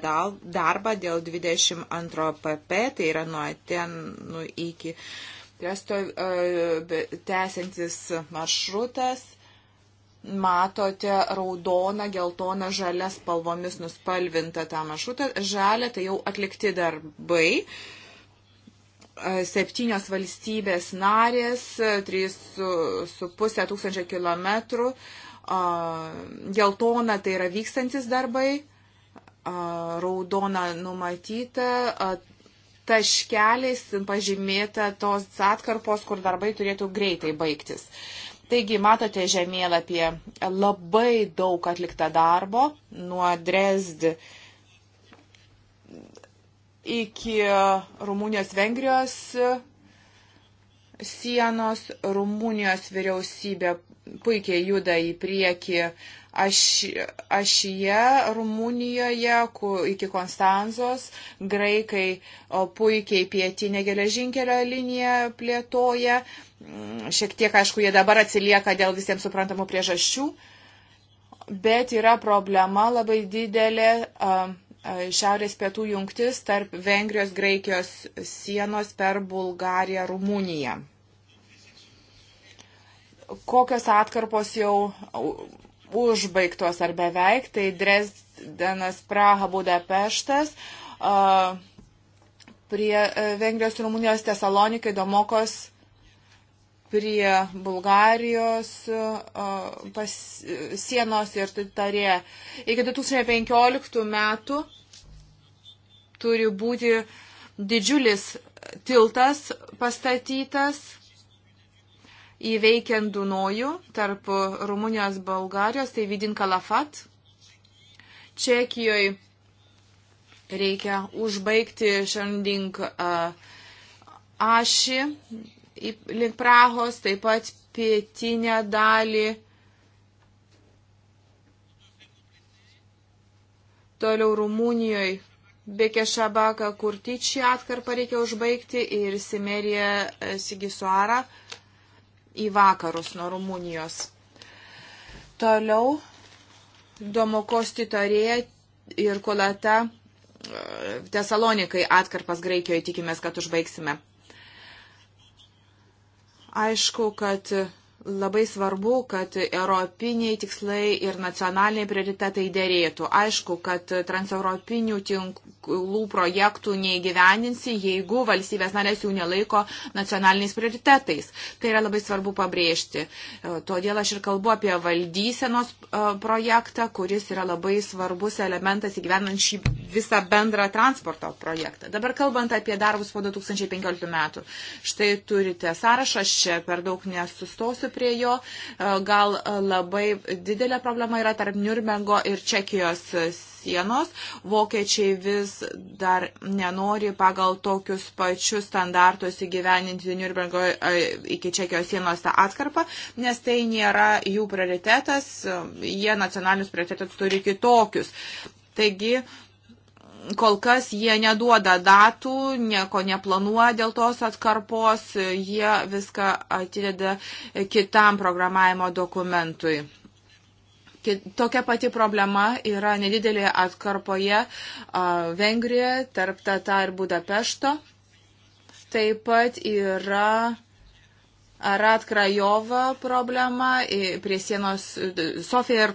Speaker 1: darbą dėl 22 PP, tai yra nuo ten nu, iki testo e, tęsiantis maršrutas matote raudoną, geltoną, žalią spalvomis nuspalvintą tą maršrutą. Žalia tai jau atlikti darbai. Uh, septynios valstybės narės, 3,5 tūkstančio kilometrų. Geltona tai yra vykstantis darbai, raudona numatyta, taškeliais pažymėta tos atkarpos, kur darbai turėtų greitai baigtis. Taigi, matote žemėlapyje labai daug atlikta darbo nuo Dresd iki Rumunijos-Vengrijos sienos. Rumunijos vyriausybė puikiai juda į priekį aš, ašyje Rumunijoje iki Konstanzos. Graikai puikiai pietinę geležinkelio liniją plėtoja. Mm, šiek tiek, aišku, jie dabar atsilieka dėl visiems suprantamų priežasčių. Bet yra problema labai didelė. Uh, E, šiaurės pietų jungtis tarp Vengrijos, Graikijos sienos per Bulgariją, Rumuniją. Kokios atkarpos jau užbaigtos ar beveik, tai Dresdenas, Praha, Budapeštas, e, prie e, Vengrijos, Rumunijos, Tesalonikai, Domokos, prie Bulgarijos e, pas, sienos ir tarė. Iki 2015 metų turi būti didžiulis tiltas pastatytas įveikiant Dunojų tarp Rumunijos Bulgarijos, tai Vidin Kalafat. Čekijoje reikia užbaigti šiandien ašį link Prahos, taip pat pietinę dalį. Toliau Rumunijoje Bekešabaką, kur tyčį atkarpą reikia užbaigti ir Simeriją e, Sigisuarą į vakarus nuo Rumunijos. Toliau Domokosti Tarėja ir Kolata e, Tesalonikai atkarpas Graikijoje tikimės, kad užbaigsime. Aišku, kad labai svarbu, kad europiniai tikslai ir nacionaliniai prioritetai dėrėtų. Aišku, kad transeuropinių tinklų projektų neįgyveninsi, jeigu valstybės narės jų nelaiko nacionaliniais prioritetais. Tai yra labai svarbu pabrėžti. E, todėl aš ir kalbu apie valdysenos e, projektą, kuris yra labai svarbus elementas įgyvenant šį visą bendrą transporto projektą. Dabar kalbant apie darbus po 2015 metų. Štai turite sąrašą, aš čia per daug nesustosiu prie jo. E, gal e, labai didelė problema yra tarp Nürnbergo ir Čekijos sienos. Vokiečiai vis dar nenori pagal tokius pačius standartus įgyveninti Nürnbergo e, iki Čekijos sienos tą atkarpą, nes tai nėra jų prioritetas, jie nacionalinius prioritetus turi kitokius. Taigi, uh, kol kas jie neduoda datų, nieko neplanuoja dėl tos atkarpos, jie viską atideda kitam programavimo dokumentui. Tokia pati problema yra nedidelėje atkarpoje Vengrijoje tarp Tata ir Budapešto. Taip pat yra Arat Krajova problema prie sienos, Sofija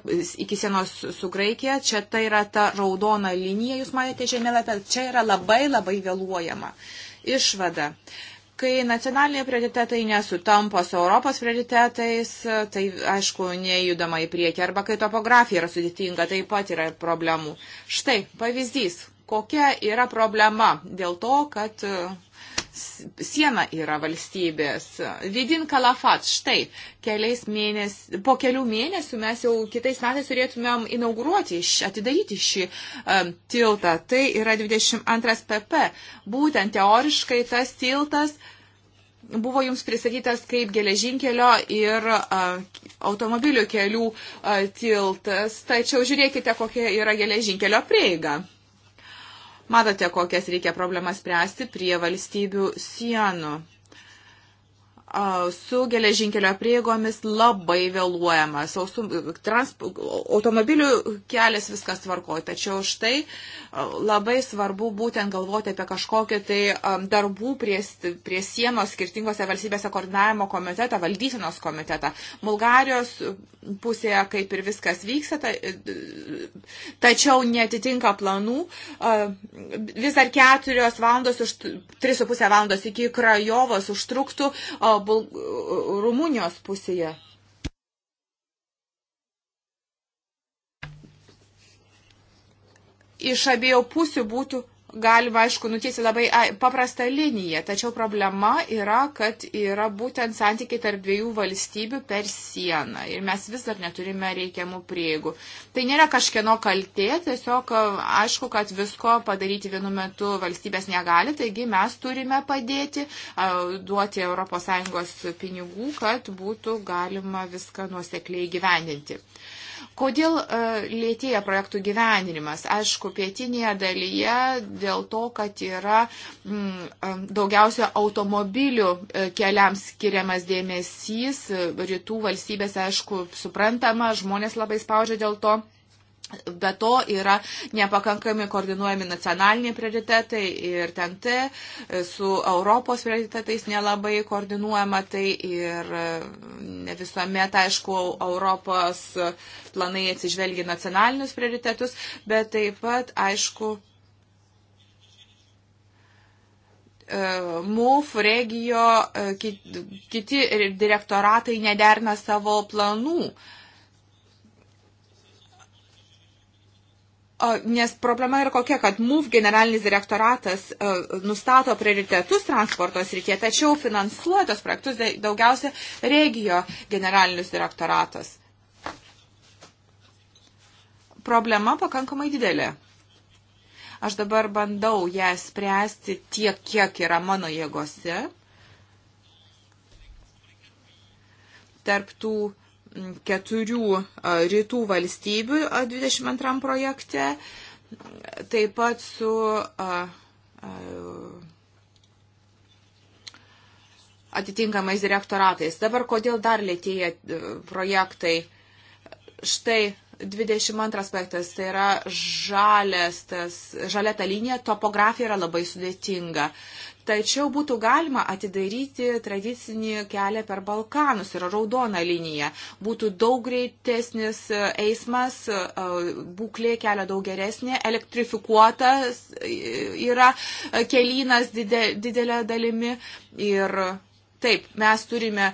Speaker 1: iki sienos su Graikija, čia tai yra ta raudona linija, jūs matėte žemėlapį, čia yra labai labai vėluojama. Išvada. Kai nacionaliniai prioritetai nesutampa su Europos prioritetais, tai aišku, nejudama į priekį, arba kai topografija yra sudėtinga, taip pat yra problemų. Štai pavyzdys, kokia yra problema dėl to, kad siena yra valstybės. Vidin Kalafat, štai, keliais mėnes, po kelių mėnesių mes jau kitais metais turėtumėm inauguruoti, atidaryti šį um, tiltą. Tai yra 22 PP. Būtent teoriškai tas tiltas buvo jums pristatytas kaip geležinkelio ir uh, automobilių kelių uh, tiltas, tačiau žiūrėkite, kokia yra geležinkelio prieiga. Matote, kokias reikia problemas spręsti prie valstybių sienų su geležinkelio prieigomis labai vėluojama. Sausum, trans, automobilių kelias viskas tvarkoja, tačiau štai labai svarbu būtent galvoti apie kažkokį tai darbų prie, prie sienos skirtingose valstybėse koordinavimo komitetą, valdysenos komitetą. Bulgarijos pusėje kaip ir viskas vyksta, ta, tačiau netitinka planų. Vis dar keturios valandos, už, tris su pusė valandos iki Krajovos užtruktų Bul Rumunijos pusėje. Iš abiejų pusių būtų Galima, aišku, nutiesti labai paprastą liniją, tačiau problema yra, kad yra būtent santykiai tarp dviejų valstybių per sieną ir mes vis dar neturime reikiamų prieigų. Tai nėra kažkieno kaltė, tiesiog aišku, kad visko padaryti vienu metu valstybės negali, taigi mes turime padėti, duoti ES pinigų, kad būtų galima viską nuosekliai gyvendinti. Kodėl e, lėtėja projektų gyveninimas? Aišku, pietinėje dalyje dėl to, kad yra m, mm, e, daugiausia automobilių e, keliams skiriamas dėmesys, rytų valstybės, aišku, suprantama, žmonės labai spaudžia dėl to. Be to yra nepakankami koordinuojami nacionaliniai prioritetai ir ten te su Europos prioritetais nelabai koordinuojama tai ir e, ne visuomet, aišku, Europos planai atsižvelgia nacionalinius prioritetus, bet taip pat, aišku, e, MUF regio e, kiti direktoratai nederna savo planų. Nes problema yra kokia, kad MUF generalinis direktoratas e, nustato prioritetus transporto srityje, tačiau finansuoja tos projektus daugiausia regijo generalinis direktoratas. Problema pakankamai didelė. Aš dabar bandau ją spręsti tiek, kiek yra mano jėgose. Tarptų uh, keturių rytų valstybių 22 projekte, taip pat su atitinkamais direktoratais. Dabar kodėl dar lėtėja projektai? Štai 22 aspektas, tai yra žalės, tas, žalia ta linija, topografija yra labai sudėtinga. Tačiau būtų galima atidaryti tradicinį kelią per Balkanus, yra raudona linija. Būtų daug greitesnis e, eismas, e, būklė kelio daug geresnė, elektrifikuotas e, yra kelynas didelė dalimi. Ir taip, mes turime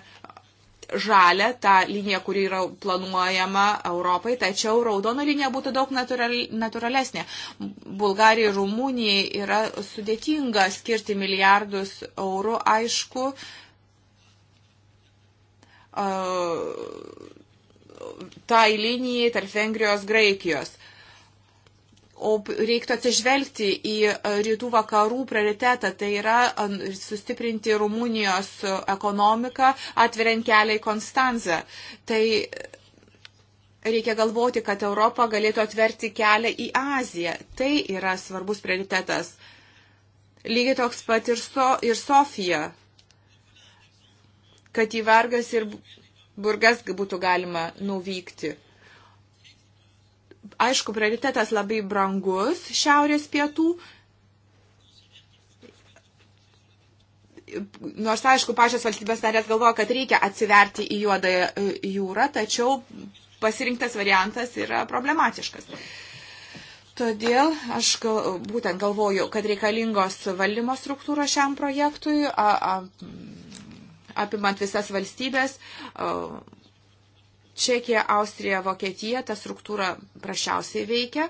Speaker 1: žalę, tą liniją, kuri yra planuojama Europai, tačiau raudona linija būtų daug natūralesnė. Bulgarijai ir Rumunijai yra sudėtinga skirti milijardus eurų, aišku. Uh, tai linijai tarp Vengrijos Graikijos. Uh, O reiktų atsižvelgti į e, rytų vakarų prioritetą, tai yra sustiprinti Rumunijos ekonomiką, atveriant kelią į Konstanzą. Tai e, reikia galvoti, kad Europa galėtų atverti kelią į Aziją. Tai yra svarbus prioritetas. Lygiai toks pat ir, so, ir Sofija, kad į Vargas ir Burgas būtų galima nuvykti aišku, prioritetas labai brangus šiaurės pietų. Nors, aišku, pačios valstybės narės galvoja, kad reikia atsiverti į juodąją e, jūrą, tačiau pasirinktas variantas yra problematiškas. Todėl aš gal, būtent galvoju, kad reikalingos valdymo struktūros šiam projektui, a, a, apimant visas valstybės, a, Čekija, Austrija, Vokietija ta struktūra prašiausiai veikia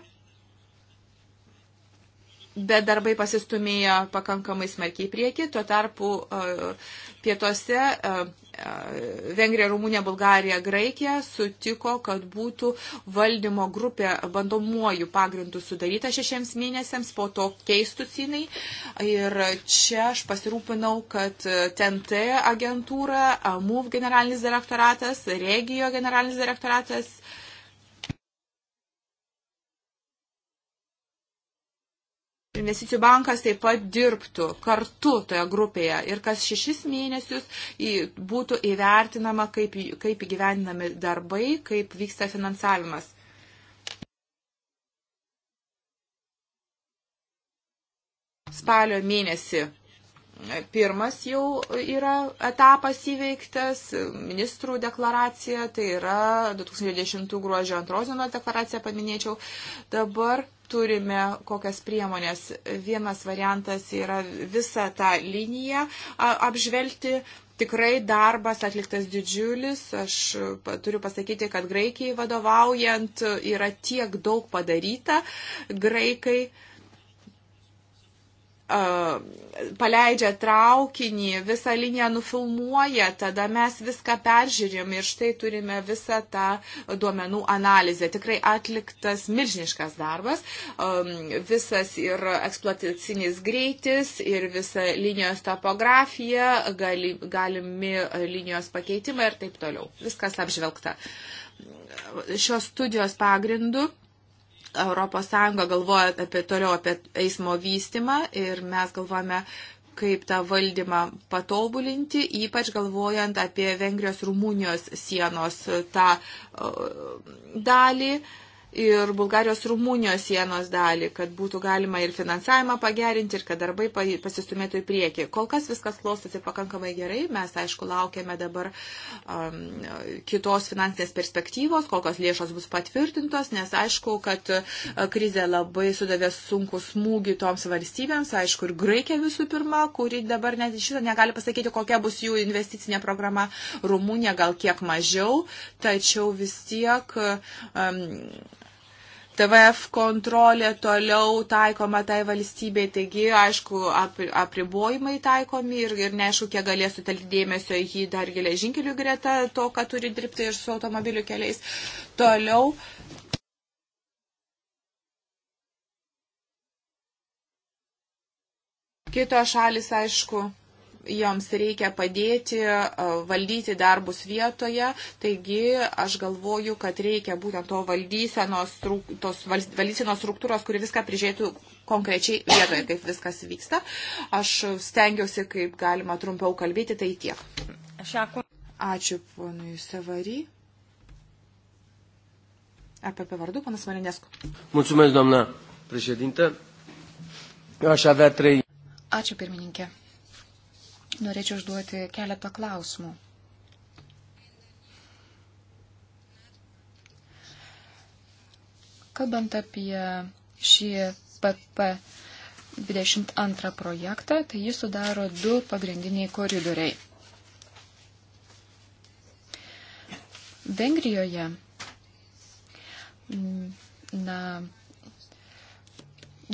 Speaker 1: bet darbai pasistumėjo pakankamai smarkiai prieki, tuo tarpu e, pietuose e, e, Vengrija, Rumunija, Bulgarija, Graikija sutiko, kad būtų valdymo grupė bandomuoju pagrindu sudaryta šešiems mėnesiams, po to keistusinai. Ir čia aš pasirūpinau, kad TNT agentūra, MUV generalinis direktoratas, Regio generalinis direktoratas, investicijų bankas taip pat dirbtų kartu toje grupėje ir kas šešis mėnesius būtų įvertinama, kaip, kaip įgyvendinami darbai, kaip vyksta finansavimas. Spalio mėnesį pirmas jau yra etapas įveiktas, ministrų deklaracija, tai yra 2010 gruodžio antros dienos deklaracija, paminėčiau. Dabar turime kokias priemonės. Vienas variantas yra visą tą liniją apžvelgti. Tikrai darbas atliktas didžiulis. Aš turiu pasakyti, kad Graikijai vadovaujant yra tiek daug padaryta. Graikai uh, paleidžia traukinį, visą liniją nufilmuoja, tada mes viską peržiūrim ir štai turime visą tą duomenų analizę. Tikrai atliktas milžiniškas darbas, visas ir eksploatacinis greitis, ir visa linijos topografija, galimi linijos pakeitimai ir taip toliau. Viskas apžvelgta. Šios studijos pagrindu ES galvoja apie, toliau apie eismo vystimą ir mes galvojame, kaip tą valdymą patobulinti, ypač galvojant apie Vengrijos-Rumunijos sienos tą dalį. Uh, ir Bulgarijos Rumunijos sienos dalį, kad būtų galima ir finansavimą pagerinti, ir kad darbai pasistumėtų į priekį. Kol kas viskas klostosi pakankamai gerai, mes aišku laukiame dabar um, kitos finansinės perspektyvos, kokios lėšos bus patvirtintos, nes aišku, kad krizė labai sudavė sunku smūgį toms valstybėms, aišku, ir Graikija visų pirma, kuri dabar net šitą negali pasakyti, kokia bus jų investicinė programa, Rumunija gal kiek mažiau, tačiau vis tiek um, TVF kontrolė toliau taikoma tai valstybei, taigi, aišku, apribojimai taikomi ir, ir neaišku, kiek galės sutelkti dėmesio į dar geležinkelių greta to, ką turi dirbti ir su automobilių keliais. Toliau. Kitos šalis, aišku, joms reikia padėti valdyti darbus vietoje. Taigi aš galvoju, kad reikia būtent to valdysenos, tos valdysenos struktūros, kuri viską prižiūrėtų konkrečiai vietoje, kaip viskas vyksta. Aš stengiuosi, kaip galima trumpiau kalbėti, tai tiek. Ačiū ponui Savary. APP vardu, panas Marinescu. Mulțumesc, doamna președintă. Eu aș avea
Speaker 3: trei.
Speaker 2: Ačiū pirmininkė. Norėčiau užduoti keletą klausimų. Kalbant apie šį PP22 projektą, tai jį sudaro du pagrindiniai koridoriai. Vengrijoje na,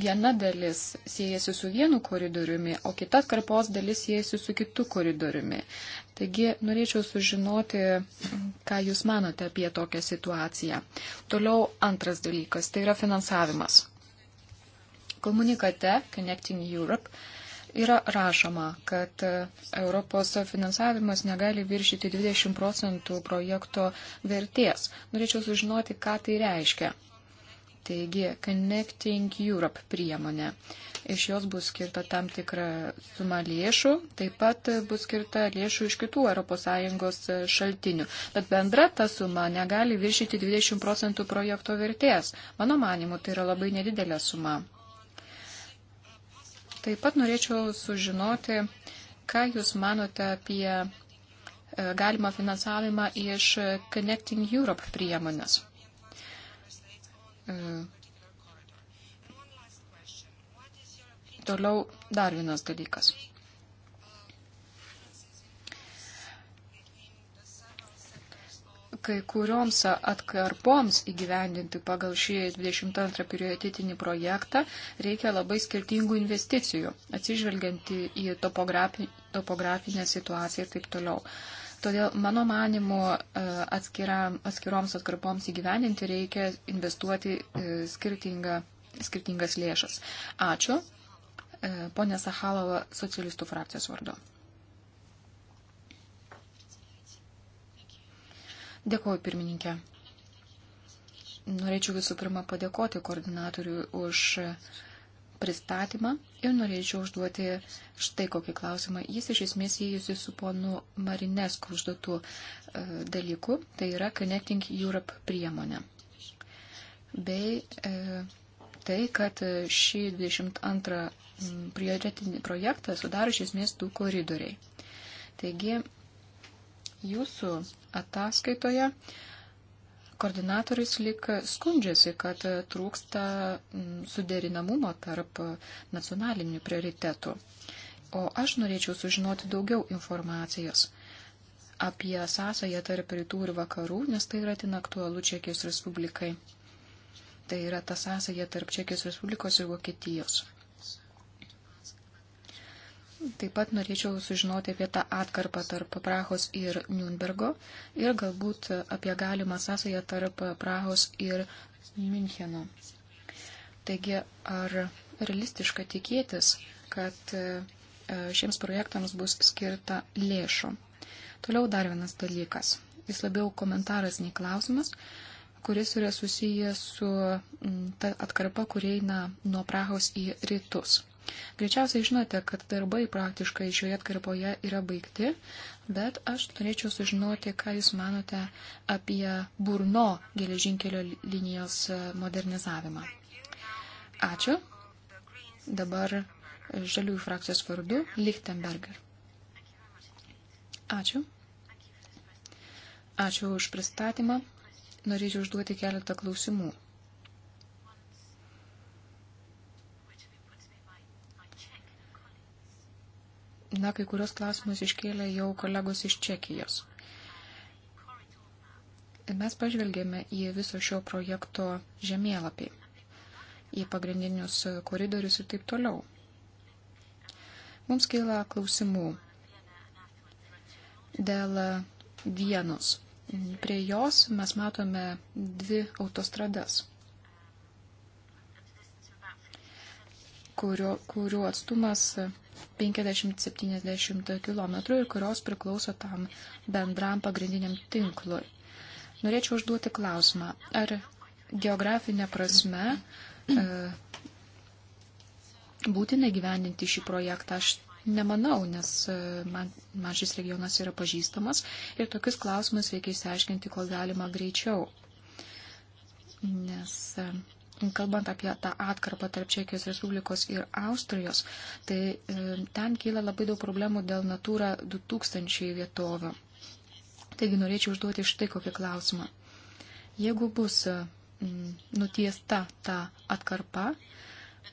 Speaker 2: viena dalis siejasi su vienu koridoriumi, o kita atkarpos dalis siejasi su kitu koridoriumi. Taigi norėčiau sužinoti, ką Jūs manote apie tokią situaciją. Toliau antras dalykas - tai yra finansavimas. Komunikate Connecting Europe yra rašoma, kad Europos finansavimas negali viršyti 20 procentų projekto vertės. Norėčiau sužinoti, ką tai reiškia. Taigi, Connecting Europe priemonė. Iš jos bus skirta tam tikra suma lėšų, taip pat bus skirta lėšų iš kitų ES šaltinių. Bet bendra ta suma negali viršyti 20 procentų projekto vertės. Mano manimu, tai yra labai nedidelė suma. Taip pat norėčiau sužinoti, ką Jūs manote apie e, galimą finansavimą iš Connecting Europe priemonės. E, toliau dar vienas dalykas. Kai kurioms atkarpoms įgyvendinti pagal šį 22 prioritetinį projektą reikia labai skirtingų investicijų, atsižvelgianti į topografi, topografinę situaciją ir taip toliau. Uh, Todėl, mano manimu, e, atskira, atskiroms atkarpoms įgyveninti reikia investuoti e, skirtinga, skirtingas lėšas. Ačiū. E, Pone Sahalova, socialistų frakcijos vardu. Dėkuoju, pirmininkė. Norėčiau visų pirma padėkoti koordinatoriui už uh, pristatymą ir norėčiau užduoti štai kokį klausimą. Jis iš esmės įjusi su ponu Marinesku užduotų e, dalykų, tai yra Connecting Europe priemonė. Bei e, tai, kad šį 22 prioritetinį projektą sudaro iš esmės du koridoriai. Taigi, jūsų ataskaitoje e, koordinatorius lik skundžiasi, kad trūksta mm, suderinamumo tarp nacionalinių prioritetų. O aš norėčiau sužinoti daugiau informacijos apie sąsąją tarp rytų ir vakarų, nes tai yra tin aktualu Čekijos Respublikai. Tai yra ta sąsaja tarp Čekijos Respublikos ir Vokietijos. Taip pat norėčiau sužinoti apie tą atkarpą tarp Prahos ir Nürnbergo ir galbūt apie galimą sąsąją tarp Prahos ir Müncheno. Taigi, ar realistiška tikėtis, kad e, šiems projektams bus skirta lėšų? Toliau dar vienas dalykas. Jis labiau komentaras nei klausimas, kuris yra susijęs su ta atkarpa, kurie eina nuo Prahos į rytus. Greičiausiai žinote, kad darbai praktiškai šioje atkarpoje yra baigti, bet aš norėčiau sužinoti, ką Jūs manote apie Burno geležinkelio linijos e, modernizavimą. Ačiū. Dabar žaliųjų frakcijos vardu Lichtenberger. Ačiū. Ačiū už pristatymą. Norėčiau užduoti keletą klausimų. Na, kai kurios klausimus iškėlė jau kolegos iš Čekijos. Mes pažvelgėme į viso šio projekto žemėlapį, į pagrindinius koridorius ir taip toliau. Mums kyla klausimų dėl vienos. Prie jos mes matome dvi autostradas, kurio, kurių atstumas 50-70 km ir kurios priklauso tam bendram pagrindiniam tinklui. Norėčiau užduoti klausimą, ar geografinė prasme e, būtina gyvendinti šį projektą. Aš nemanau, nes e, man, man šis regionas yra pažįstamas ir tokius klausimus reikia įsiaiškinti, kuo galima greičiau. Nes. E, kalbant apie tą atkarpą tarp Čekijos Respublikos ir Austrijos, tai e, ten kyla labai daug problemų dėl Natūra 2000 vietovių. Taigi norėčiau užduoti štai kokį klausimą. Jeigu bus e, nutiesta ta atkarpa,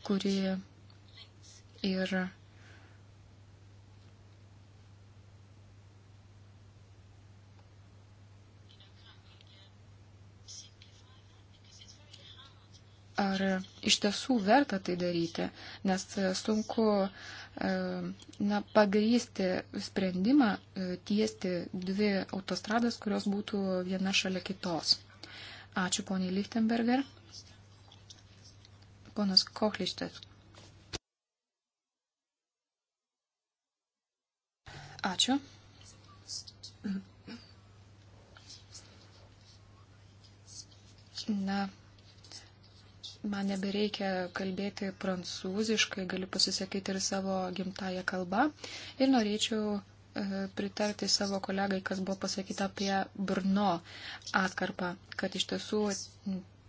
Speaker 2: kuri ir ar iš tiesų verta tai daryti, nes e, sunku e, na, pagrysti sprendimą e, tiesti dvi autostradas, kurios būtų viena šalia kitos. Ačiū poniai Lichtenberger. Ponas Kochlištas. Ačiū. Na, man nebereikia kalbėti prancūziškai, galiu pasisakyti ir savo gimtają kalbą. Ir norėčiau e, pritarti savo kolegai, kas buvo pasakyta apie Brno atkarpą, kad iš tiesų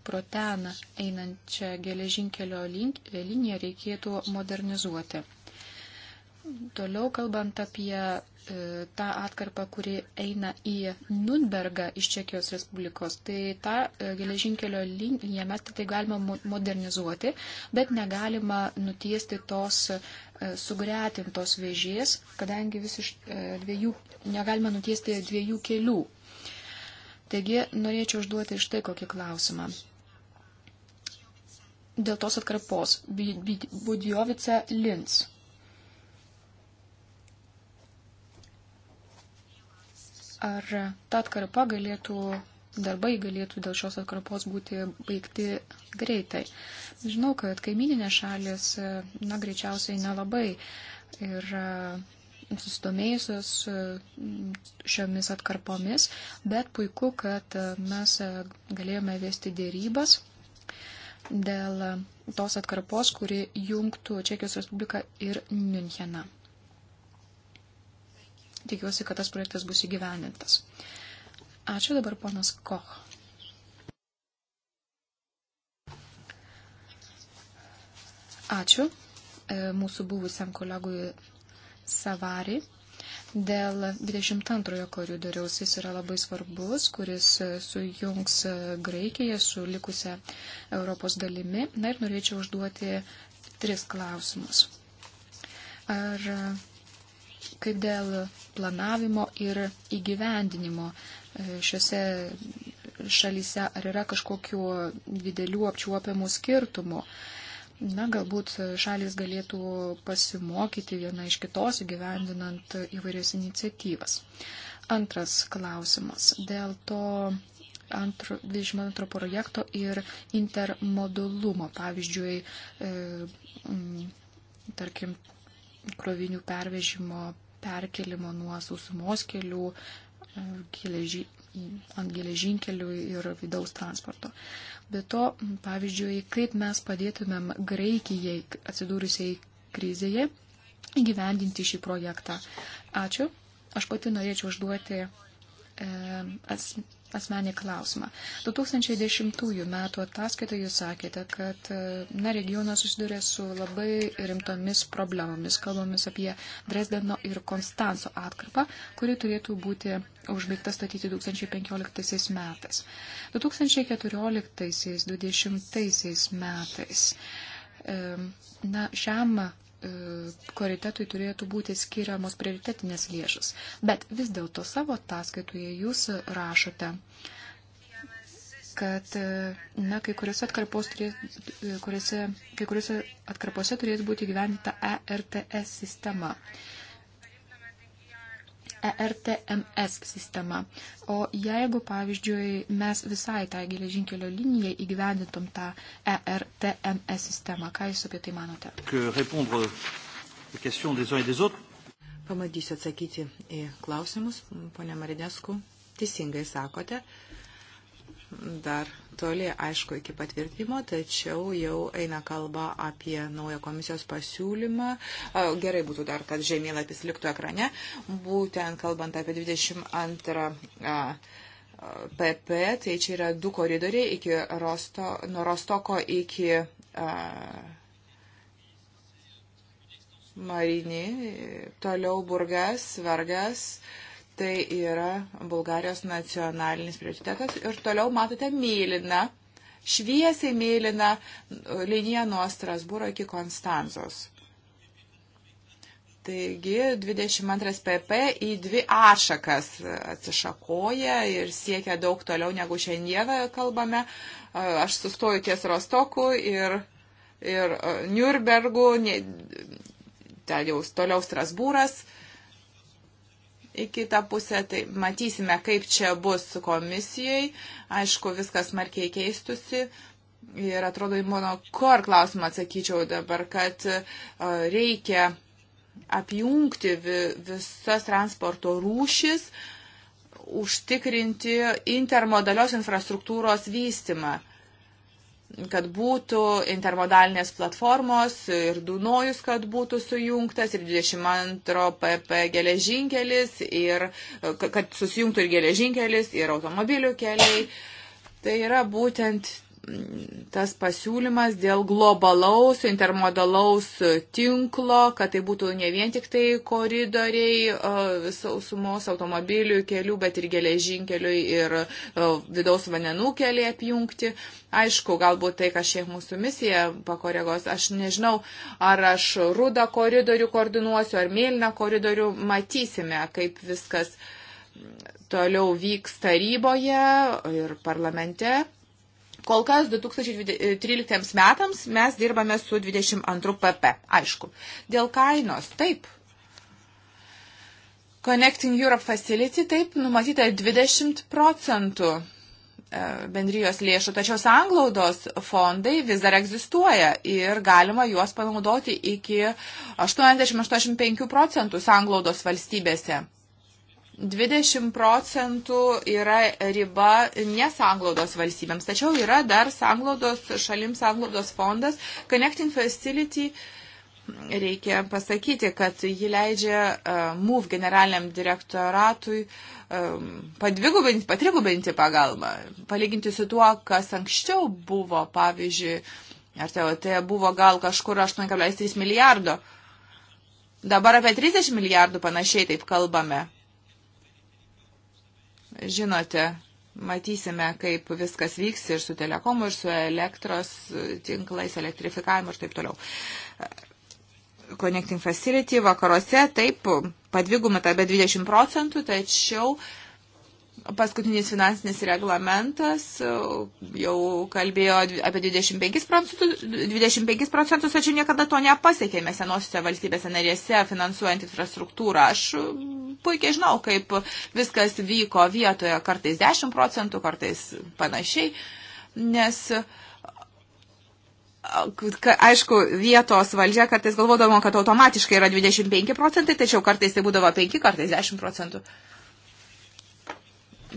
Speaker 2: pro ten einančią geležinkelio liniją reikėtų modernizuoti. Toliau kalbant apie e, tą atkarpą, kuri eina į Nunbergą iš Čekijos Respublikos, tai tą e, geležinkelio liniją mes tai galima modernizuoti, bet negalima nutiesti tos e, sugretintos vėžės, kadangi vis iš e, dviejų, negalima nutiesti dviejų kelių. Taigi norėčiau užduoti štai kokį klausimą dėl tos atkarpos Budjovice Lins. Ar ta atkarpa galėtų, darbai galėtų dėl šios atkarpos būti baigti greitai? Žinau, kad kaimininė šalis, na, greičiausiai nelabai ir e, susidomėjusios e, šiomis atkarpomis, bet puiku, kad e, mes galėjome vesti dėrybas dėl tos atkarpos, kuri jungtų Čekijos Respubliką ir Müncheną. Tikiuosi, kad tas projektas bus įgyvendintas. Ačiū dabar ponas Koch. Ačiū e, mūsų buvusiam kolegui Savari. Dėl 22 koridoriaus jis yra labai svarbus, kuris sujungs Graikiją su likusia Europos dalimi. Na ir norėčiau užduoti tris klausimus. Ar Kaip dėl planavimo ir įgyvendinimo e, šiuose šalyse, ar yra kažkokiu didelių apčiuopiamų skirtumų? Na, galbūt šalis galėtų pasimokyti viena iš kitos, gyvendinant įvairias iniciatyvas. Antras klausimas. Dėl to 22 projekto ir intermodulumo, pavyzdžiui, e, m, tarkim, krovinių pervežimo, perkelimo nuo sausumos kelių e, geleži, ant geležinkelių ir vidaus transporto. Be to, pavyzdžiui, kaip mes padėtumėm Graikijai atsidūrusiai krizėje įgyvendinti šį projektą. Ačiū. Aš pati norėčiau užduoti E, as, asmenį klausimą. 2010 metų ataskaitą jūs sakėte, kad e, na, regionas susidurė su labai rimtomis problemomis. Kalbomis apie Dresdeno ir Konstanco atkarpą, kuri turėtų būti užbaigta statyti 2015 metais. 2014-2020 metais. E, na, šiam E, koritetui turėtų būti skiriamos prioritetinės lėšas. Bet vis dėlto savo ataskaitoje jūs rašote, kad e, na, kai, kuriuose turės, e, kuriuose, kai kuriuose atkarpose turės būti gyvendita ERTS sistema. ERTMS sistema. O jeigu, pavyzdžiui, mes visai tą tai geležinkelio liniją įgyvendintum
Speaker 1: tą ERTMS sistemą, ką Jūs apie tai manote? Pamadysiu atsakyti į klausimus, ponia Maridesku. Teisingai sakote. Dar toli, aišku, iki patvirtinimo, tačiau jau eina kalba apie naują komisijos pasiūlymą. Gerai būtų dar, kad žemėlapis liktų ekrane. Būtent kalbant apie 22. PP, tai čia yra du koridoriai iki Rosto, nuo Rostoko iki uh, Marini, toliau Burgas, Vargas, uh, Tai yra Bulgarijos nacionalinis prioritetas. Ir toliau matote mėlyną, šviesiai mėlyną liniją nuo Strasbūro iki Konstanzos. Taigi 22 PP į dvi atšakas atsišakoja ir siekia daug toliau negu šiandieną kalbame. Aš sustoju ties Rostoku ir, ir e, Nürnbergu, ten jau toliau Strasbūras į kitą pusę, tai matysime, kaip čia bus komisijai. Aišku, viskas markiai keistusi. Ir atrodo, į mano kor klausimą atsakyčiau dabar, kad e, reikia apjungti visas transporto rūšis, užtikrinti intermodalios infrastruktūros vystimą kad būtų intermodalinės platformos ir Dunojus, kad būtų sujungtas ir 22 PP geležinkelis, ir kad susijungtų ir geležinkelis, ir automobilių keliai. Tai yra būtent tas pasiūlymas dėl globalaus, intermodalaus tinklo, kad tai būtų ne vien tik tai koridoriai sausumos automobilių kelių, bet ir geležinkeliui ir vidaus vandenų keliai apjungti. Aišku, galbūt tai, kas šiek mūsų misija pakoregos, aš nežinau, ar aš rudą koridorių koordinuosiu, ar mėlyną koridorių, matysime, kaip viskas toliau vyks taryboje ir parlamente. Kol kas 2013 e, metams mes dirbame su 22 PP. Aišku, dėl kainos taip. Connecting Europe Facility taip numatyta 20 procentų e, bendrijos lėšų, tačiau sanglaudos fondai vis dar egzistuoja ir galima juos panaudoti iki 80-85 procentų sanglaudos valstybėse. 20 procentų yra riba nesanglaudos valstybėms, tačiau yra dar sanglaudos šalims sanglaudos fondas Connecting Facility. Reikia pasakyti, kad ji leidžia uh, MUV generaliniam direktoratui um, padvigubinti, patrigubinti pagalbą, palyginti su tuo, kas anksčiau buvo, pavyzdžiui, ar tai, tai buvo gal kažkur 8,3 milijardo, dabar apie 30 milijardų panašiai taip kalbame žinote, matysime, kaip viskas vyks ir su telekomu, ir su elektros tinklais, elektrifikavimu ir taip toliau. Connecting Facility vakaruose taip padvigumata be 20 procentų, tačiau uh, paskutinis finansinis reglamentas jau kalbėjo apie 25 procentus, 25 procentus tačiau niekada to nepasiekėme senosiuose valstybėse narėse finansuojant infrastruktūrą. Aš puikiai žinau, kaip viskas vyko vietoje, kartais 10 procentų, kartais panašiai, nes aišku, vietos valdžia kartais galvodavo, kad automatiškai yra 25 procentai, tačiau kartais tai būdavo 5, kartais 10 procentų. Uh,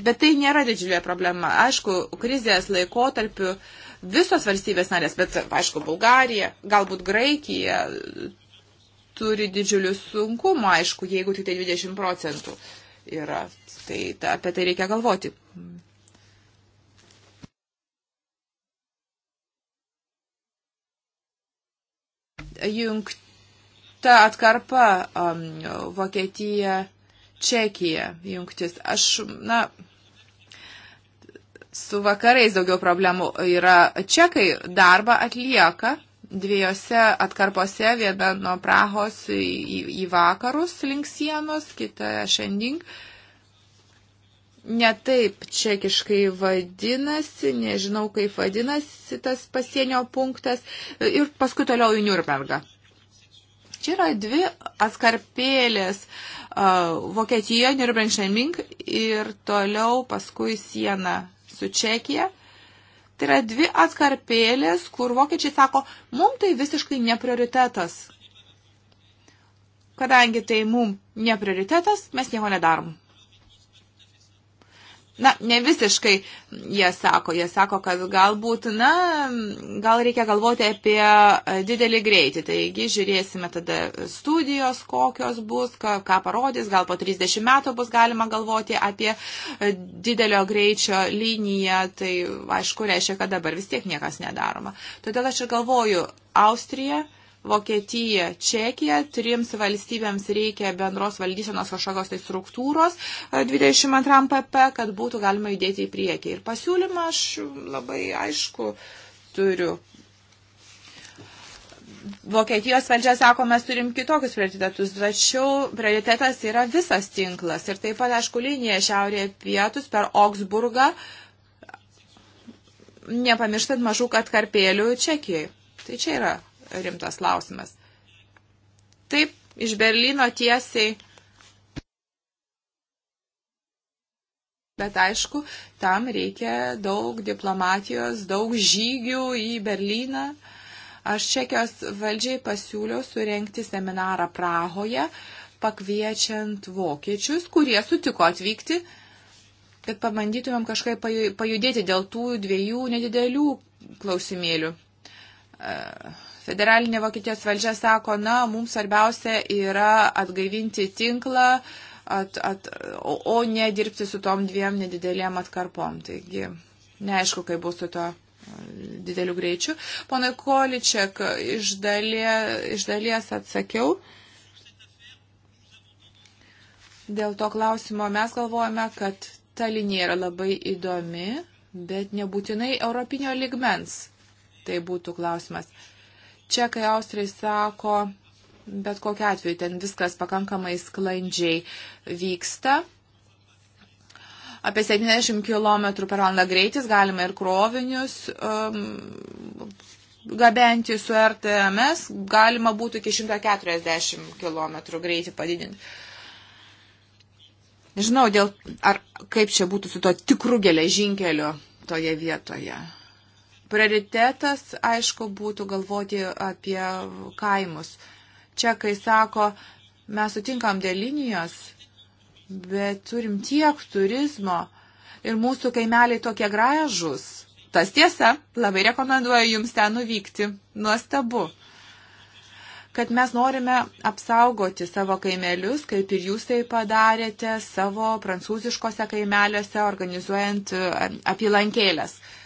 Speaker 1: Bet tai nėra didžiulė problema. Aišku, krizės laikotarpiu visos valstybės narės, bet aišku, Bulgarija, galbūt Graikija turi didžiulių sunkumų, aišku, jeigu tik tai 20 procentų yra. Tai ta, apie tai reikia galvoti. Jungta atkarpa um, Vokietija Čekija jungtis. Aš, na, su vakarais daugiau problemų yra. Čekai darbą atlieka dviejose atkarpose, viena nuo Prahos į, į vakarus link sienos, kita šiandien. Netaip čekiškai vadinasi, nežinau kaip vadinasi tas pasienio punktas ir paskui toliau į Nürnbergą. Čia yra dvi atkarpėlės - Vokietija, Nürnberg-Šeming ir toliau paskui siena su Čekija. Tai yra dvi atkarpėlės, kur vokiečiai sako, mums tai visiškai neprioritetas. Kadangi tai mums neprioritetas, mes nieko nedarom na, ne visiškai jie sako, jie sako, kad galbūt, na, gal reikia galvoti apie e, didelį greitį. Taigi žiūrėsime tada studijos, kokios bus, ką, ką parodys, gal po 30 metų bus galima galvoti apie e, didelio greičio liniją. Tai aišku, reiškia, kad dabar vis tiek niekas nedaroma. Todėl aš ir galvoju, Austrija Vokietija, Čekija, trims valstybėms reikia bendros valdysenos kažkokios tai struktūros 22 e, PP, kad būtų galima judėti į priekį. Ir pasiūlymą aš labai aišku turiu. Vokietijos valdžia sako, mes turim kitokius prioritetus, tačiau prioritetas yra visas tinklas. Ir taip pat, aišku, linija šiaurėje pietus per Augsburgą, nepamirštant mažų atkarpėlių Čekijai. Tai čia yra rimtas klausimas. Taip, iš Berlyno tiesiai. Bet aišku, tam reikia daug diplomatijos, daug žygių į Berlyną. Aš Čekijos valdžiai pasiūliau surenkti seminarą Prahoje, pakviečiant vokiečius, kurie sutiko atvykti, kad pabandytumėm kažkaip pajudėti dėl tų dviejų nedidelių klausimėlių. Uh Federalinė Vokietijos valdžia sako, na, mums svarbiausia yra atgaivinti tinklą, at, at, o, o ne dirbti su tom dviem nedidelėm atkarpom. Taigi, neaišku, kaip bus su to e, dideliu greičiu. Pana Količiak, iš, dalė, iš dalies atsakiau. Dėl to klausimo mes galvojame, kad ta linija yra labai įdomi, bet nebūtinai europinio ligmens. Tai būtų klausimas čekai, austrai sako, bet kokiu atveju ten viskas pakankamai sklandžiai vyksta. Apie 70 km per valandą greitis galima ir krovinius um, gabenti su RTMS, galima būtų iki 140 km greitį padidinti. Nežinau, dėl, ar kaip čia būtų su to tikru geležinkeliu toje vietoje. Prioritetas, aišku, būtų galvoti apie kaimus. Čia, kai sako, mes sutinkam dėl linijos, bet turim tiek turizmo ir mūsų kaimeliai tokie gražus. Tas tiesa, labai rekomenduoju jums ten nuvykti. Nuostabu kad mes norime apsaugoti savo kaimelius, kaip ir jūs tai padarėte savo prancūziškose kaimeliuose, organizuojant e, apilankėlės. Uh,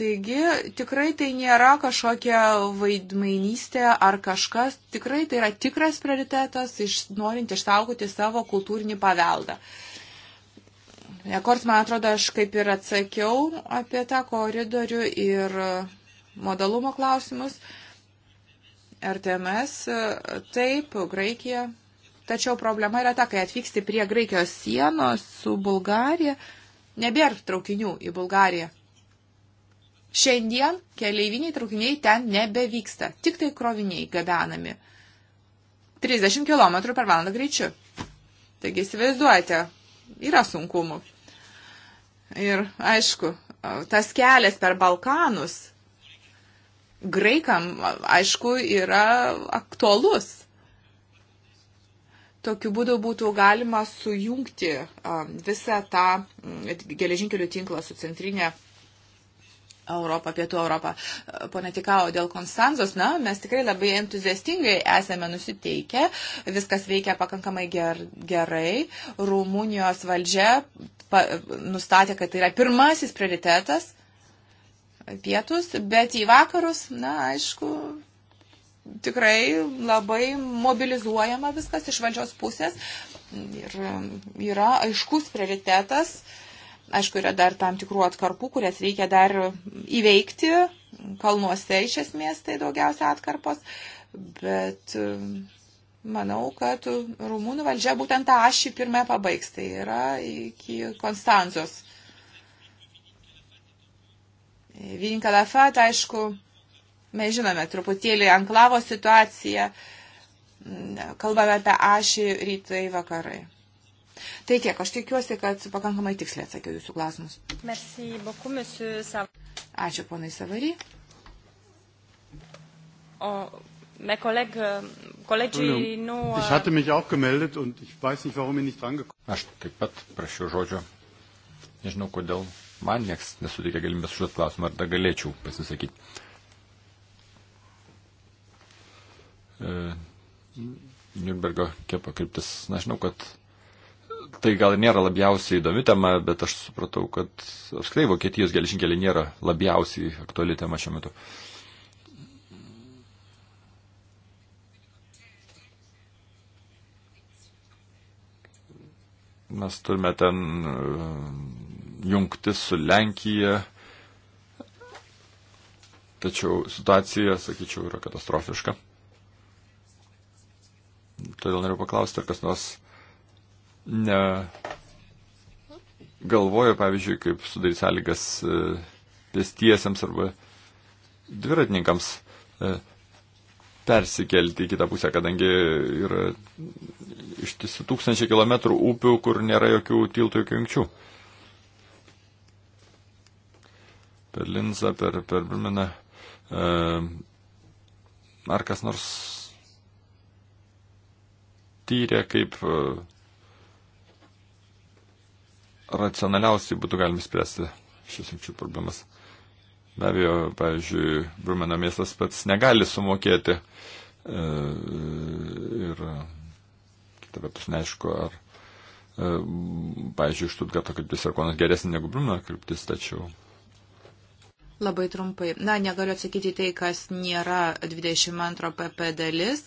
Speaker 1: Taigi tikrai tai nėra kažkokia vaidmainystė ar kažkas, tikrai tai yra tikras prioritetas, iš, norint išsaugoti savo kultūrinį paveldą. Rekord, man atrodo, aš kaip ir atsakiau apie tą koridorių ir modalumo klausimus. RTMS, taip, Graikija. Tačiau problema yra ta, kai atvyksti prie Graikijos sienos su Bulgarija, nebėra traukinių į Bulgariją Šiandien keleiviniai traukiniai ten nebevyksta, tik tai kroviniai gabenami. 30 km per valandą greičiu. Taigi įsivaizduojate, yra sunkumų. Ir aišku, tas kelias per Balkanus graikam, aišku, yra aktualus. Tokiu būdu būtų galima sujungti visą tą geležinkelių tinklą su centrinė Europą, Pietų Europą. Pone Tikau, dėl Konstanzos, na, mes tikrai labai entuziastingai esame nusiteikę, viskas veikia pakankamai ger, gerai. Rumunijos valdžia pa, nustatė, kad tai yra pirmasis prioritetas pietus, bet į vakarus, na, aišku, tikrai labai mobilizuojama viskas iš valdžios pusės ir yra aiškus prioritetas Aišku, yra dar tam tikrų atkarpų, kurias reikia dar įveikti. Kalnuose iš esmės tai daugiausia atkarpos. Bet e, manau, kad rumūnų valdžia būtent tą ašį pirmąją pabaigs. Tai yra iki Konstanzos. Vinkalafat, aišku, mes žinome truputėlį anklavo situaciją. Kalbame apie ašį rytai vakarai. Tai tiek, aš tikiuosi, kad pakankamai tiksliai atsakiau jūsų klausimus. Ačiū, ponai Savary.
Speaker 2: O Mein Kollege, Kollege, nu, ich euh, hatte
Speaker 3: mich auch gemeldet und ich weiß nicht, warum ich nicht drangekommen bin. Aš taip pat prašiau žodžio. Nežinau, kodėl man nieks nesuteikė galimybės užduoti klausimą, ar dar galėčiau pasisakyti. E, Nürnbergo kepa kryptis. Na, žinau, kad tai gal nėra labiausiai įdomi tema, bet aš supratau, kad apskritai Vokietijos geležinkeliai nėra labiausiai aktuali tema šiuo metu. Mes turime ten e, jungtis su Lenkija, tačiau situacija, sakyčiau, yra katastrofiška. Todėl noriu paklausti, ar kas nors ne, galvoja, pavyzdžiui, kaip sudaryti sąlygas e, pėstiesiams arba dviratininkams e, persikelti į kitą pusę, kadangi yra ištisi tūkstančiai kilometrų upių, kur nėra jokių tiltų, jokių jungčių. Per Linzą, per, per Bruminą. E, ar kas nors tyrė, kaip racionaliausiai būtų galima spręsti šios sričių problemas. Be abejo, pavyzdžiui, Brumeno miestas pats negali sumokėti e, ir kita vertus neaišku, ar, e, pavyzdžiui, Štutgato kryptis ar konas geresnė negu Brumeno kryptis, tačiau
Speaker 1: Labai trumpai. Na, negaliu atsakyti tai, kas nėra 22 pp dalis.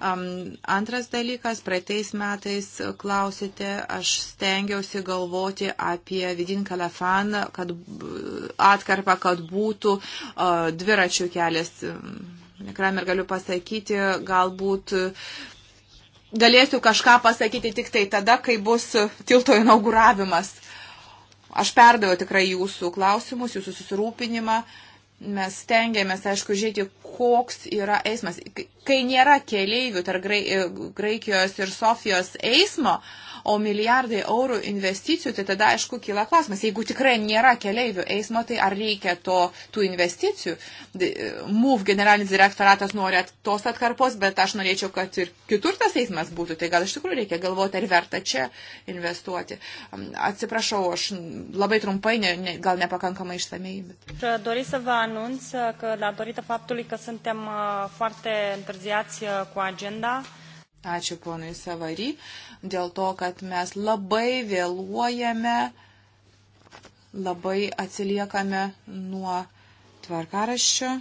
Speaker 1: Um, antras dalykas, praeitais metais klausite, aš stengiausi galvoti apie vidin kalefaną, kad atkarpą, kad būtų uh, dviračių kelias. Nekram ir galiu pasakyti, galbūt galėsiu kažką pasakyti tik tai tada, kai bus tilto inauguravimas. Aš perdaviau tikrai jūsų klausimus, jūsų susirūpinimą. Uh, mes stengiamės, aišku, žiūrėti, koks yra eismas. Kai nėra keleivių tarp Graikijos ir Sofijos eismo, uh, o milijardai eurų investicijų, tai tada aišku kyla klausimas, jeigu tikrai nėra keleivių eismo, tai ar reikia to, tų investicijų. MUF generalinis direktoratas nori at, tos atkarpos, bet aš norėčiau, kad ir kitur tas eismas būtų, tai gal iš tikrųjų reikia galvoti, ar verta čia investuoti. Atsiprašau, aš labai trumpai, ne, ne, gal nepakankamai išsamei.
Speaker 2: Bet... Dori să vă anunț că
Speaker 1: datorită faptului că suntem uh, foarte întârziați uh, cu agenda, Ačiū ponui Savary, dėl to, kad mes labai vėluojame, labai atsiliekame nuo tvarkaraščio.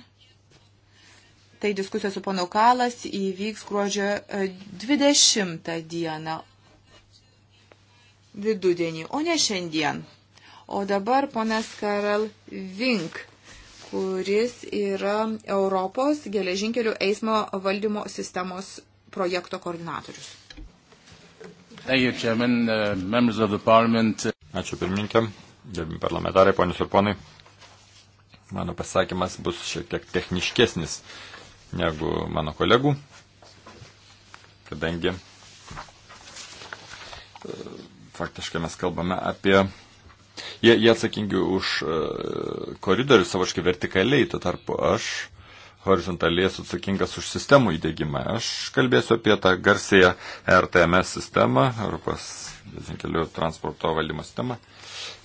Speaker 1: Tai diskusija su ponu Kalas įvyks gruodžio 20 e, dieną vidudienį, o ne šiandien. O dabar ponas Karel Vink kuris yra Europos geležinkelių eismo valdymo sistemos projekto koordinatorius.
Speaker 3: Uh, uh, Ačiū pirmininkė, gerbim parlamentarai, ponius ir ponai. Mano pasakymas bus šiek tiek techniškesnis negu mano kolegų, kadangi e, faktiškai mes kalbame apie Jie, jie atsakingi už e, koridorius savoškai vertikaliai, tuo tarpu aš horizontalės atsakingas už sistemų įdėgymą. Aš kalbėsiu apie tą garsėją RTMS sistemą, Europos geležinkelių transporto valdymo sistemą.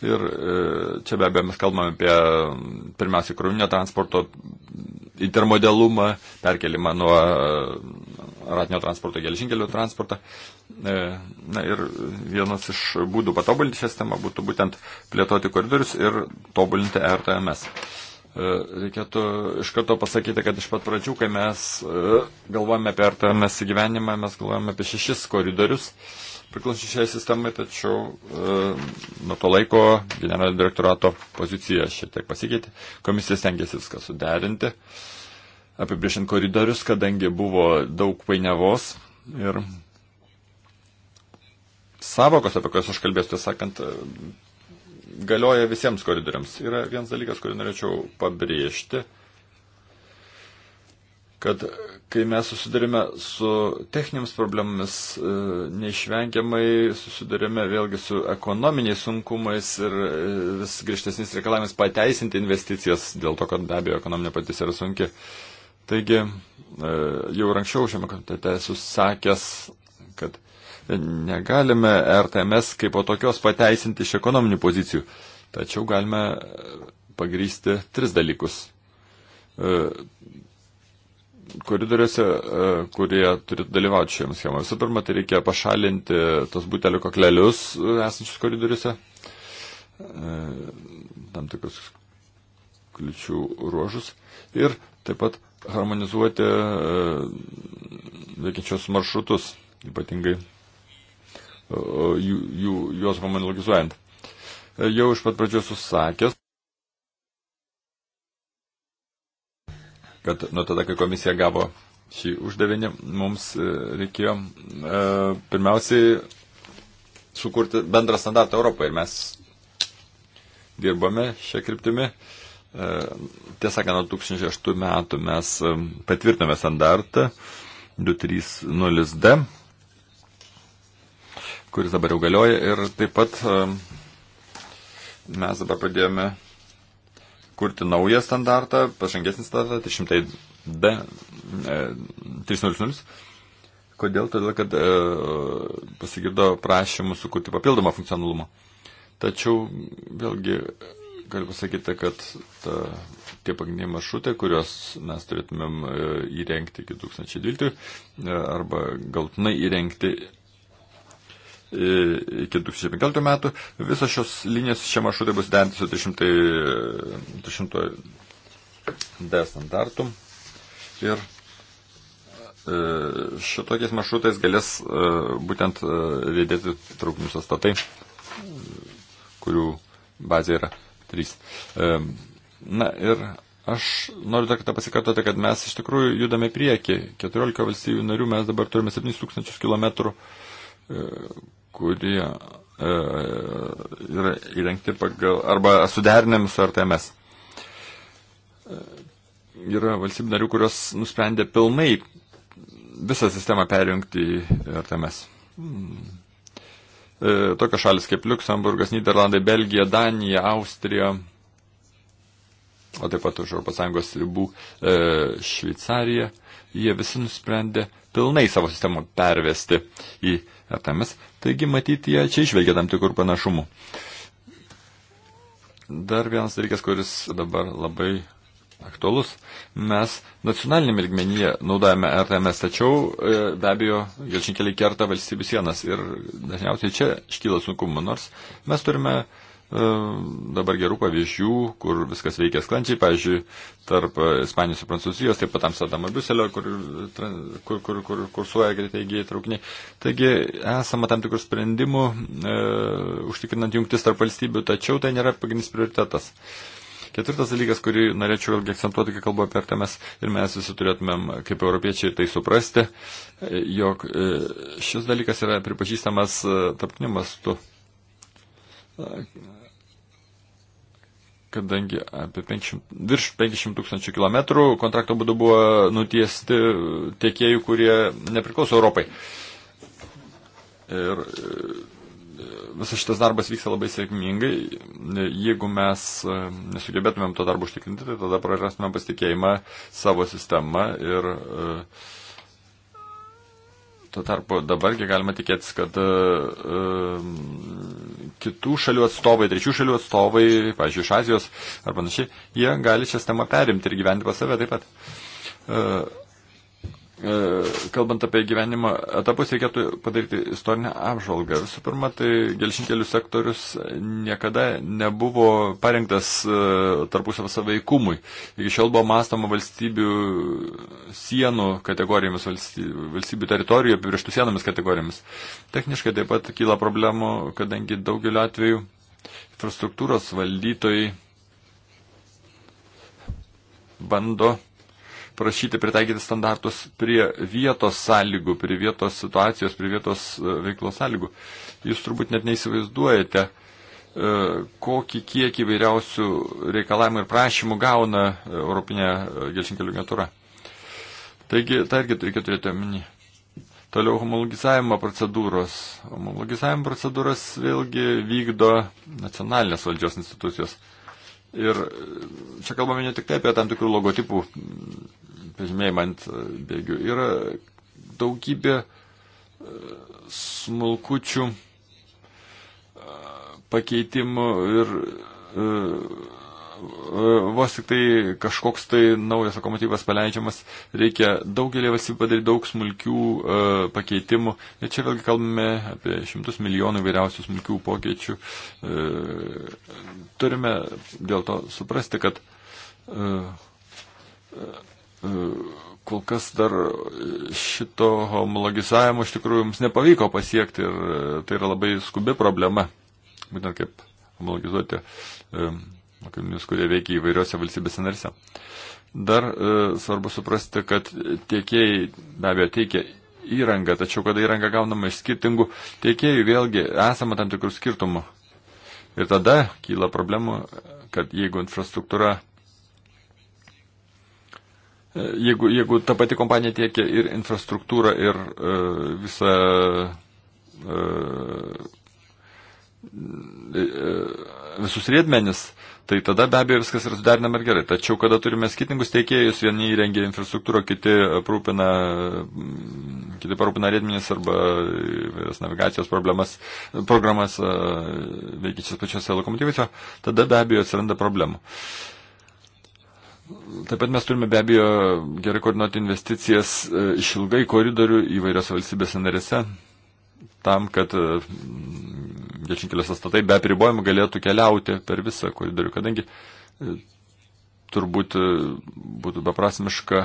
Speaker 3: Ir e, čia be abejo mes kalbame apie pirmiausia krovinio transporto intermodelumą, perkelimą nuo e, ratinio transporto į gelžinkelio transportą. E, na ir vienas iš būdų patobulinti šią sistemą būtų būtent plėtoti koridorius ir tobulinti RTMS. E, reikėtų iš karto pasakyti, kad iš pat pradžių, kai mes e, galvojame apie artamės įgyvenimą, mes galvojame apie šešis koridorius priklausančių šiai sistemai, tačiau e, nuo to laiko generalinio direktorato pozicija šiek tiek pasikeitė. Komisija stengiasi viską suderinti, apibriešint koridorius, kadangi buvo daug painiavos ir savokos, apie kurias aš kalbėsiu, tiesą sakant, galioja visiems koridoriams. Yra vienas dalykas, kurį norėčiau pabrėžti, kad kai mes susidurime su techninėms problemomis, e, neišvengiamai susidurime vėlgi su ekonominiais sunkumais ir e, vis grįžtesnis reikalavimas pateisinti investicijas, dėl to, kad be abejo ekonominė patys yra sunki. Taigi, e, jau ir anksčiau šiame komitete esu sakęs, kad Negalime RTMS kaip po tokios pateisinti iš ekonominių pozicijų, tačiau galime e, pagrysti tris dalykus. E, koridoriuose, e, kurie turi dalyvauti šioje schemoje. Visų pirma, tai reikia pašalinti tos butelio koklelius esančius koridoriuose, tam tikrus kliučių ruožus ir taip pat harmonizuoti veikiančios maršrutus, ypatingai jų, jų, juos homologizuojant. E, jau iš pat pradžios susakęs, kad nuo tada, kai komisija gavo šį uždavinį, mums e, reikėjo e, pirmiausiai sukurti bendrą standartą Europoje ir mes dirbame šią kryptimį. E, tiesą sakant, nuo 2006 metų mes e, patvirtinome standartą 230D kuris dabar jau galioja. Ir taip pat e, mes dabar pradėjome kurti naują standartą, pažangesnį standartą, 300D, tai 300. E, Kodėl? Todėl, kad e, pasigirdo prašymų sukurti papildomą funkcionalumą. Tačiau vėlgi galiu pasakyti, kad ta, tie pagrindiniai maršrutai, kuriuos mes turėtumėm e, įrengti iki 2012 arba galtinai įrengti iki 2015 metų. Visos šios linijos šiame maršrute bus derinti su 300 D standartu. Ir e, šitokiais maršrutais galės e, būtent riedėti traukinių sastatai, kurių bazė yra 3. E, na ir Aš noriu dar kartą pasikartoti, kad mes iš tikrųjų judame prieki. 14 valstybių narių mes dabar turime 7000 km, kurie e, yra įrengti pagal, arba suderinami su RTMS. E, yra valstybių narių, kurios nusprendė pilnai visą sistemą perjungti į RTMS. Hmm. E, tokios šalis kaip Luxemburgas, Niderlandai, Belgija, Danija, Austrija, o taip pat už Europos Sąjungos ribų e, Šveicarija, jie visi nusprendė pilnai savo sistemą pervesti į ar temas. Taigi, matyti, jie čia išvelgia tam tikrų panašumų. Dar vienas dalykas, kuris dabar labai aktualus. Mes nacionalinėme lygmenyje naudojame RTMS, tačiau e, be abejo, gelšinkeliai kerta valstybių sienas ir dažniausiai čia iškyla sunkumų, nors mes turime uh, E, dabar gerų pavyzdžių, kur viskas veikia sklandžiai, pavyzdžiui, tarp Ispanijos ir Prancūzijos, taip pat Amsterdamo ir Briuselio, kur, kur, kur, kur kursuoja greitėgiai traukiniai. Taigi esama tam tikrų sprendimų e, užtikrinant jungtis tarp valstybių, tačiau tai nėra pagrindinis prioritetas. Ketvirtas dalykas, kurį norėčiau vėlgi akcentuoti, kai kalbu apie artemes, ir mes visi turėtumėm kaip europiečiai tai suprasti, e, jog e, šis dalykas yra pripažįstamas tarptiniu mastu kadangi apie 500, virš 500 tūkstančių kilometrų kontrakto būdu buvo nutiesti tiekėjų, kurie nepriklauso Europai. Ir e, visas šitas darbas vyksta labai sėkmingai. Jeigu mes e, nesugebėtumėm to darbo užtikrinti, tai tada prarastumėm pasitikėjimą savo sistemą ir e, tuo tarpu dabargi galima tikėtis, kad kitų šalių atstovai, trečių šalių atstovai, pažiūrėjau, iš Azijos ar panašiai, jie gali šią sistemą perimti ir gyventi pas save taip pat. Uh, E, kalbant apie gyvenimo etapus, reikėtų padaryti istorinę apžvalgą. Visų pirma, tai gelšinkelių sektorius niekada nebuvo parengtas e, tarpusavio saveikumui. Iki šiol buvo mąstoma valstybių sienų kategorijomis, valstybių teritorijų apibrieštų sienomis kategorijomis. Techniškai taip pat kyla problemų, kadangi daugeliu atveju infrastruktūros valdytojai bando prašyti pritaikyti standartus prie vietos sąlygų, prie vietos situacijos, prie vietos e, veiklos sąlygų. Jūs turbūt net neįsivaizduojate, e, kokį kiekį įvairiausių reikalavimų ir prašymų gauna e, Europinė gelsinkelių agentūra. Taigi, tą irgi reikia turėti omeny. Toliau homologizavimo procedūros. Homologizavimo procedūras vėlgi vykdo nacionalinės valdžios institucijos. Ir čia kalbame ne tik tai apie tam tikrų logotipų pažymėjimą ant e, bėgių. Yra daugybė e, smulkučių e, pakeitimų ir vos tik tai kažkoks tai naujas lokomotyvas paleidžiamas, reikia daugelį valstybių padaryti daug smulkių e, pakeitimų. Ir čia vėlgi kalbame apie šimtus milijonų vairiausių smulkių pokyčių. E, turime dėl to suprasti, kad e, kol kas dar šito homologizavimo iš tikrųjų mums nepavyko pasiekti ir e, tai yra labai skubi problema, būtent kaip homologizuoti e, mokinius, kurie veikia įvairiose valstybėse narse. Dar e, svarbu suprasti, kad tiekėjai be abejo teikia įrangą, tačiau kada įranga gaunama iš skirtingų tiekėjų, vėlgi esama tam tikrų skirtumų. Ir tada kyla problemų, kad jeigu infrastruktūra jeigu, jeigu ta pati kompanija tiekia ir infrastruktūrą, ir e, visą e, e, visus riedmenis, tai tada be abejo viskas yra suderinama ir gerai. Tačiau, kada turime skirtingus teikėjus, vieni įrengia infrastruktūrą, kiti aprūpina, kiti parūpina riedmenis arba navigacijos problemas, programas e, veikiančias pačiose lokomotyvose, tada be abejo atsiranda problemų. E, Taip pat mes turime be abejo gerai koordinuoti investicijas e, išilgai koridorių įvairios valstybės narėse, tam, kad e, gečinkelio sastatai be apribojimų galėtų keliauti per visą koridorių, kadangi e, turbūt būtų beprasmiška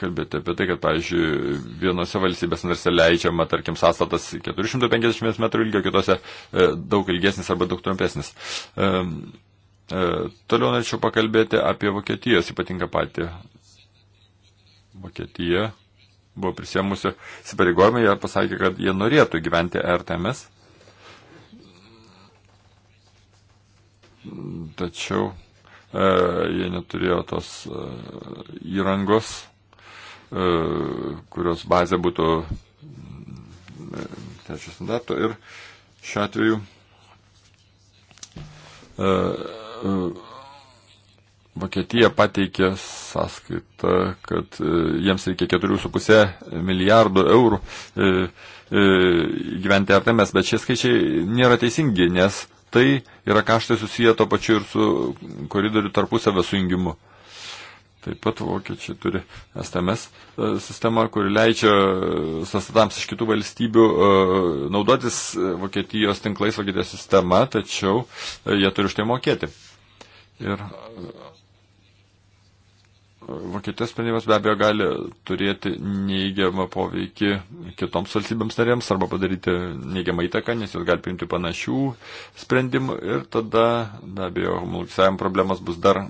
Speaker 3: kalbėti apie tai, kad, pavyzdžiui, vienose valstybės narse leidžiama, tarkim, sastatas 450 m ilgio, kitose daug ilgesnis arba daug trumpesnis. E, toliau norėčiau pakalbėti apie Vokietijos ypatingą patį. Vokietija buvo prisėmusi įsipareigojimą, jie pasakė, kad jie norėtų gyventi RTMS. Tačiau e, jie neturėjo tos e, įrangos, e, kurios bazė būtų e, mm, trečio standarto ir šiuo atveju e, E, Vokietija pateikė sąskaitą, kad e, jiems reikia 4,5 milijardų eurų e, gyventi artemės, bet šie skaičiai nėra teisingi, nes tai yra kaštai susiję to pačiu ir su koridoriu tarpusavio sujungimu. Taip pat vokiečiai turi STMS sistemą, kuri leidžia sastatams iš kitų valstybių naudotis Vokietijos tinklais, Vokietijos sistema, tačiau jie turi už tai mokėti. Ir Vokietijos sprendimas be abejo gali turėti neigiamą poveikį kitoms valstybėms narėms arba padaryti neigiamą įtaką, nes jos gali priimti panašių sprendimų ir tada be abejo homologisavimo problemas bus dar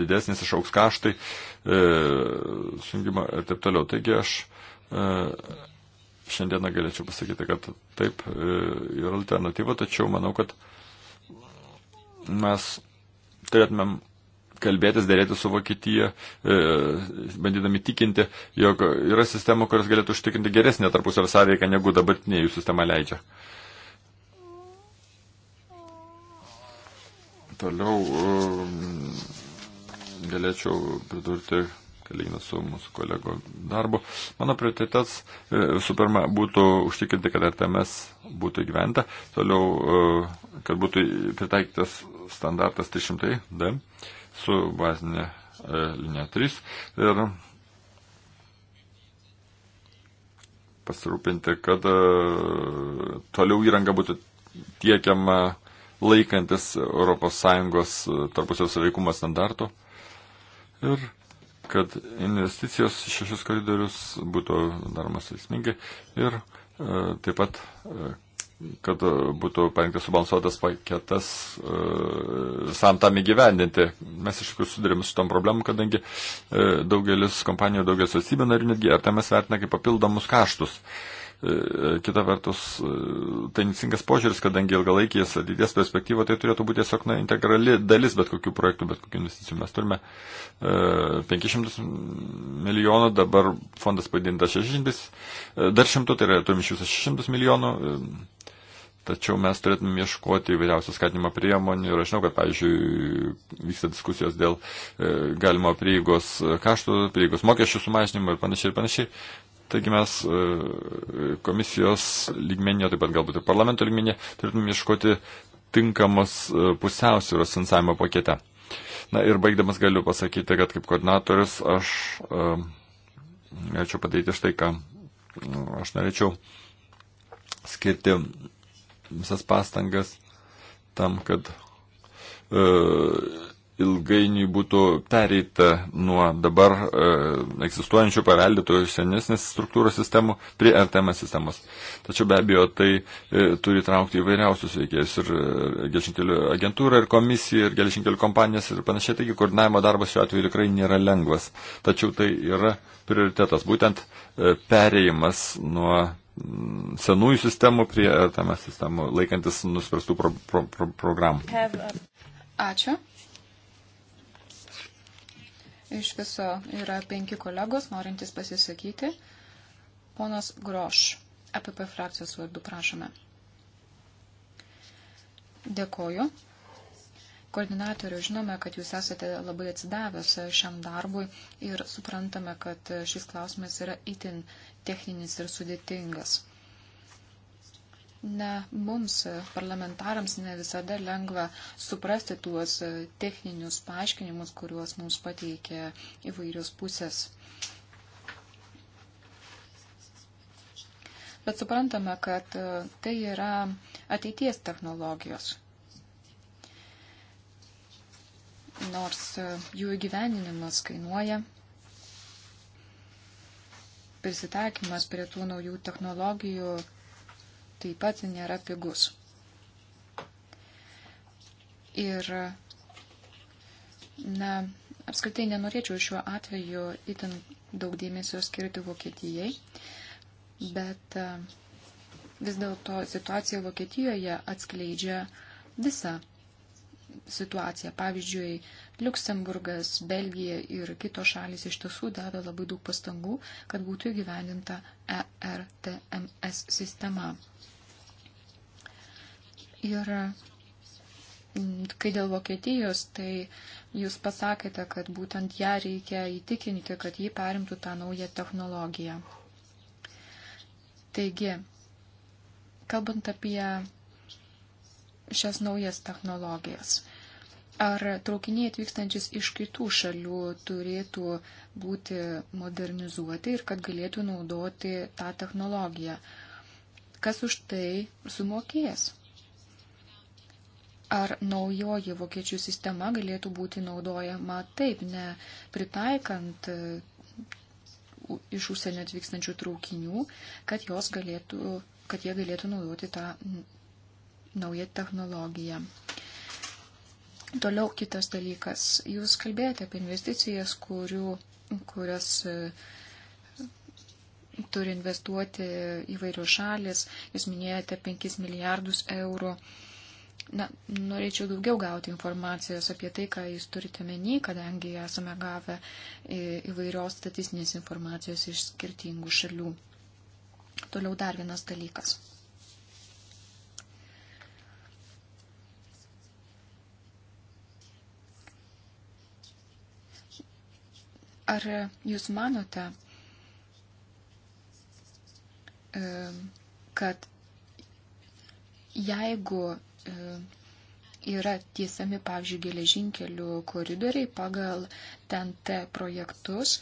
Speaker 3: didesnis, išauks kaštai, e, sungimo ir taip toliau. Taigi aš e, šiandieną galėčiau pasakyti, kad taip e, yra alternatyva, tačiau manau, kad mes turėtumėm kalbėtis, dėrėti su Vokietija, e, bandydami tikinti, jog yra sistemų, kurios galėtų užtikrinti geresnę tarpusavio sąveiką, negu dabartinė jų sistema leidžia. Toliau e, galėčiau pridurti, kalinant su mūsų kolego darbu. Mano prioritetas e, visų pirma būtų užtikrinti, kad RTMS būtų įgyventa, toliau, e, kad būtų pritaikytas standartas 300D su bazinė e, linija 3 ir pasirūpinti, kad e, toliau įranga būtų tiekiama laikantis ES tarpusio saveikumo standartų ir kad investicijos šešis koridorius būtų daromas veiksmingai ir e, taip pat, kad e, būtų parengtas subalansuotas paketas e, visam tam įgyvendinti. Mes iš tikrųjų sudarėm su tom problemom, kadangi e, daugelis kompanijų, daugelis valstybių narių netgi ar tai mes vertina kaip papildomus kaštus. Uh, E, kita vertus, e, tenicingas tai požiūris, kadangi ilgalaikės ateities perspektyva, tai turėtų būti tiesiog na, integrali dalis bet kokių projektų, bet kokių investicijų. Mes turime 500 e, milijonų, dabar fondas padidintas 600, dar 100, tai yra turime iš viso 600 milijonų. Tačiau mes turėtume ieškoti įvairiausių skatinimo priemonių ir aš žinau, kad, pavyzdžiui, vyksta diskusijos dėl e, galimo prieigos kaštų, prieigos mokesčių sumažinimo ir panašiai ir panašiai. Taigi mes e, komisijos lygmenyje, taip pat galbūt ir parlamento lygmenyje, turėtume ieškoti tinkamos e, pusiausvėros finansavimo pakete. Na ir baigdamas galiu pasakyti, kad kaip koordinatorius aš e, norėčiau padaryti štai ką. Aš norėčiau skirti visas pastangas tam, kad e, ilgainiui būtų pereita nuo dabar e, egzistuojančių paveldėtojų senesnės struktūros sistemų prie RTM sistemos. Tačiau be abejo tai e, turi traukti įvairiausius veikėjus ir e, gelžinkelių agentūrą, ir komisiją, ir gelžinkelių kompanijas ir panašiai. Taigi koordinavimo darbas šiuo atveju tikrai nėra lengvas. Tačiau tai yra prioritetas, būtent e, pereimas nuo mm, senųjų sistemų prie RTM sistemų, laikantis nuspręstų pro, pro, pro, programų.
Speaker 2: Ačiū. Iš viso yra penki kolegos norintys pasisakyti. Ponas Groš, APP e frakcijos vardu prašome. Dėkoju. Koordinatoriu žinome, kad jūs esate labai atsidavęs šiam darbui ir suprantame, kad šis klausimas yra itin techninis ir sudėtingas. Na, mums, parlamentarams, ne visada lengva suprasti tuos e, techninius paaiškinimus, kuriuos mums pateikė įvairios pusės. Bet suprantame, kad e, tai yra ateities technologijos. Nors e, jų įgyveninimas kainuoja, prisitaikymas prie tų naujų technologijų taip pat nėra pigus. Ir, na, apskritai nenorėčiau šiuo atveju itin daug dėmesio skirti Vokietijai, bet e, vis dėlto situacija Vokietijoje atskleidžia visą situaciją. Pavyzdžiui, Luksemburgas, Belgija ir kitos šalis iš tiesų davė labai daug pastangų, kad būtų įgyvendinta ERTMS sistema. Ir mm, kai dėl Vokietijos, tai jūs pasakėte, kad būtent ją reikia įtikinti, kad ji perimtų tą naują technologiją. Taigi, kalbant apie šias naujas technologijas, ar traukiniai atvykstančius iš kitų šalių turėtų būti modernizuoti ir kad galėtų naudoti tą technologiją? Kas už tai sumokės? Ar naujoji vokiečių sistema galėtų būti naudojama taip, ne pritaikant e, iš užsienio atvykstančių traukinių, kad, jos galėtų, kad jie galėtų naudoti tą naują technologiją. Toliau kitas dalykas. Jūs kalbėjote apie investicijas, kurių, kurias e, turi investuoti įvairios šalis. Jūs minėjote 5 milijardus eurų. Na, norėčiau daugiau gauti informacijos apie tai, ką jūs turite menį, kadangi esame gavę e, įvairios statistinės informacijos iš skirtingų šalių. Toliau dar vienas dalykas. Ar jūs manote, e, kad jeigu E, yra tiesiami, pavyzdžiui, geležinkelių koridoriai pagal TNT projektus,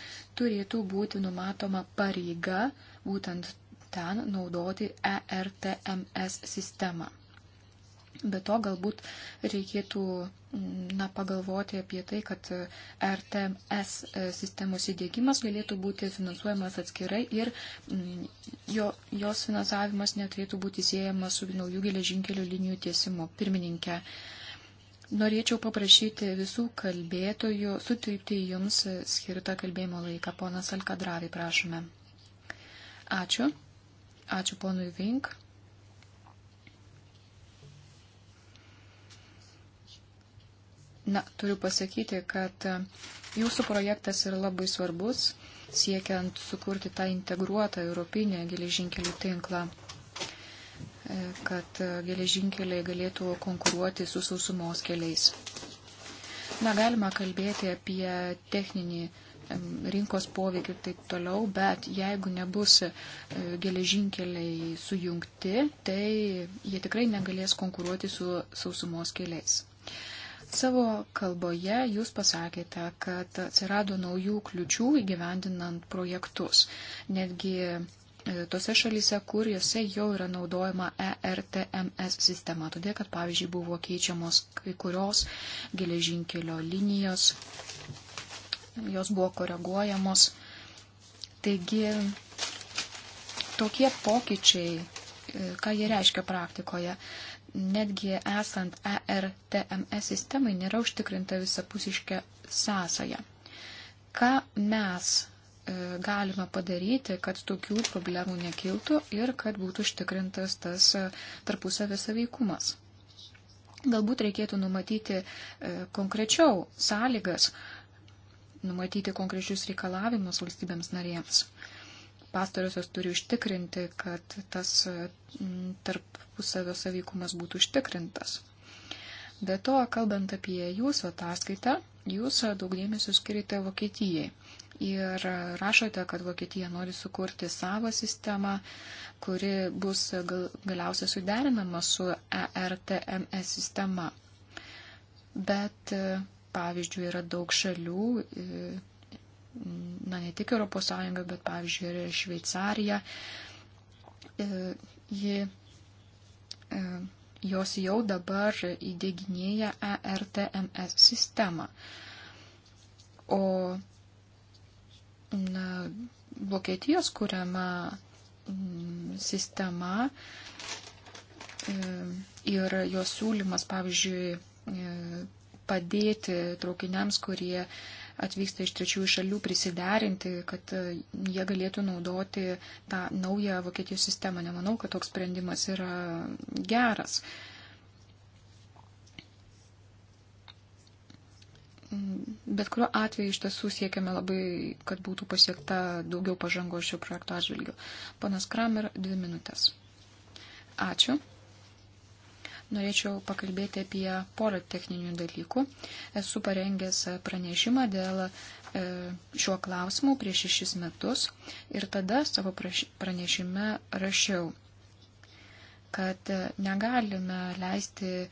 Speaker 2: turėtų būti numatoma pareiga būtent ten naudoti ERTMS sistemą. Be to galbūt reikėtų mm, na, pagalvoti apie tai, kad e, RTMS e, sistemos įdėgymas galėtų būti finansuojamas atskirai ir mm, jo, jos finansavimas neturėtų būti siejamas su naujų geležinkelių linijų tiesimu. Pirmininkė, norėčiau paprašyti visų kalbėtojų sutilpti jums skirtą kalbėjimo laiką. Ponas Alkadravi, prašome. Ačiū. Ačiū ponui Vink Na, turiu pasakyti, kad e, jūsų projektas yra labai svarbus, siekiant sukurti tą integruotą europinę geležinkelių tinklą, e, kad e, geležinkeliai galėtų konkuruoti su sausumos keliais. Na, galima kalbėti apie techninį rinkos poveikį ir taip toliau, bet jeigu nebus geležinkeliai sujungti, tai jie tikrai negalės konkuruoti su sausumos keliais. Savo kalboje jūs pasakėte, kad atsirado naujų kliučių įgyvendinant projektus. Netgi e, tose šalyse, kur jose jau yra naudojama ERTMS sistema, todėl kad, pavyzdžiui, buvo keičiamos kai kurios geležinkelio linijos, jos buvo koreguojamos. Taigi, tokie pokyčiai, e, ką jie reiškia praktikoje, netgi esant ERTMS sistemai nėra užtikrinta visapusiška sąsaja. Ką mes e, galime padaryti, kad tokių problemų nekiltų ir kad būtų užtikrintas tas e, tarpusavio saveikumas. Galbūt reikėtų numatyti e, konkrečiau sąlygas, numatyti konkrečius reikalavimus valstybėms narėms pastoriusios turi užtikrinti, kad tas mm, tarpusavio savykumas būtų užtikrintas. Be to, kalbant apie jūsų ataskaitą, jūs daug dėmesio skirite Vokietijai. Ir rašote, kad Vokietija nori sukurti savo sistemą, kuri bus gal, galiausiai suderinama su ERTMS e sistema. Bet, e, pavyzdžiui, yra daug šalių, e, na, ne tik ES, bet, pavyzdžiui, ir Šveicarija. E, ji, e, jos jau dabar įdėginėja ERTMS sistemą. O na, Vokietijos kuriama mm, sistema e, ir jos siūlymas, pavyzdžiui, padėti traukiniams, kurie atvyksta iš trečiųjų šalių prisiderinti, kad e, jie galėtų naudoti tą naują Vokietijos sistemą. Nemanau, kad toks sprendimas yra geras. Bet kuriuo atveju iš tiesų siekiame labai, kad būtų pasiekta daugiau pažangos šio projekto atžvilgiu. Panas Kramer, dvi minutės. Ačiū norėčiau pakalbėti apie porą techninių dalykų. Esu parengęs pranešimą dėl e, šiuo klausimu prieš šešis metus ir tada savo pranešime rašiau, kad e, negalime leisti e,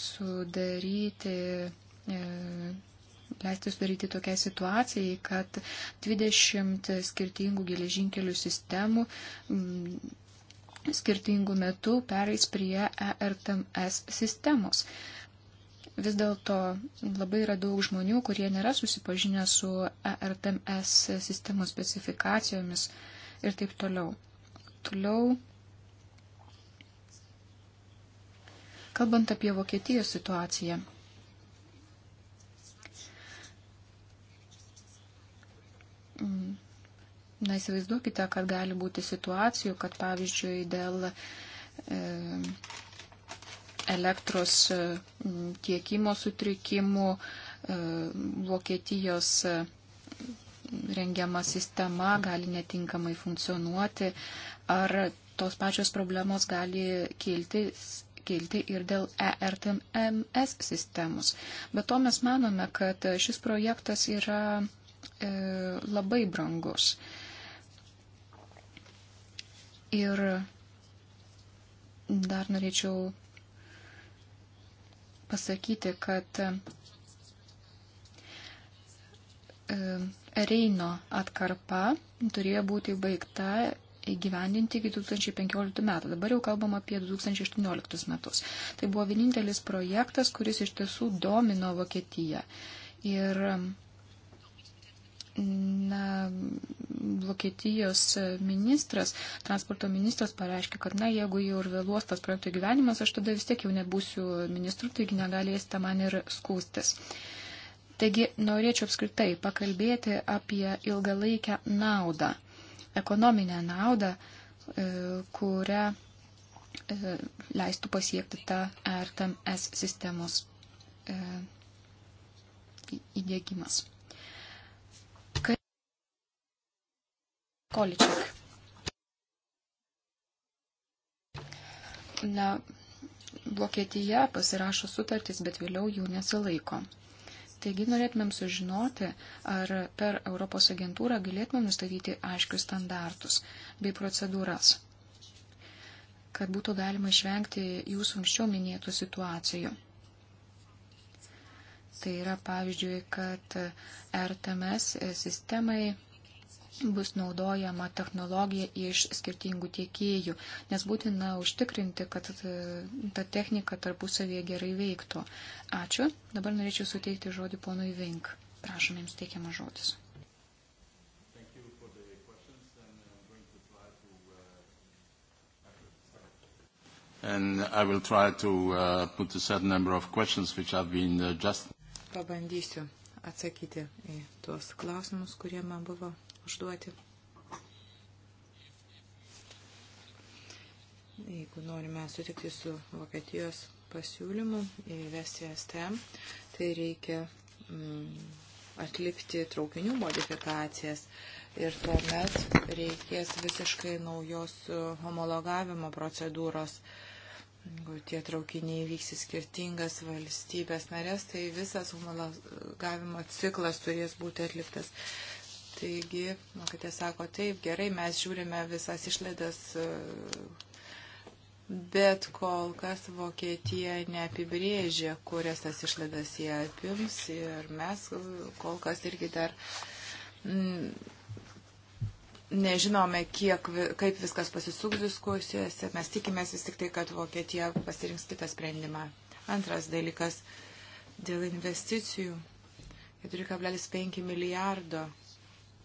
Speaker 2: sudaryti leisti sudaryti tokią situaciją, kad 20 skirtingų geležinkelių sistemų skirtingų metų pereis prie ERTMS sistemos. Vis dėlto labai yra daug žmonių, kurie nėra susipažinę su ERTMS sistemos specifikacijomis ir taip toliau. Toliau, kalbant apie Vokietijos situaciją. Mm Na, įsivaizduokite, kad gali būti situacijų, kad pavyzdžiui dėl e, elektros e, tiekimo sutrikimų e, Vokietijos e, rengiama sistema gali netinkamai funkcionuoti, ar tos pačios problemos gali kilti kilti ir dėl ERTMS sistemos. Bet to mes manome, kad šis projektas yra e, labai brangus. E, Ir dar norėčiau pasakyti, kad e, Reino atkarpa turėjo būti baigta įgyvendinti iki 2015 metų. Dabar jau kalbam apie 2018 metus. Tai buvo vienintelis projektas, kuris iš tiesų domino Vokietiją. Ir na, Vokietijos ministras, transporto ministras pareiškė, kad na, jeigu jau ir vėluos tas projekto gyvenimas, aš tada vis tiek jau nebūsiu ministru, taigi negalėsite man ir skūstis. Taigi norėčiau apskritai pakalbėti apie ilgalaikę naudą, ekonominę naudą, e, kurią e, leistų pasiekti tą RTMS sistemos e, įdėgymas. Količek. Na, Vokietija pasirašo sutartis, bet vėliau jų nesilaiko. Taigi norėtumėm sužinoti, ar per Europos agentūrą galėtumėm nustatyti aiškius standartus bei procedūras, kad būtų galima išvengti jūsų anksčiau minėtų situacijų. Tai yra, pavyzdžiui, kad RTMS sistemai bus naudojama technologija iš skirtingų tiekėjų, nes būtina užtikrinti, kad e, ta technika tarpusavėje gerai veiktų. Ačiū. Dabar norėčiau suteikti žodį ponui Vink. Prašom jums teikiamas žodis.
Speaker 3: Uh, and I will try to uh, put a certain number of questions which have been uh, just.
Speaker 1: Pabandysiu atsakyti į tuos klausimus, kurie man buvo užduoti. Jeigu norime sutikti su Vokietijos pasiūlymu įvesti STM, tai reikia mm, atlikti traukinių modifikacijas ir tuomet reikės visiškai naujos e, homologavimo procedūros. Jeigu tie traukiniai vyks į skirtingas valstybės narės, tai visas homologavimo ciklas turės būti atliktas. Taigi, nu, kad jie sako, taip, gerai, mes žiūrime visas išlaidas, bet kol kas Vokietija neapibrėžė, kurias tas išlaidas jie apims ir mes kol kas irgi dar mm, nežinome, kiek, kaip viskas pasisuks diskusijose, mes tikimės vis tik tai, kad Vokietija pasirinks kitą sprendimą. Antras dalykas dėl investicijų. 4,5 milijardo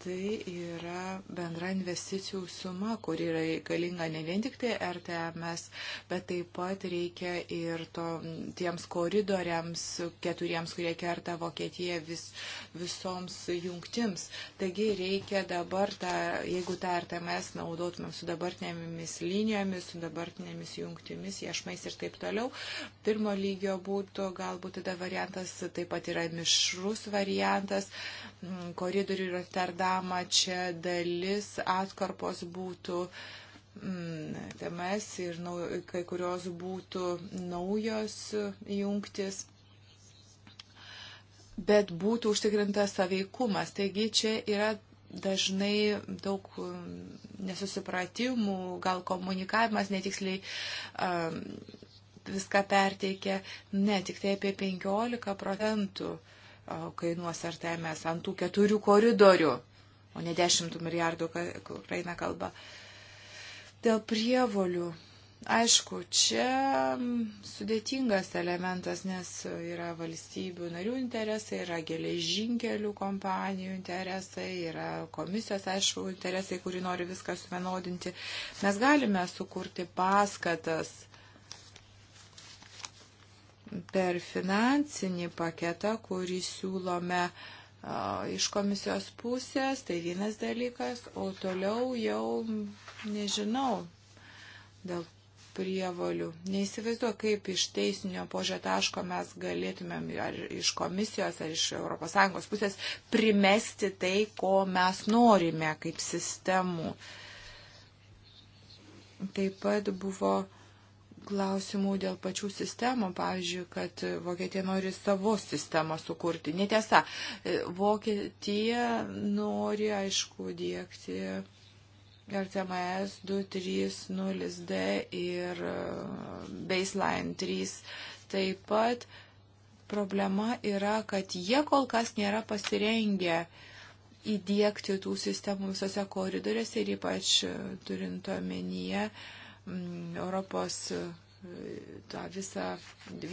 Speaker 1: tai yra bendra investicijų suma, kuri yra reikalinga ne vien tik tai RTMS, bet taip pat reikia ir to, tiems koridoriams, keturiems, kurie kerta Vokietiją vis, visoms jungtims. Taigi reikia dabar, tą, jeigu tą RTMS naudotumėm su dabartinėmis linijomis, su dabartinėmis jungtimis, iešmais ir taip toliau, pirmo lygio būtų galbūt tada variantas, taip pat yra mišrus variantas, koridorių ir Rotterdam programą, čia dalis atkarpos būtų mm, TMS ir nau, kai kurios būtų naujos jungtis bet būtų užtikrintas saveikumas. Taigi čia yra dažnai daug mm, nesusipratimų, gal komunikavimas netiksliai um, viską perteikia, ne, tik tai apie 15 procentų kainuos ar temės ant tų keturių koridorių o ne 10 milijardų, kur praeina kalba. Dėl prievolių. Aišku, čia sudėtingas elementas, nes yra valstybių narių interesai, yra geležinkelių kompanijų interesai, yra komisijos, aišku, interesai, kuri nori viską suvienodinti. Mes galime sukurti paskatas per finansinį paketą, kurį siūlome uh, iš komisijos pusės, tai vienas dalykas, o toliau jau nežinau dėl prievolių. Neįsivaizduoju, kaip iš teisinio požio taško mes galėtumėm ar iš komisijos, ar iš ES pusės primesti tai, ko mes norime kaip sistemų. Taip pat buvo uh, klausimų dėl pačių sistemų, pavyzdžiui, kad Vokietija nori savo sistemą sukurti. Netiesa, e, Vokietija nori, aišku, dėkti RTMS 230D ir e, baseline 3 taip pat. Problema yra, kad jie kol kas nėra pasirengę įdėkti tų sistemų visose koridoriuose ir ypač e, turint omenyje, uh, Mm, Europos e, tą visą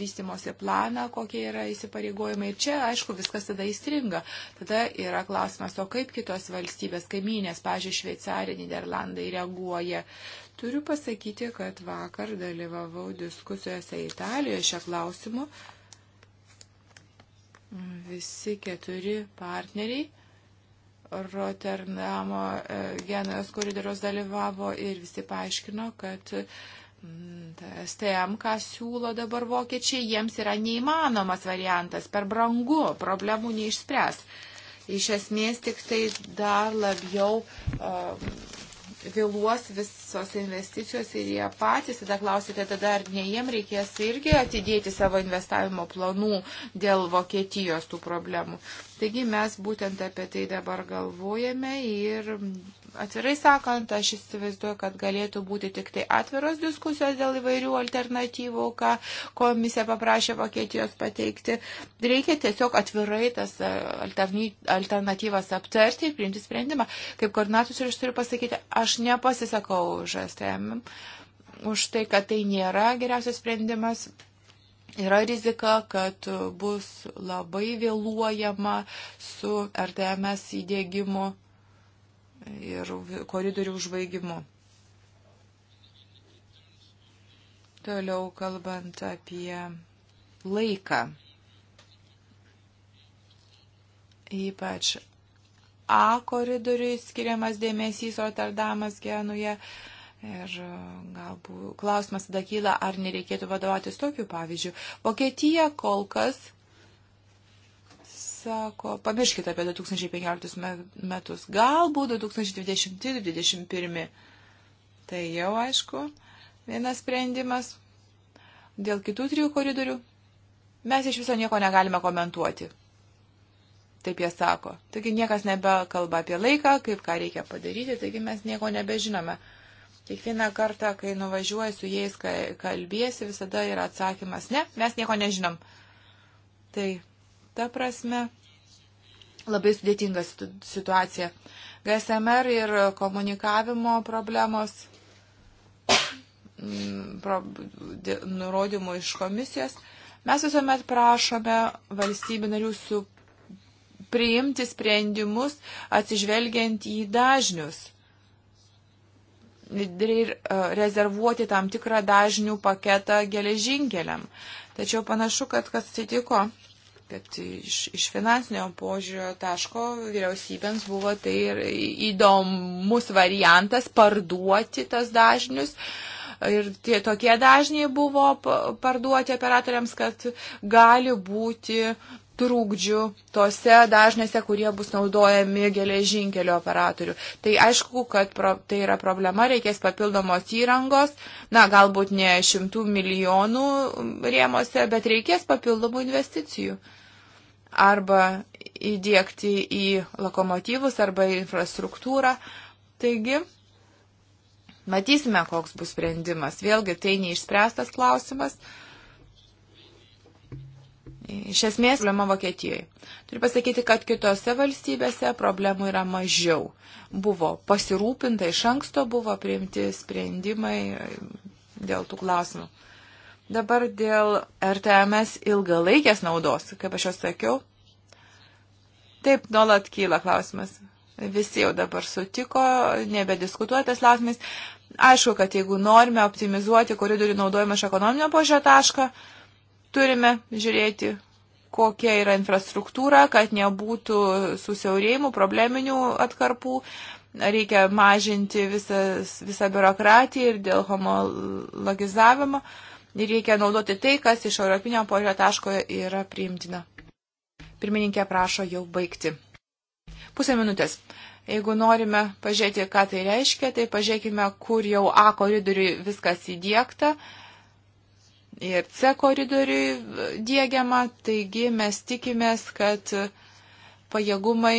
Speaker 1: vystimosi planą, kokie yra įsipareigojimai. Ir čia, aišku, viskas tada įstringa. Tada yra klausimas, o kaip kitos valstybės, kaimynės, pažiūrėjau, Šveicarija, Niderlandai reaguoja. Turiu pasakyti, kad vakar dalyvavau diskusijose Italijoje šią klausimą. Visi keturi partneriai Rotterdamo genojos e, koridoriaus dalyvavo ir visi paaiškino, kad STM, mm, ką siūlo dabar vokiečiai, jiems yra neįmanomas variantas, per brangu, problemų neišspręs. Iš esmės tik tai dar labiau uh, vėluos visos investicijos ir jie patys, tada klausite, tada ar ne jiem reikės irgi atidėti savo investavimo planų dėl Vokietijos tų problemų. Taigi mes būtent apie tai dabar galvojame ir atvirai sakant, aš įsivaizduoju, kad galėtų būti tik tai atviros diskusijos dėl įvairių alternatyvų, ką komisija paprašė Vokietijos pateikti. Reikia tiesiog atvirai tas e, alternatyvas aptarti ir priimti sprendimą. Kaip koordinatus ir aš turiu pasakyti, aš nepasisakau už STM už tai, kad tai nėra geriausias sprendimas. Yra rizika, kad bus labai vėluojama su RTMS įdėgymu ir koridorių užbaigimu. Toliau kalbant apie laiką. Ypač A koridoriui skiriamas dėmesys Rotterdamas Genuje. Uh, Ir e, galbūt klausimas tada kyla, ar nereikėtų vadovautis tokiu pavyzdžiu. Vokietija kol kas sako, pamirškite apie 2015 metus, galbūt 2020-2021. Tai jau aišku, vienas sprendimas. Dėl kitų trijų koridorių mes iš viso nieko negalime komentuoti. Taip jie sako. Taigi niekas nebekalba apie laiką, kaip ką reikia padaryti, taigi mes nieko nebežinome. Kiekvieną kartą, kai nuvažiuoji su jais, kalbėsi, visada yra atsakymas, ne, mes nieko nežinom. Tai ta prasme labai sudėtinga situacija. GSMR ir komunikavimo problemos, mm, nurodymų iš komisijos. Mes visuomet prašome valstybių narių su priimti sprendimus atsižvelgiant į dažnius ir e, rezervuoti tam tikrą dažnių paketą geležinkeliam. Tačiau panašu, kad kas atsitiko, kad iš, iš finansinio požiūrio taško vyriausybėms buvo tai ir įdomus variantas parduoti tas dažnius. Ir tie tokie dažniai buvo parduoti operatoriams, kad gali būti trūkdžių tose dažnėse, kurie bus naudojami geležinkelio operatorių. Tai aišku, kad pro, tai yra problema, reikės papildomos įrangos, na, galbūt ne šimtų milijonų rėmose, bet reikės papildomų investicijų. Arba įdėkti į lokomotyvus, arba į infrastruktūrą. Taigi, matysime, koks bus sprendimas. Vėlgi, tai neišspręstas klausimas. Iš esmės, problema Vokietijoje. Turiu pasakyti, kad kitose valstybėse problemų yra mažiau. Buvo pasirūpinta, iš anksto buvo priimti sprendimai dėl tų klausimų. Dabar dėl RTMS ilgalaikės naudos, kaip aš jau sakiau. Taip, nuolat kyla klausimas. Visi jau dabar sutiko, nebediskutuotas klausimas. Aišku, kad jeigu norime optimizuoti koridorių naudojimą iš ekonominio požiūrio taško, Turime žiūrėti, kokia yra infrastruktūra, kad nebūtų susiaurėjimų, probleminių atkarpų. Reikia mažinti visas, visą biurokratiją ir dėl homologizavimo. Ir reikia naudoti tai, kas iš europinio požiūrio taško yra priimtina. Pirmininkė prašo jau baigti. Pusę minutės. Jeigu norime pažiūrėti, ką tai reiškia, tai pažiūrėkime, kur jau A koridoriui viskas įdėkta. Uh, ir C koridoriui dėgiama, taigi mes tikimės, kad pajėgumai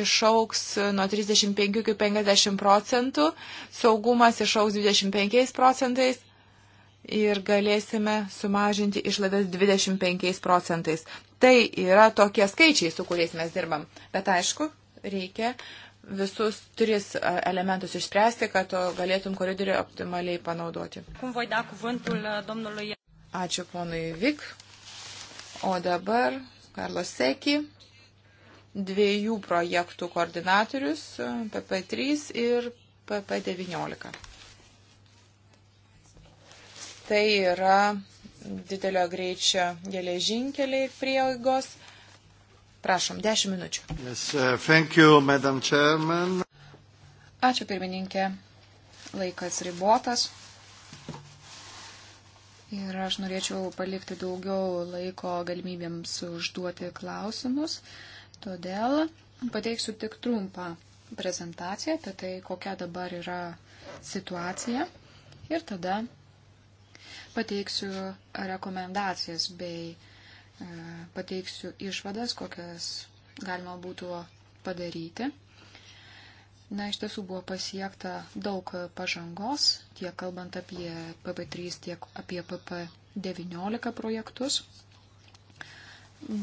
Speaker 1: išauks nuo 35 iki 50 procentų, saugumas išauks 25 procentais ir galėsime sumažinti išlaidas 25 procentais. Tai yra tokie skaičiai, su kuriais mes dirbam. Bet aišku, reikia visus tris e, elementus išspręsti, kad galėtum koridorių optimaliai panaudoti.
Speaker 2: Cum voi da cuvântul e, domnului
Speaker 1: Ačiū ponui Vik. O dabar Karlo Seki, dviejų projektų koordinatorius, PP3 ir PP19. Tai yra didelio greičio geležinkeliai prieigos. Prašom, 10 minučių.
Speaker 3: Yes, uh, thank you, Madam Chairman.
Speaker 1: Ačiū pirmininkė. Laikas
Speaker 2: ribotas. Ir aš norėčiau palikti daugiau laiko galimybėms užduoti klausimus, todėl pateiksiu tik trumpą prezentaciją apie tai, kokia dabar yra situacija ir tada pateiksiu rekomendacijas bei e, pateiksiu išvadas, kokias galima būtų padaryti. Na, iš tiesų buvo pasiekta daug pažangos, tiek kalbant apie PP3, tiek apie PP19 projektus.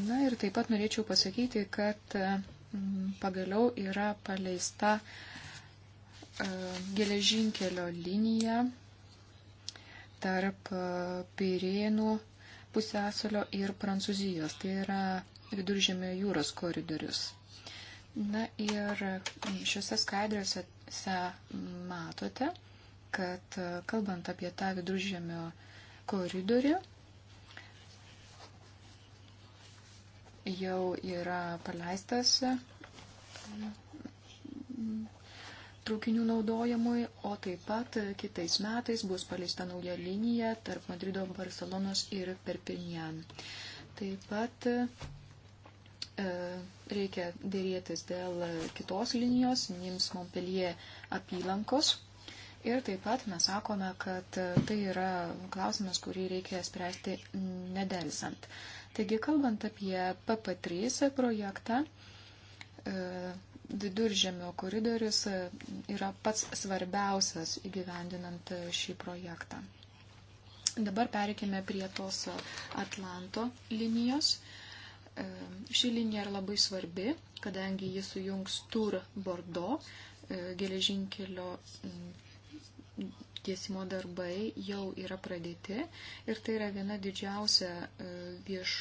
Speaker 2: Na ir taip pat norėčiau pasakyti, kad mm, pagaliau yra paleista e, geležinkelio linija tarp e, Pirėnų pusėsalio ir Prancūzijos. Tai yra viduržėmio jūros koridorius. Na ir šiuose skaidriuose matote, kad e, kalbant apie tą viduržėmio koridorių, jau yra paleistas e, traukinių naudojimui, o taip pat kitais metais bus paleista nauja linija tarp Madrido, Barcelonos ir Perpignan. Taip pat E, reikia dėrėtis dėl kitos linijos, Nims Montpellier apylankos. Ir taip pat mes sakome, kad tai yra klausimas, kurį reikia spręsti nedelsant. Taigi, kalbant apie PP3 projektą, e, viduržemio koridorius yra pats svarbiausias įgyvendinant šį projektą. Dabar pereikime prie tos Atlanto linijos. E, ši linija yra labai svarbi, kadangi jis sujungs Tur Bordo e, geležinkelio mm, tiesimo darbai jau yra pradėti ir tai yra viena didžiausia e, vieš,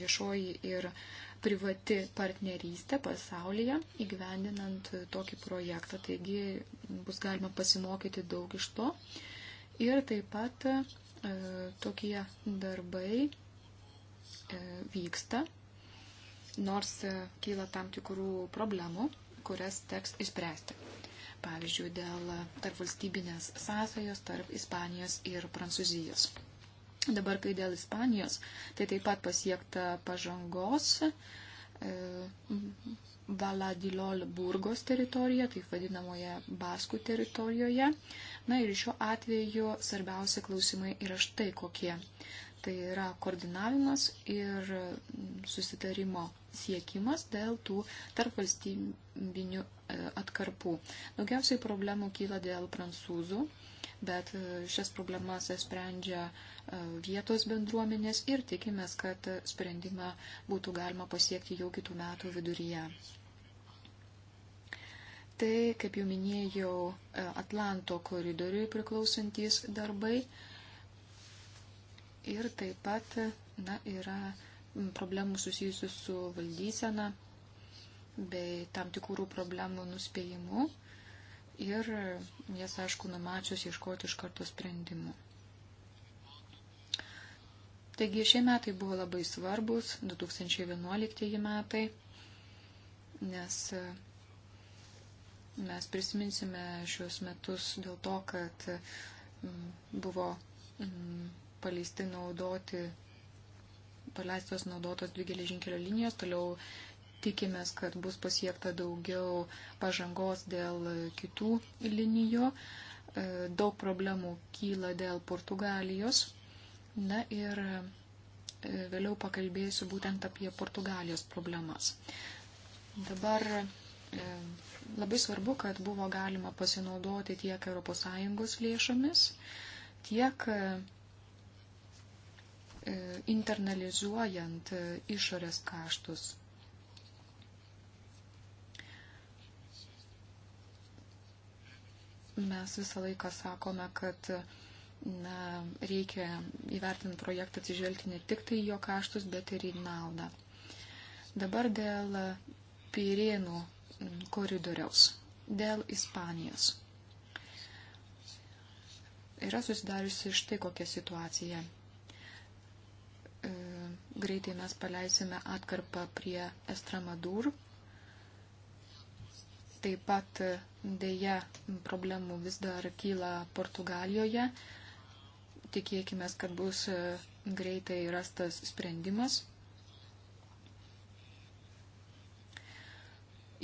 Speaker 2: viešoji ir privati partnerystė pasaulyje įgyvendinant tokį projektą. Taigi bus galima pasimokyti daug iš to. Ir taip pat e, tokie darbai e, vyksta nors e, kyla tam tikrų problemų, kurias teks išspręsti. Pavyzdžiui, dėl tarp valstybinės sąsajos tarp Ispanijos ir Prancūzijos. Dabar, kai dėl Ispanijos, tai taip pat pasiekta pažangos e, Valadilol Burgos teritorija, taip vadinamoje Baskų teritorijoje. Na ir šiuo atveju svarbiausia klausimai yra štai kokie. Tai yra koordinavimas ir susitarimo siekimas dėl tų tarp valstybinių e, atkarpų. Daugiausiai problemų kyla dėl prancūzų, bet e, šias problemas sprendžia e, vietos bendruomenės ir tikimės, kad sprendimą būtų galima pasiekti jau kitų metų viduryje. Tai, kaip jau minėjau, Atlanto koridoriui priklausantis darbai ir taip pat na, yra problemų susijusių su valdysena bei tam tikrų problemų nuspėjimu ir jas, aišku, numačius ieškoti iš karto sprendimų. Taigi šie metai buvo labai svarbus, 2011 metai, nes mes prisiminsime šios metus dėl to, kad mm, buvo mm, paleisti naudoti, paleistos naudotos dvi geležinkelio linijos, toliau tikimės, kad bus pasiekta daugiau pažangos dėl kitų linijų. E, daug problemų kyla dėl Portugalijos. Na ir e, vėliau pakalbėsiu būtent apie Portugalijos problemas. Dabar e, labai svarbu, kad buvo galima pasinaudoti tiek ES lėšomis, tiek E, internalizuojant e, išorės kaštus. Mes visą laiką sakome, kad na, reikia įvertinti projektą atsižvelgti ne tik tai jo kaštus, bet ir į naudą. Dabar dėl Pirėnų koridoriaus, dėl Ispanijos. Yra susidariusi štai kokia situacija greitai mes paleisime atkarpą prie Estramadur. Taip pat dėja problemų vis dar kyla Portugalijoje. Tikėkime, kad bus e, greitai rastas sprendimas.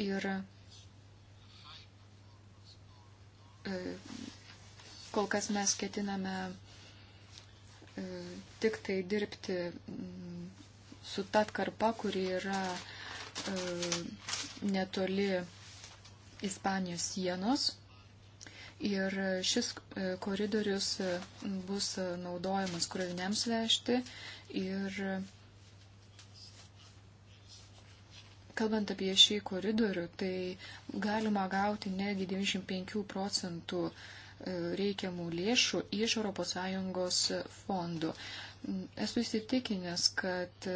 Speaker 2: Ir e, kol kas mes ketiname E, tik tai dirbti mm, su ta atkarpa, kuri yra e, netoli Ispanijos sienos. Ir šis e, koridorius bus naudojamas kroviniams vežti. Ir kalbant apie šį koridorių, tai galima gauti netgi 95 procentų reikiamų lėšų iš ES fondų. Esu įsitikinęs, kad e,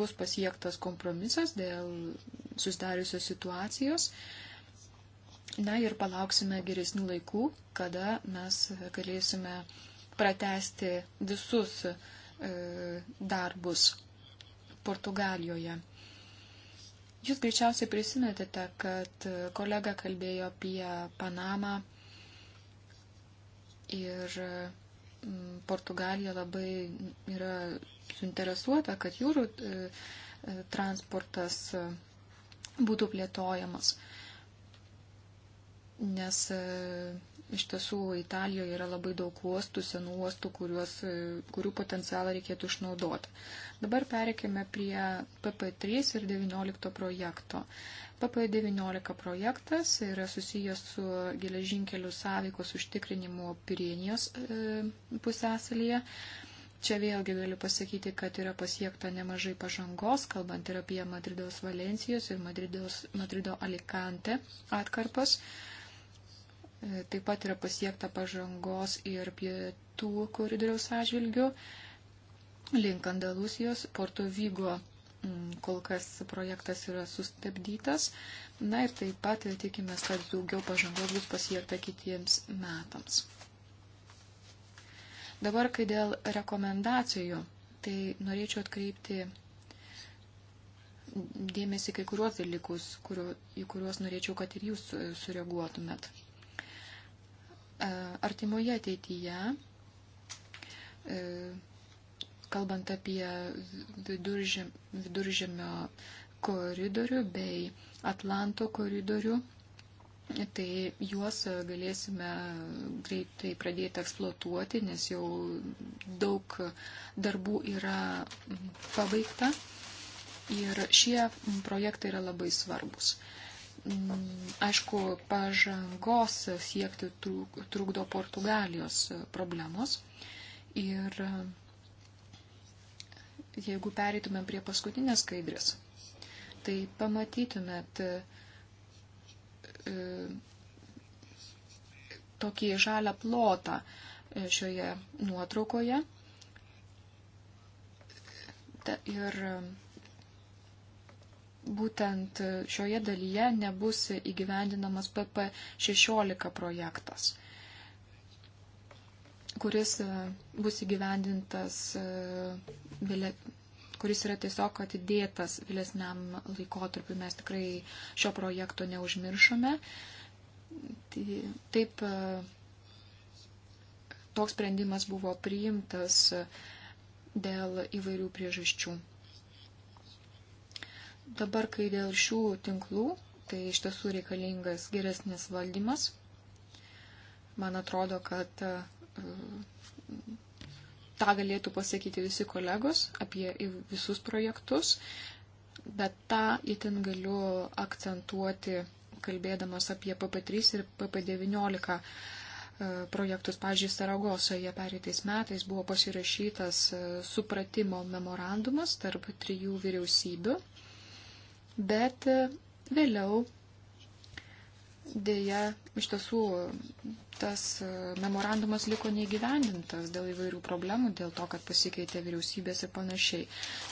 Speaker 2: bus pasiektas kompromisas dėl susidariusios situacijos. Na ir palauksime geresnių laikų, kada mes galėsime pratesti visus e, darbus Portugalijoje. Jūs greičiausiai prisimenate, kad e, kolega kalbėjo apie Panamą Ir mm, Portugalija labai yra suinteresuota, kad jūrų e, e, transportas e, būtų plėtojamas, nes Iš tiesų, Italijoje yra labai daug uostų, senų uostų, kuriuos, e, kurių potencialą reikėtų išnaudoti. Dabar pereikime prie PP3 ir 19 projekto. PP19 projektas yra susijęs su geležinkelių sąveikos užtikrinimu Pirienijos e, pusėsalyje. Čia vėlgi galiu pasakyti, kad yra pasiekta nemažai pažangos, kalbant ir apie Madridos Valencijos ir Madridos, Madrido Alicante atkarpas. E, Taip pat yra pasiekta pažangos ir pietų koridoriaus atžvilgių link Andalusijos, Porto Vygo mm, kol kas projektas yra sustabdytas. Na ir taip pat tikimės, kad daugiau pažangos bus pasiekta kitiems metams. Dabar, kai dėl rekomendacijų, tai norėčiau atkreipti dėmesį kai kuriuos dalykus, kurio, į kuriuos norėčiau, kad ir jūs sureaguotumėt artimoje ateityje, kalbant apie viduržėm, viduržėmio koridorių bei Atlanto koridorių, tai juos galėsime greitai pradėti eksploatuoti, nes jau daug darbų yra pabaigta ir šie projektai yra labai svarbus. Mm, aišku, pažangos siekti trukdo Portugalijos problemos. Ir e, jeigu pereitumėm prie paskutinės skaidrės, tai pamatytumėt e, tokį žalią plotą e, šioje nuotraukoje. Ir būtent šioje dalyje nebus įgyvendinamas PP16 projektas, kuris e, bus įgyvendintas, e, kuris yra tiesiog atidėtas vėlesniam laikotarpiu. Mes tikrai šio projekto neužmiršome. Tai taip, e, toks sprendimas buvo priimtas dėl įvairių priežasčių. Dabar, kai dėl šių tinklų, tai iš tiesų reikalingas geresnis valdymas. Man atrodo, kad e, tą galėtų pasakyti visi kolegos apie visus projektus, bet tą itin galiu akcentuoti, kalbėdamas apie PP3 ir PP19 e, projektus. Pavyzdžiui, Saragosoje pereitais metais buvo pasirašytas e, supratimo memorandumas tarp trijų vyriausybių bet e, vėliau dėja iš tiesų tas e, memorandumas liko neįgyvendintas dėl įvairių problemų, dėl to, kad pasikeitė vyriausybės ir panašiai.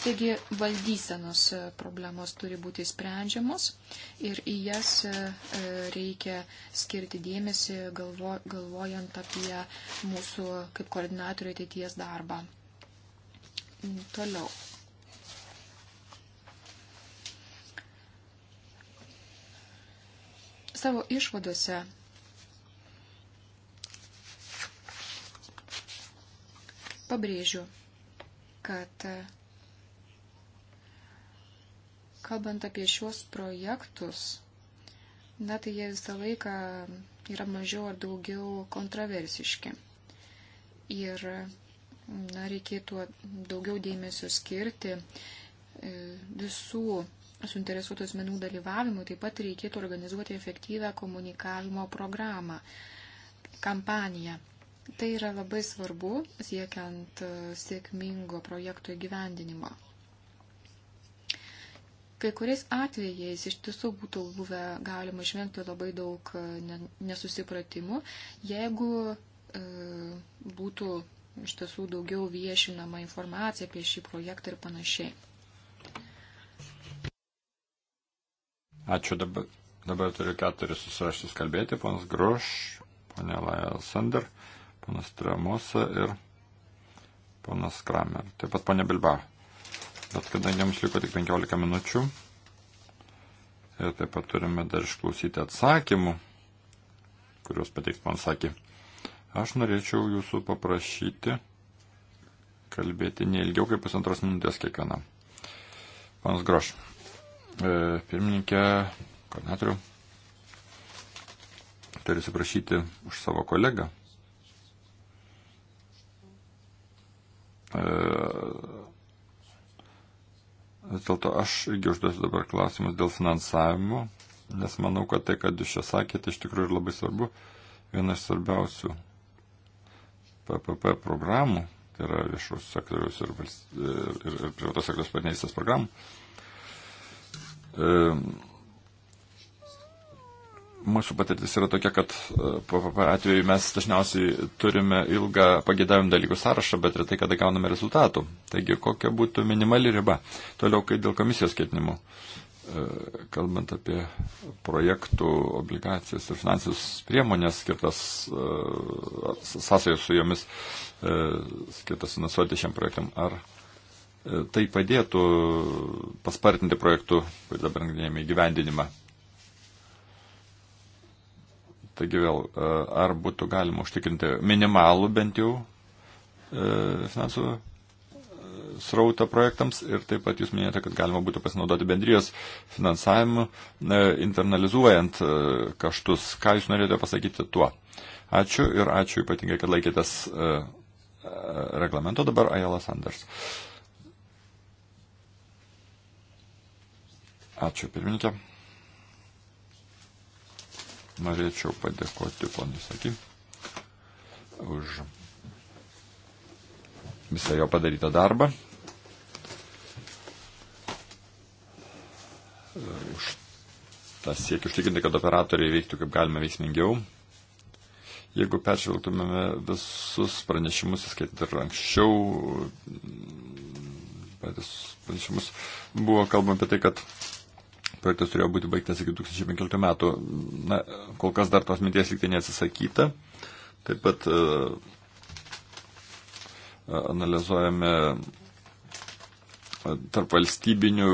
Speaker 2: Taigi valdysenos e, problemos turi būti sprendžiamos ir į jas reikia skirti dėmesį, galvo, galvojant apie mūsų kaip koordinatorių ateities darbą. Toliau. savo išvadose pabrėžiu, kad e, kalbant apie šios projektus, na tai jie visą laiką yra mažiau ar daugiau kontroversiški. Ir na, reikėtų daugiau dėmesio skirti e, visų suinteresuotų asmenų dalyvavimui taip pat reikėtų organizuoti efektyvę komunikavimo programą, kampaniją. Tai yra labai svarbu siekiant e, sėkmingo projekto įgyvendinimo. Kai kuriais atvejais iš tiesų būtų buvę galima išvengti labai daug e, nesusipratimų, jeigu e, būtų iš tiesų daugiau viešinama informacija apie šį projektą ir panašiai.
Speaker 3: Ačiū dabar. Dabar turiu keturis susiraštus kalbėti. Ponas Groš, ponė Laja Sander, ponas Tremosa ir ponas Kramer. Taip pat ponė Bilba. Bet kadangi jums liko tik 15 minučių ir taip pat turime dar išklausyti atsakymų, kuriuos pateiks man sakė, aš norėčiau jūsų paprašyti kalbėti neilgiau kaip pusantros minutės kiekvienam. Panas Grošas. E, pirmininkė, koordinatorių, turiu suprašyti už savo kolegą. E, vis dėlto aš irgi užduosiu dabar klausimus dėl finansavimo, nes manau, kad tai, kad jūs čia sakėte, iš tikrųjų yra labai svarbu. Viena iš svarbiausių PPP programų, tai yra viešos sektoriaus ir, ir, ir privatos sektoriaus partnerystės programų, E, mūsų patirtis yra tokia, kad e, PPP atveju mes dažniausiai turime ilgą pagėdavimų dalykų sąrašą, bet retai kada gauname rezultatų. Taigi, kokia būtų minimali riba? Toliau, kai dėl komisijos ketinimų, e, kalbant apie projektų, obligacijas ir finansijos priemonės skirtas sąsajos su jomis, skirtas finansuoti šiam projektam, ar tai padėtų paspartinti projektų, kurį dabar nagrinėjame, įgyvendinimą. Taigi vėl, e, ar būtų galima užtikrinti minimalų bent jau e, finansų e, srautą projektams ir taip pat jūs minėjote, kad galima būtų pasinaudoti bendrijos finansavimu, internalizuojant kaštus. Ką jūs norėjote pasakyti tuo? Ačiū ir ačiū ypatingai, kad laikėtės reglamento dabar Ajalas Anders. Uh, Ačiū pirmininkė. Norėčiau padėkoti ponui Saky už visą jo padarytą darbą. Už tą siekį užtikrinti, kad operatoriai veiktų kaip galima veiksmingiau. Jeigu peržvelgtumėme visus pranešimus, įskaitant ir anksčiau pranešimus, buvo kalbama apie tai, kad projektas turėjo būti baigtas iki 2015 metų. Na, kol kas dar tos minties liktai neatsisakyta. Taip pat uh, analizuojame e, tarp valstybinių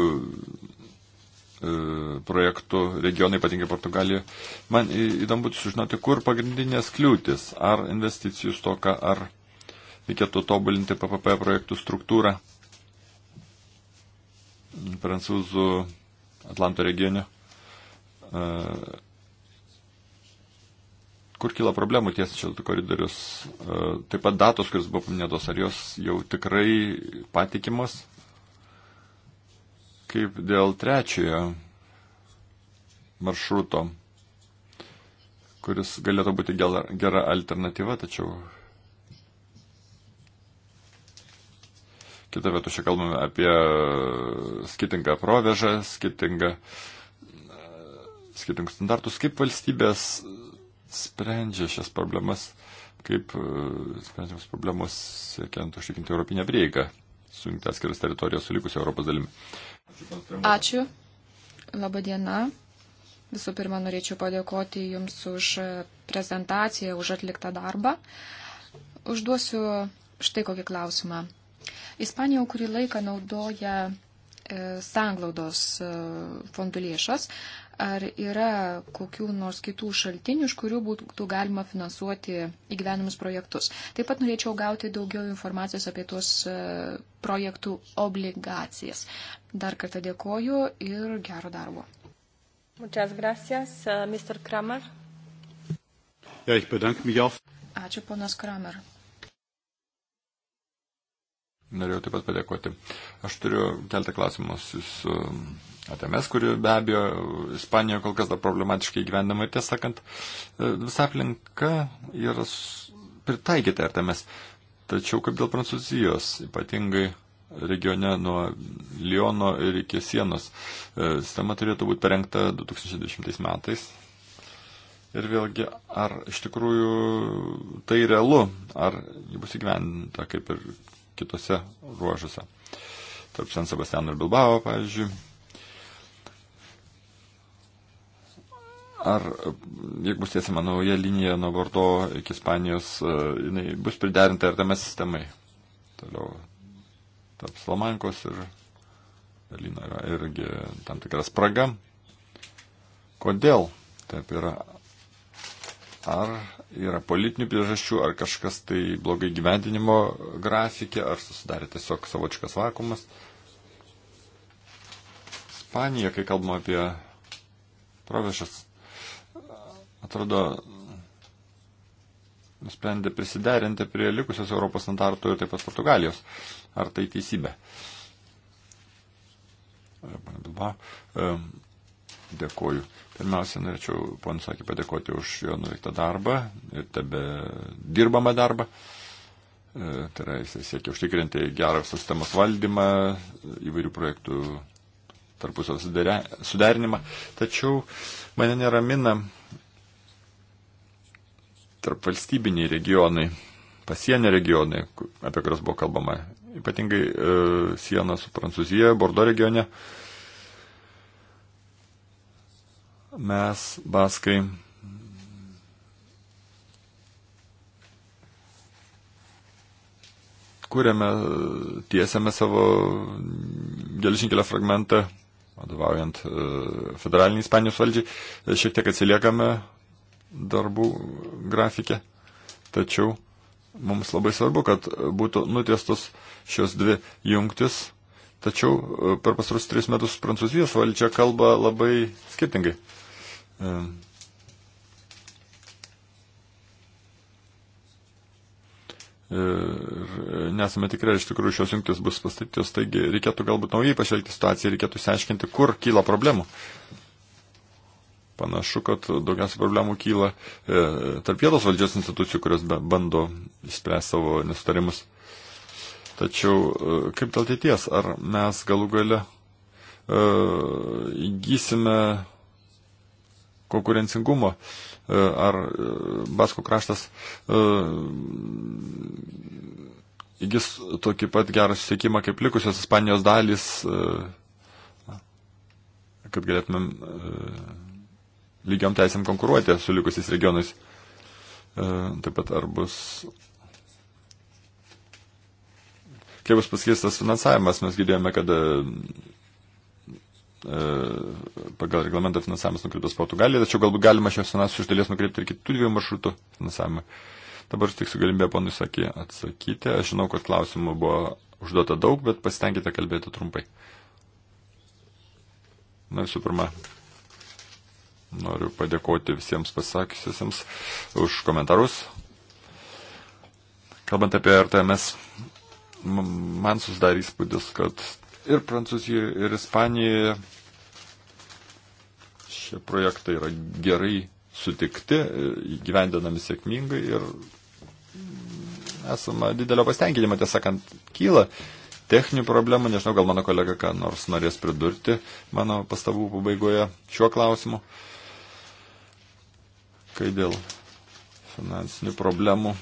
Speaker 3: projektų regionai, ypatingai Portugalijoje. Man įdomu būtų sužinoti, kur pagrindinės kliūtis, ar investicijų stoka, ar reikėtų tobulinti PPP projektų struktūrą. Prancūzų Atlanto regione, e, kur kyla problemų tiesi šiltų koridorius, e, taip pat datos, kuris buvo paminėtos, ar jos jau tikrai patikimas, kaip dėl trečiojo maršruto, kuris galėtų būti gera alternatyva, tačiau Kita vertus, čia kalbame apie skirtingą provežą, skirtingą, skirtingus standartus, kaip valstybės sprendžia šias problemas, kaip e, sprendžiamas problemos siekiant užtikrinti europinę prieigą, sujungti atskiras teritorijas su likusia Europos dalimi.
Speaker 2: Ačiū. Labadiena. Visų pirma, norėčiau padėkoti Jums už prezentaciją, už atliktą darbą. Užduosiu štai kokį klausimą. Ispanija jau kurį laiką naudoja e, sanglaudos e, fondų lėšas. Ar yra kokių nors kitų šaltinių, iš kurių būtų galima finansuoti įgyvenimus projektus? Taip pat norėčiau gauti daugiau informacijos apie tuos e, projektų obligacijas. Dar kartą dėkoju ir gero darbo. Muchas gracias, eh, Mr. Kramer. Ja, Ačiū, ponas Kramer
Speaker 3: norėjau taip pat padėkoti. Aš turiu keltą klausimą su ATMS, kuri be abejo Ispanijoje kol kas dar problematiškai gyvendama ir tiesą sakant, e, visa aplinka yra pritaikyta ATMS. Tačiau kaip dėl Prancūzijos, ypatingai regione nuo Liono ir iki sienos, e, sistema turėtų būti parengta 2020 metais. Ir vėlgi, ar iš tikrųjų tai realu, ar ji bus įgyvendinta, kaip ir kitose ruožuose. Tarp San Sebastiano ir Bilbao, pavyzdžiui. Ar, jeigu bus tiesiama nauja linija nuo Bordo iki Ispanijos, e, jinai bus priderinta RTM sistemai? Toliau tarp Slamankos ir Berlyno yra irgi tam tikra spraga. Kodėl taip yra? Ar yra politinių priežasčių, ar kažkas tai blogai gyvendinimo grafikė, ar susidarė tiesiog savočkas vakumas. Ispanija, kai kalbam apie provešas, atrodo, nusprendė prisiderinti prie likusios Europos standartų ir taip pat Portugalijos. Ar tai teisybė? Dėkoju. Pirmiausia, norėčiau ponsakį padėkoti už jo nuveiktą darbą ir tebe dirbamą darbą. E, tai yra, jis siekia užtikrinti gerą sistemos valdymą, įvairių projektų tarpusio suderinimą. Tačiau mane neramina tarp valstybiniai regionai, pasienio regionai, apie kurias buvo kalbama, ypatingai e, siena su Prancūzija, Bordo regione. E, mes, baskai, kūrėme, tiesėme savo geležinkelio fragmentą, vadovaujant e, federaliniai Ispanijos valdžiai, e, šiek tiek atsiliekame darbų grafikė, tačiau mums labai svarbu, kad būtų nutiestos šios dvi jungtis, tačiau e, per pasarus tris metus Prancūzijos valdžia kalba labai skirtingai. Ir nesame tikrai, iš tikrųjų šios jungtis bus pastatytos, taigi reikėtų galbūt naujai pažvelgti situaciją, reikėtų išsiaiškinti, kur kyla problemų. Panašu, kad daugiausia problemų kyla e, tarp vietos valdžios institucijų, kurios be, bando išspręsti savo nesutarimus. Tačiau e, kaip dėl ateities, ar mes galų gale e, įgysime konkurencingumo. E, ar e, Baskų kraštas e, įgis tokį pat gerą susiekimą kaip likusios Ispanijos dalys, kad galėtumėm lygiam teisėm konkuruoti su likusiais regionais. Taip pat ar bus kaip bus paskirstas finansavimas, mes girdėjome, kad E, pagal reglamentą finansavimas nukreiptas Portugalijai, tačiau galbūt galima šios finansus iš dalies nukreipti ir kitų dviejų maršrutų finansavimą. Dabar tik su galimybė ponui sakė atsakyti. Aš žinau, kad klausimų buvo užduota daug, bet pasitengite kalbėti trumpai. Na visų pirma, noriu padėkoti visiems pasakysiusiems už komentarus. Kalbant apie RTMS, man susidarė įspūdis, kad ir Prancūzijoje, ir Ispanijoje šie projektai yra gerai sutikti, gyvendinami sėkmingai ir esama didelio pasitenkinimo, tiesąkant, kyla techninių problemų, nežinau, gal mano kolega ką nors norės pridurti mano pastabų pabaigoje šiuo klausimu, kai dėl finansinių problemų.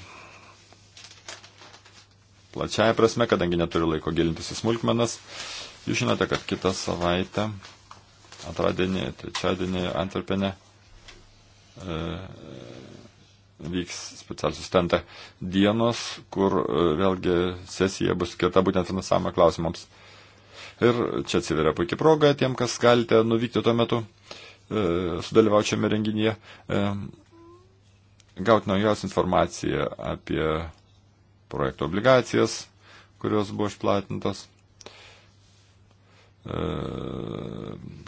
Speaker 3: Plačiaja prasme, kadangi neturiu laiko gilintis į smulkmenas, uh, Jūs žinote, kad kitą savaitę, antradienį, trečiadienį Antverpenė e, vyks specialius tentą dienos, kur e, vėlgi sesija bus skirta būtent finansavimo klausimams. Ir čia atsiveria puikia proga tiem, kas galite nuvykti tuo metu, e, sudalyvaučiame renginyje, e, gauti naujos informaciją apie projektų obligacijas, kurios buvo išplatintos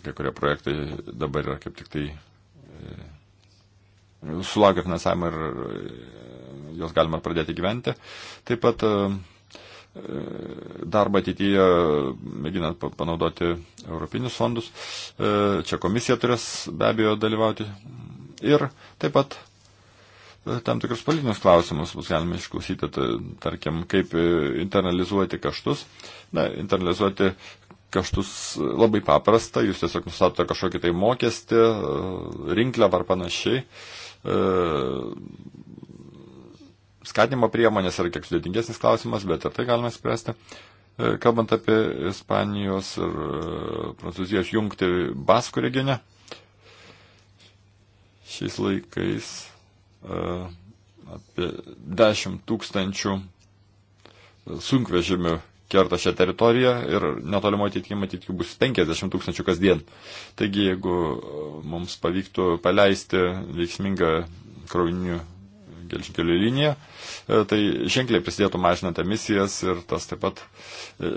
Speaker 3: kai kurie projektai dabar yra kaip tik tai e, sulaukia finansavimą ir e, jos galima pradėti gyventi. Taip pat e, darbą ateityje mėginant panaudoti europinius fondus. Čia komisija turės be abejo dalyvauti. Ir taip pat tam tikrus politinius klausimus bus galima išklausyti, tarkim, kaip internalizuoti kaštus. Na, internalizuoti kaštus labai paprasta, jūs tiesiog nustatote kažkokį tai mokestį, e, rinkliavą ar panašiai. E, skatinimo priemonės yra kiek sudėtingesnis klausimas, bet ir tai galima spręsti. E, kalbant apie Ispanijos ir Prancūzijos jungti Baskų regione, šiais laikais apie 10 tūkstančių sunkvežimių kerta šią teritoriją ir netolimo ateityje matyti bus 50 tūkstančių kasdien. Taigi, jeigu e, mums pavyktų paleisti veiksmingą krovinių gelžinkelių liniją, e, tai ženkliai prisidėtų mažinant emisijas ir tas taip pat e,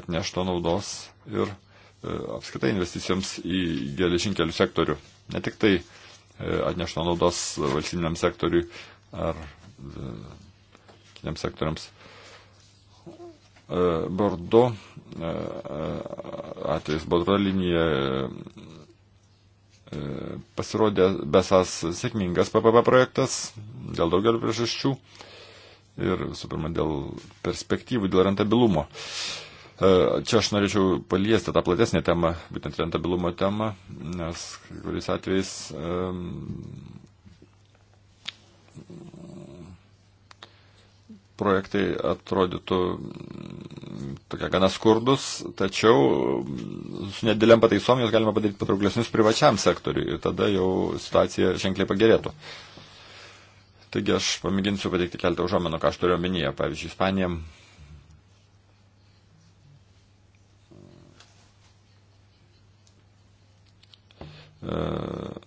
Speaker 3: atneštų naudos ir apskaitai investicijoms į geležinkelių sektorių. Ne tik tai atneštų naudos valstybiniam sektoriui ar kitiems sektoriams. E, bordo e, e, atvejs, Bordo linija pasirodė besas sėkmingas PPP projektas dėl daugelio priežasčių ir, visų pirma, dėl perspektyvų, dėl rentabilumo. Čia aš norėčiau paliesti tą platesnę temą, būtent rentabilumo temą, nes kuris atvejais um, projektai atrodytų mm, tokia gana skurdus, tačiau su nedėliam pataisom jos galima padaryti patrauklesnius privačiam sektoriui ir tada jau situacija ženkliai pagerėtų. Taigi aš pamėginsiu pateikti keletą užuomenų, ką aš turiu omenyje. Pavyzdžiui, Ispanija. E,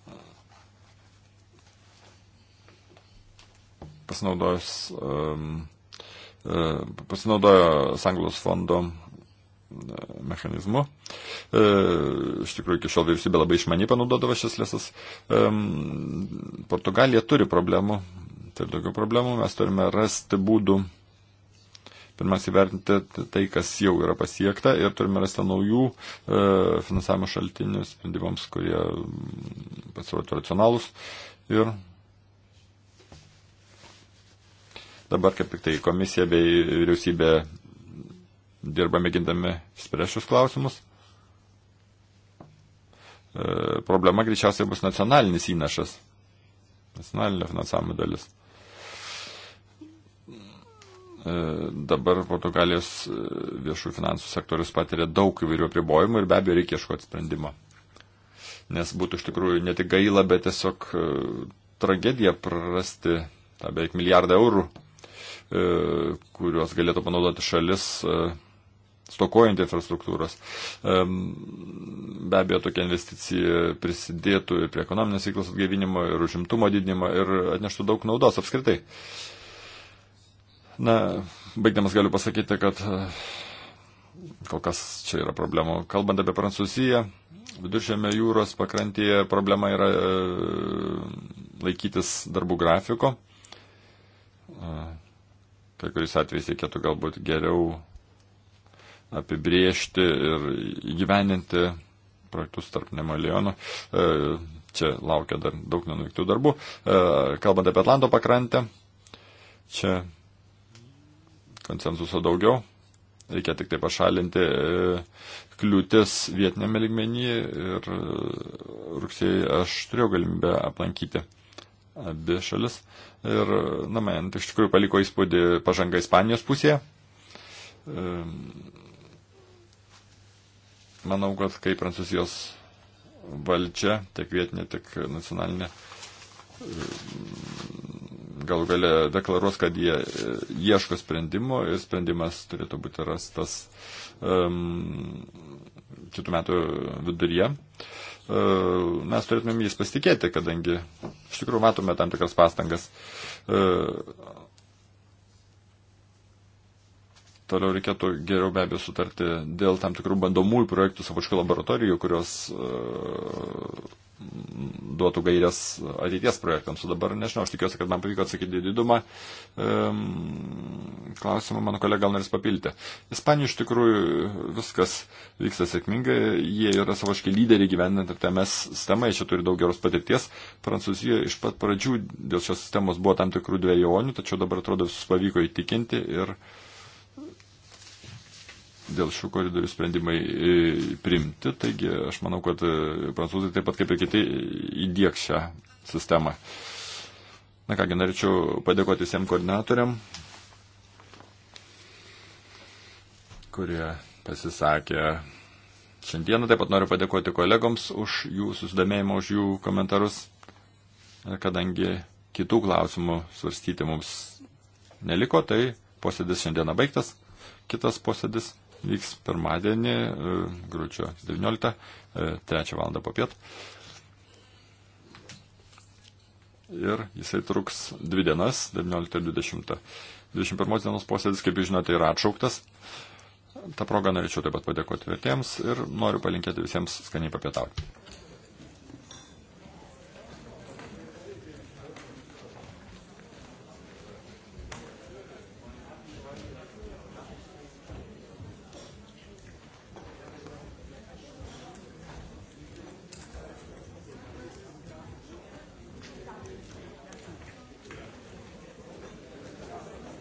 Speaker 3: pasinaudojus um, E, pasinaudojo Sanglos fondo e, mechanizmu. E, iš tikrųjų, iki šiol vyriausybė labai išmaniai panaudodavo šias lėsas. Portugalija turi problemų, tai daugiau problemų. Mes turime rasti būdų, pirmiausia, įvertinti tai, kas jau yra pasiekta ir turime rasti naujų finansavimo šaltinių sprendimams, kurie pasirodytų racionalus. Ir Dabar kaip tik tai komisija bei vyriausybė dirbame gindami spręšius klausimus. E, problema greičiausiai bus nacionalinis įnašas, nacionalinio finansavimo dalis. E, dabar Portugalijos e, viešų finansų sektorius patiria daug įvairių apribojimų ir be abejo reikia ieškoti sprendimo. Nes būtų iš tikrųjų ne tik gaila, bet tiesiog e, tragedija prarasti tą beveik milijardą eurų E, kuriuos galėtų panaudoti šalis e, stokojant infrastruktūros. E, be abejo, tokia investicija prisidėtų ir prie ekonominės veiklos atgaivinimo, ir užimtumo didinimo, ir atneštų daug naudos apskritai. Na, baigdamas galiu pasakyti, kad kol kas čia yra problemų. Kalbant apie Prancūziją, viduržėme jūros pakrantėje problema yra laikytis darbų grafiko kai kuris atvejais reikėtų galbūt geriau apibriežti ir įgyvendinti projektus tarp nemalionų. E, čia laukia dar daug nenuveiktų darbų. E, kalbant apie Atlanto pakrantę, čia konsensuso daugiau. Reikia tik tai pašalinti e, kliūtis vietiniame ligmenyje ir rugsėjai aš turėjau galimybę aplankyti abi šalis. Ir, na, man iš tikrųjų paliko įspūdį pažanga Ispanijos pusėje. Manau, kad kai Prancūzijos valdžia, tiek vietinė, tiek nacionalinė, gal gale deklaruos, kad jie e, ieško sprendimo ir sprendimas turėtų būti rastas um, kitų metų viduryje. Uh, E, mes turėtumėm jais pasitikėti, kadangi iš tikrųjų matome tam tikras pastangas. E, toliau reikėtų geriau be abejo sutarti dėl tam tikrų bandomųjų projektų savočių laboratorijų, kurios e, duotų gairias ateities projektams. O dabar nežinau, aš tikiuosi, kad man pavyko atsakyti didumą. Um, klausimą mano kolega gal norės papildyti. Ispanija iš tikrųjų viskas vyksta sėkmingai, jie yra savaškai lyderiai gyvenant TMS sistemą, jie čia turi daug geros patirties. Prancūzijoje iš pat pradžių dėl šios sistemos buvo tam tikrų dviejonių, tačiau dabar atrodo visus pavyko įtikinti ir uh, dėl šių koridorių sprendimai e, priimti, taigi aš manau, kad e, prancūzai taip pat kaip ir kiti įdėks šią sistemą. Na kągi, norėčiau padėkoti visiems koordinatoriam, kurie pasisakė šiandieną. Taip pat noriu padėkoti kolegoms už jų susidomėjimą, už jų komentarus, kadangi kitų klausimų svarstyti mums neliko, tai posėdis šiandieną baigtas. Kitas posėdis vyks pirmadienį, gručio 19, 3 val. po pietų. Ir jisai truks dvi dienas, 19.20. 21 dienos posėdis, kaip jūs žinote, yra atšauktas. Ta proga norėčiau taip pat padėkoti vertėjams ir noriu palinkėti visiems skaniai papietauti.